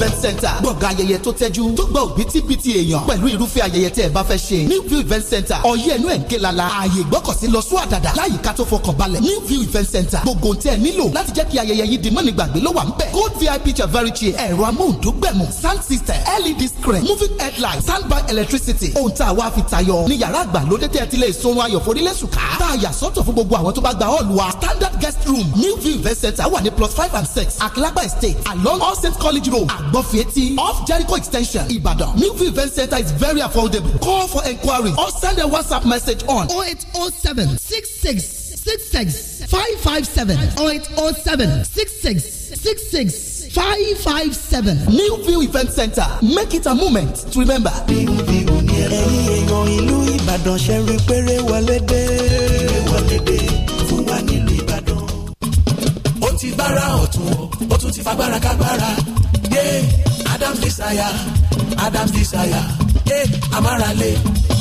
event center gbọ̀ngàn ayẹyẹ tó tẹ́jú tó gba òbítíbitì èèyàn pẹ̀lú irúfẹ́ ayẹyẹ tẹ́ ẹ bá fẹ́ ṣe new view event center ọ̀yẹ́ ẹnu ẹ̀ ń ké lala ààyè ìgbọ́kọ̀sí lọ sún àdàdà láyìíká tó fọkàn balẹ̀ new view event center gbogbo tẹ́ ẹ nílò láti jẹ́ kí ayẹyẹ yìí di mọ́ni gbàgbé ló wà ń bẹ̀ gold vip chavari chair ẹ̀rọ amóhùndógbẹ̀mù sound system led screen moving headlight by electricity ohun tá a wá fi tayọ ní yàrá àgbàlódé tẹ́ ẹ ti lè sunrun ayọ̀ forílẹ̀sùká tá a yà sọ́tọ̀ fún gbogbo àwọn tó bá gba hall wa standard guest room new view event center wà ní plus five and six àkìlágbà estate along all saints college road àg àgbọ̀fẹ́tì off Jericho extension Ibadan. new view event center is very affordable call for enquiry or send a WhatsApp message on 0807 66 66 557 0807 66 66 five five seven new view event center make it a moment to remember. bíbíbù ni ẹ̀rọ èèyàn ìlú ìbàdàn ṣe rí péré wọlé dé. péré wọlé dé fún wa nílùú ìbàdàn. ó ti bára ọ̀tún ó tún ti fagbára kágbára Yeah, Adam's Desire, Adam's Desire. Yeah, amárale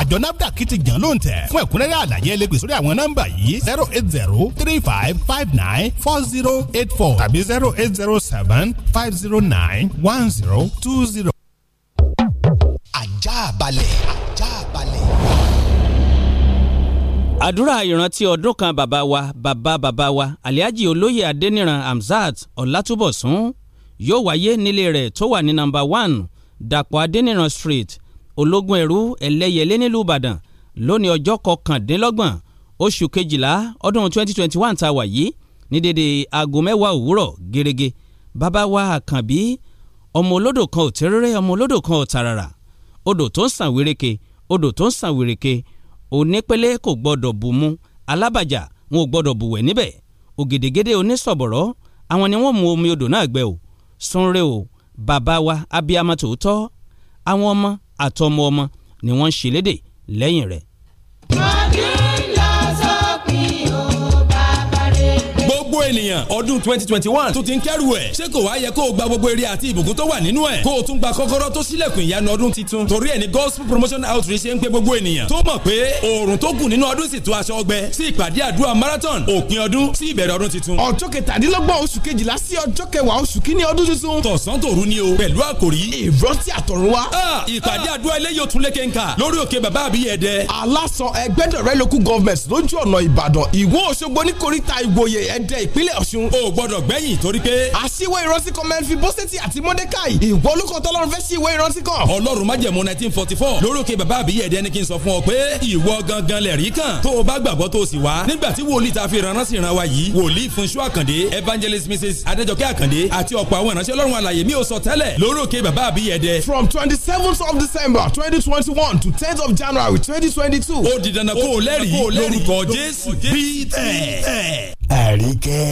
àjọ nafdac ti jàn ló ń tẹ̀ fún ẹ̀kúnrẹ́rẹ́ àlàyé ẹlẹ́gbẹ̀ sórí àwọn nọ́mbà yìí zero eight zero three five five nine four zero eight four tàbí zero eight zero seven five zero nine one zero two zero. ajá balẹ̀ ajá balẹ̀. àdúrà ìrántí ọdún kan bàbá wa bàbá bàbá wa aliaji olóyè adẹniran hamzat ọlátúbọ̀sún yóò wáyé nílé rẹ̀ tó wà ní nọ́mbà one dàpọ̀ adẹniran street ológun ẹ̀rú ẹlẹ́yẹlé nílùú ìbàdàn lónìí ọjọ́ kọkàndínlọ́gbọ̀n oṣù kejìlá ọdún 2021 ta wà yìí ní dédé aago mẹ́wàá òwúrọ̀ gẹ́rẹ́gẹ́ bàbá wa àkànbí ọmọ olódò kan ò tẹ́rẹ́rẹ́ ọmọ olódò kan ò tàràrà odò tó ń sàn wéréke odò tó ń sàn wéréke onípele kò gbọ́dọ̀ bù mu alábàjá wọn ò gbọ́dọ̀ bùwẹ̀ níbẹ̀ ògèdègèdè onísọ̀bọ̀rọ̀ àwọn ni wọ́n mu omi odò náà gbẹ o sunre o bàbá wa abiyamọ tòótọ́ àwọn ọmọ àtọmọ ọmọ ni wọ́n ń ṣèlédè lẹ́yìn rẹ̀. ènìyàn ọdún twenty twenty one tó ti ń kẹ́rù ẹ̀ ṣé kò wá yẹ kó o gba gbogbo eré àti ìbùkún tó wà nínú ẹ̀ kó o tún gba kọ́kọ́rọ́ tó ṣílẹ̀kùn ìyanu ọdún titun torí ẹ̀ ní gospel promotion outreach ṣe ń pè gbogbo ènìyàn tó mọ̀ pé oòrùn tó kù nínú ọdún sì tó aṣọ ọgbẹ́ sí ìpàdé àdúrà marathon òpin ọdún sí ìbẹ̀rẹ̀ ọdún titun. ọjọ́ kẹtàdínlọ́gbọ̀n oṣù kejìlá sí ọjọ́ kẹwàá oṣù kínní ọdún tuntun. tọ̀sán tòru ni o pẹ̀lú àkòrí ìrántí àtọ̀run wa. ìpàdé àdúrà eléyìí ò tún lé kéńkà lórí òkè bàbá àbí ẹ̀dẹ. aláṣọ ẹgbẹ́dọ̀rẹ́ local government lójú ọ̀nà ìbàdàn ìwó òṣogbo ní koríta ìwòye ẹ̀dẹ ìpín ìpínlẹ̀ Ọ̀ṣun o gbọ́dọ̀ gbẹ̀yìn torí pé. àṣìwé ìrántí kan mẹ́rin fi bọ́sẹ̀tì àti mọ́dékàì ìwọ olùkọ́ tọ́lọ́run fẹ́ sí ìwé ìrántí kan. ọlọ́run májẹ̀mú nineteen forty four lórókè bàbá àbíyẹ̀ dẹni kí n sọ fún ọ pé ìwọ gangan lẹ̀ rí kàn tó o bá gbàgbọ́ tó o sì wá. nígbà tí wòlíì ta fi ránṣẹ́ ìran wa yìí wòlíì Fúnṣọ́ Àkàndé evangelist mrs Adéjọkẹ́ Àkàndé àti ọ̀pọ̀ àwọn ìránṣẹ́ ọlọ́run alàyè mi ò sọ tẹ́lẹ̀ lórókè bàbá from twenty seventh of December twenty twenty one to of January twenty twenty two. ó di dandan kó o àríkẹ́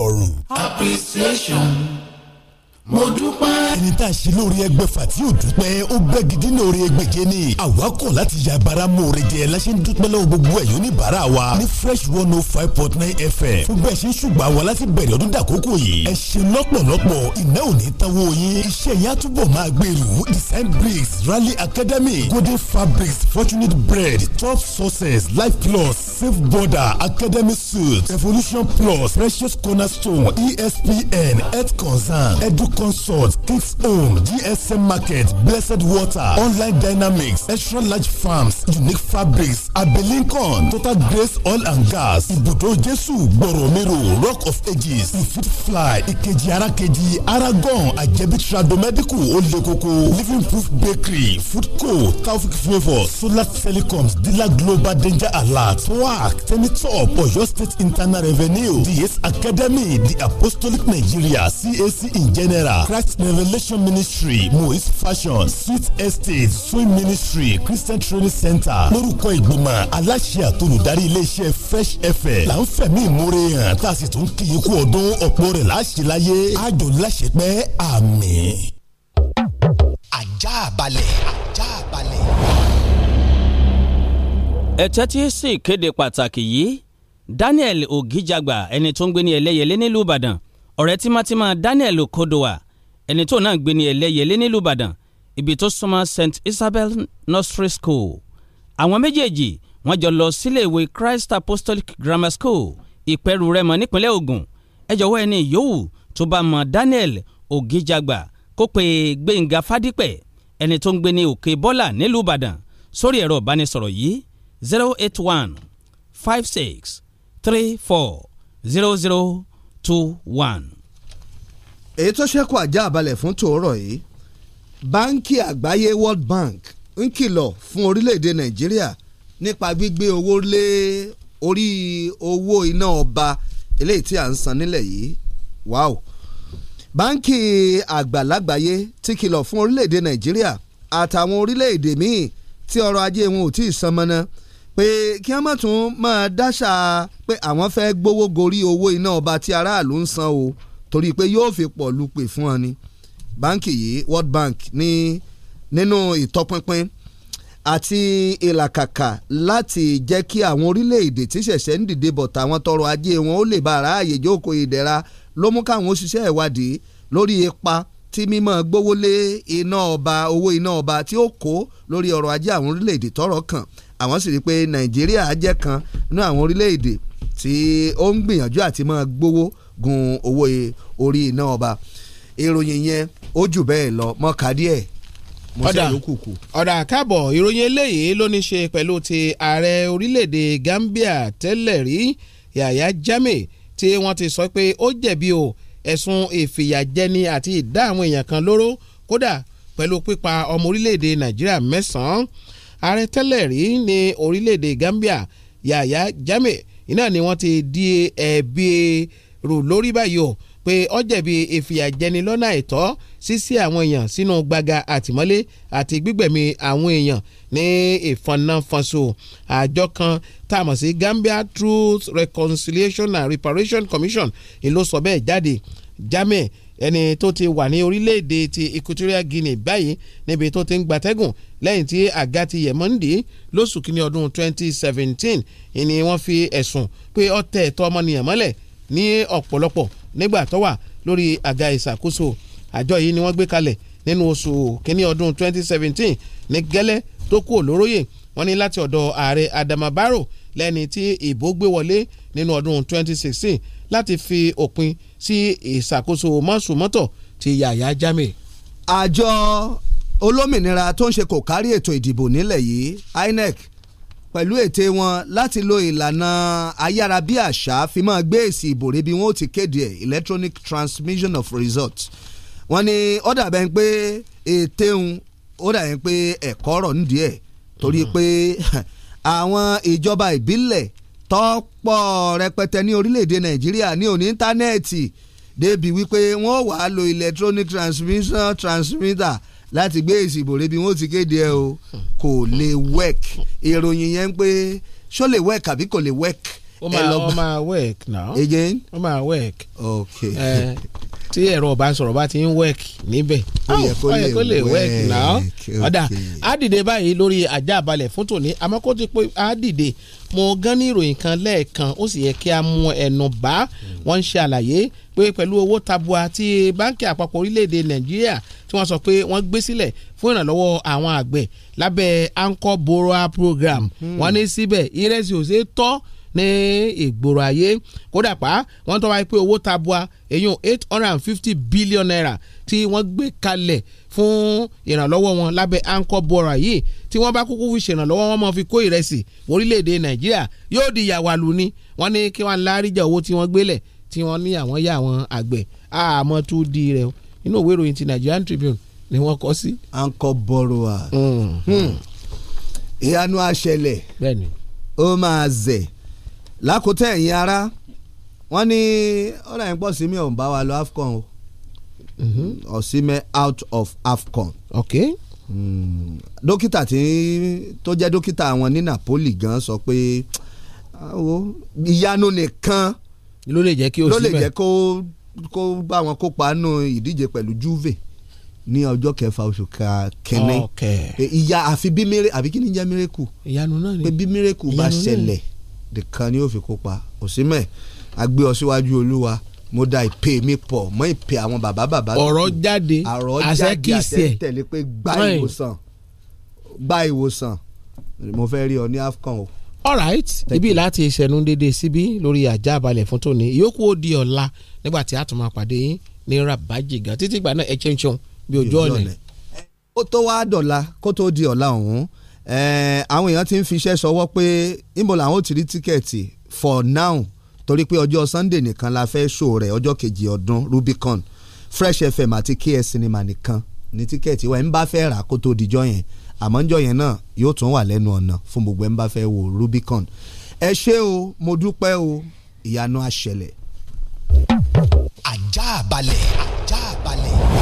ọ̀run. appreciation mo dúpẹ́. ẹni tá a ṣe lórí ẹgbẹ́fà tí yóò dúpẹ́ ó bẹ́ gidi lórí ẹgbẹ̀je ni. àwa kọ̀ láti ya bara mòore jẹ láṣẹ dúpẹ́ lọ́wọ́ gbogbo ẹ̀yọ́ ní bàárà wa ní fresh one oh five point nine fm fún bẹ́ẹ̀ ṣe ń ṣùgbọ́n wa láti bẹ̀rẹ̀ ọdún dàkókò yìí. ẹ ṣe lọ́pọ̀lọpọ̀ iná ò ní tanwó yín. iṣẹ́ yẹn á túbọ̀ máa gbèrú design bricks rally academy golden fabrics fortunate bread top sources life plus safe border academy suits revolution plus precious cornerstone espn health concern educ consult kids own gsm market blessed water online dynamics extra large farms unique fabrics abelincon total grace oil and gas ibùdó jésù gbọ̀rọ̀mẹ́rò rock of ages ifit fly ìkejì arákejì aragon àjẹbí tradomedical olekoko living proof bakery food foodco taufik flavour solar telecoms dealer global danger alert twac tenitop oyo state internal revenue ds academy the apostolic nigeria cac in general. Plaza, Christ Revelation Ministry, Moist Fashion, Sweet Estate, Swim Ministry, Christian Training Center. Lórúkọ ìgbìmọ̀ aláṣẹ àtolùdarí iléeṣẹ́ Fresh FM là ń fẹ̀mí ìmúre hàn tá a sì tún kí i kú ọdún ọ̀pọ̀ rẹ̀ láṣẹ láyé. Àjò láṣẹ pẹ́ àmín. Ajá balẹ̀, ajá balẹ̀. Ẹ tẹ́tí sí pàtàkì yìí Daniel Ogijagba ẹni tó ń gbé ní ẹlẹ́yẹlé nílùú Ìbàdàn ọ̀rẹ́ tímátímá Daniel Okodowa ẹni tó náà gbé ní Ẹlẹ́yẹlé nílùú Ìbàdàn ibi tó súnmọ́ St Isabel Nursery School àwọn méjèèjì wọ́n jọ lọ sílé ìwé Christ Apostolic Grammar School Ìpẹ́rù Rẹ́mọ nípínlẹ̀ Ògùn ẹ jọ̀wọ́ ẹni yòówù tó bá mọ Daniel Ògìjàgbà kó pe Gbénga Fádípẹ̀ ẹni tó ń gbé ní Òkè Bọ́là nílùú Ìbàdàn sórí ẹ̀rọ ìbánisọ̀rọ̀ yìí zero eight one five six three four zero zero two one. èyí tó ṣẹ́kù ajá àbálẹ̀ fún tòórọ̀ yìí báńkì àgbáyé World Bank ń kìlọ̀ fún orílẹ̀-èdè Nàìjíríà nípa gbígbé owó lé orí owó iná ọba eléyìí tí a ń san nílẹ̀ yìí wow báńkì àgbàlagbàyé ti kìlọ̀ fún orílẹ̀-èdè Nàìjíríà àtàwọn orílẹ̀-èdè míì tí ọrọ̀ ajé wọn ò tí ì san mọ́ná pé kí wọ́n mọ̀ tún máa dáṣà pé àwọn fẹ́ gbowó gorí owó iná ọba tí aráàlú ń san o torí pé yóò fi pọ̀ lupè fún ọ ni báǹkì yìí World Bank ní nínú ìtọpinpin àti ìlàkàkà láti jẹ́ kí àwọn orílẹ̀-èdè tí ṣẹ̀ṣẹ̀ ń dìde bọ̀ tàwọn tọrọ ajé wọn ó lè bá ara àyè jókòó ìdẹ̀ra ló mú káwọn òṣìṣẹ́ ìwádìí lórí ipa tí mímọ́ gbówó lé iná ọba owó iná ọba tí ó kó lórí ọrọ̀ ajé àwọn orílẹ̀-èdè tọrọ kàn àwọn sì rí i pé nàìjíríà jẹ́ kan nínú àwọn orílẹ̀-èdè tí ó ń gbìyànjú àti máa gbowó gun owó e, orí iná ọba ìròyìn yẹn ó jù bẹ́ẹ̀ lọ mọ́ka díẹ̀ ọ̀dà ọ̀dà káàbọ̀ ìròyìn eléyìí ló ní ṣe pẹ̀lú ti ààrẹ orílẹ̀-èdè Gambia tẹ́lẹ̀ rí Yahya Jammeh tí wọ́n ti sọ pé ó jẹ̀bi o ẹ̀sùn ìfìyàjẹni àti ìdá àwọn èèyàn kan lóró kódà pẹ̀lú pípa ọmọ orílẹ̀-èdè Nàìjíríà mẹ́sàn-án ààrẹ tẹ́lẹ̀ rí ní orílẹ̀-èdè Gambia Yahya Jammeh iná ni wọ́n ti di ẹ̀bi rù lórí báyìí o pé ó jẹ̀bi ìfìyàjẹni lọ́nà àìtọ́ sísí àwọn èèyàn sínú gbaga àtìmọ́lé àti gbígbẹ̀mí àwọn èèyàn ní ìfọ̀nàfọ̀nso àjọ kan tá a mọ̀ sí Gambia Truth Reconciliation and Reparation Commission ìlú sọ bẹ́ẹ̀ jáde Jammeh ẹni tó ti wà ní orílẹ̀-èdè ti Equatorial Guinea báyìí níbi tó ti ń gbatẹ́gùn lẹ́yìn tí àga ti yẹ̀ mọ́ndì lóṣù kínní ọdún 2017 ìní wọ́n fi ẹ̀sùn pé ó tẹ ẹ̀tọ́ ọmọnìyàn mọ́lẹ̀ ní ọ̀pọ̀lọpọ̀ nígbà tó wà lórí àga ìṣàkóso àjọ yìí ni wọ́n gbé kalẹ̀ nínú oṣù kínní ọdún 2017 ní gẹ́lẹ́ tó kú olóróyè wọ́n ní láti ọ̀dọ̀ ààrẹ Adama Barrow lẹ́ni tí ìbò gbé wọlé nínú ọdún 2016 láti fi òpin sí ìṣàkóso mọ́sùmọ́tò ti Yàyà Jami. àjọ olómìnira tó ń ṣe kò kárí ètò ìdìbò nílẹ̀ yìí INEC pẹ̀lú ète wọn láti lo ìlànà ayárabíàṣá fi máa gbé èsì ìbò bí wọ́n ti kéde ẹ̀ electronic transmission of results wọ́n ní ó dàbẹ̀ ń pé ète ń ó dàbẹ̀ ń pé ẹ̀kọ́ ọ̀rọ̀ nídìí ẹ̀ torí mm-hmm. pé àwọn ìjọba ìbílẹ̀ tọ́pọ̀ rẹpẹtẹ ní orílẹ̀-èdè nàìjíríà ní òní íńtánẹ́ẹ̀tì débi wípé wọ́n wà á lo electronic transmission transmitter láti gbé èsì ìbò rebi wọn ò ti kéde ẹ o kò lè work ìròyìn yẹn ń pé ṣó lè work àbí kò lè work ó máa ó máa work now again ó máa work okay eh, tí ẹ̀rọ ọ̀bánisọ̀rọ̀ bá ti ń wẹ́ẹ̀kì níbẹ̀ ó yẹ kó lè wẹ́ẹ̀kì náà ọ̀dà á dìde báyìí lórí ajá balẹ̀ fún tòní àmọ́ kó ti pé á mo gán ní ìròyìn kan lẹ́ẹ̀kan ó sì yẹ kí a mú ẹnu bá wọ́n ń ṣe àlàyé pé pẹ̀lú owó tabua tí báńkì àpapọ̀ orílẹ̀-èdè nàìjíríà tí wọ́n sọ pé wọ́n gbé sílẹ̀ fún ìrànlọ́wọ́ àwọn àgbẹ̀ lábẹ́ anchor borrower program hmm. wọ́n ní síbẹ̀ ìrẹsì ò ní ìgboro ayé kódà pa wọ́n tọ́ wáyé pé owó tabua èyàn eight hundred and fifty billion naira tí wọ́n gbé kalẹ̀ fún ìrànlọ́wọ́ wọn lábẹ́ anchor bora yìí tí wọ́n bá kúkú fi ṣèrànlọ́wọ́ wọn máa fi kó ìrẹsì orílẹ̀-èdè nàìjíríà yóò di yàwálù ni wọ́n ní kí wọ́n láríjà owó tí wọ́n gbélẹ̀ tí wọ́n ní àwọn yá àwọn àgbẹ̀ àmọ́ tó di rẹ̀ inú òwe ìròyìn ti Nigerian Tribune ni wọ́n kọ sí. anchor borrower hmm. hmm. ìyanu àṣẹlẹ̀ ó máa zẹ̀ lákòótẹ́ ẹ̀yin ara wọ́n ní ọ̀rọ̀ ẹ̀ ń pọ̀ sí mi ò ń bá wa lọ AFCON o ọ̀sìmẹ̀ mm-hmm. out of AFCON. Okay. Mm. dókítà tí tó jẹ́ dókítà àwọn ní Napoli gan sọ pé ah, ìyanu nìkan ló lè jẹ́ kí ó sí mẹ́ ló lè jẹ́ kó kó bá wọn kópa nù ìdíje pẹ̀lú Juve ní ọjọ́ kẹfà oṣù kẹne ìyá àfi bí mire àbí kí ni jẹ́ miracle ìyanu náà ni pé bí miracle bá ṣẹlẹ̀ nìkan ni ó fi kópa òsínmẹ̀ agbé ọ síwájú olúwa mo da ìpè mi pọ̀ mọ́ ìpè àwọn bàbá bàbá. ọ̀rọ̀ jáde àṣẹ kìí ṣe àṣẹ tẹ̀lé pé gba ìwòsàn gba ìwòsàn mo fẹ́ rí ọ ní afcon o. alright ibi láti ṣẹnu dédé síbí lórí ajá balẹ̀ fún tòní ìyókù ó di ọ̀la nígbà tí a tún máa pàdé yín ní rabaji gan títí ìgbà náà ẹ ṣeun bí ojú ọ̀nà. ó tó wá dọ̀la kó tó di ọ̀la ọ̀hún Eh, àwọn èèyàn ti ń fiṣẹ́ sọwọ́ pé níbo làwọn ò ti rí tíkẹ́ẹ̀tì for now torí pé ọjọ́ Sunday nìkan la fẹ́ ṣò rẹ̀ ọjọ́ kejì ọdún Rubicon Fresh FM àti KS Cinema nìkan ní tíkẹ́ẹ̀tì wa ẹ̀ ń bá fẹ́ rà kó tó dijọ́ yẹn àmọ́ njọ́ yẹn náà yóò tún wà lẹ́nu ọ̀nà fún gbogbo ẹ̀ ń bá fẹ́ wo Rubicon ẹ ṣé o mo dúpẹ́ o ìyanu àṣẹlẹ̀. ajá balẹ̀ ajá balẹ̀.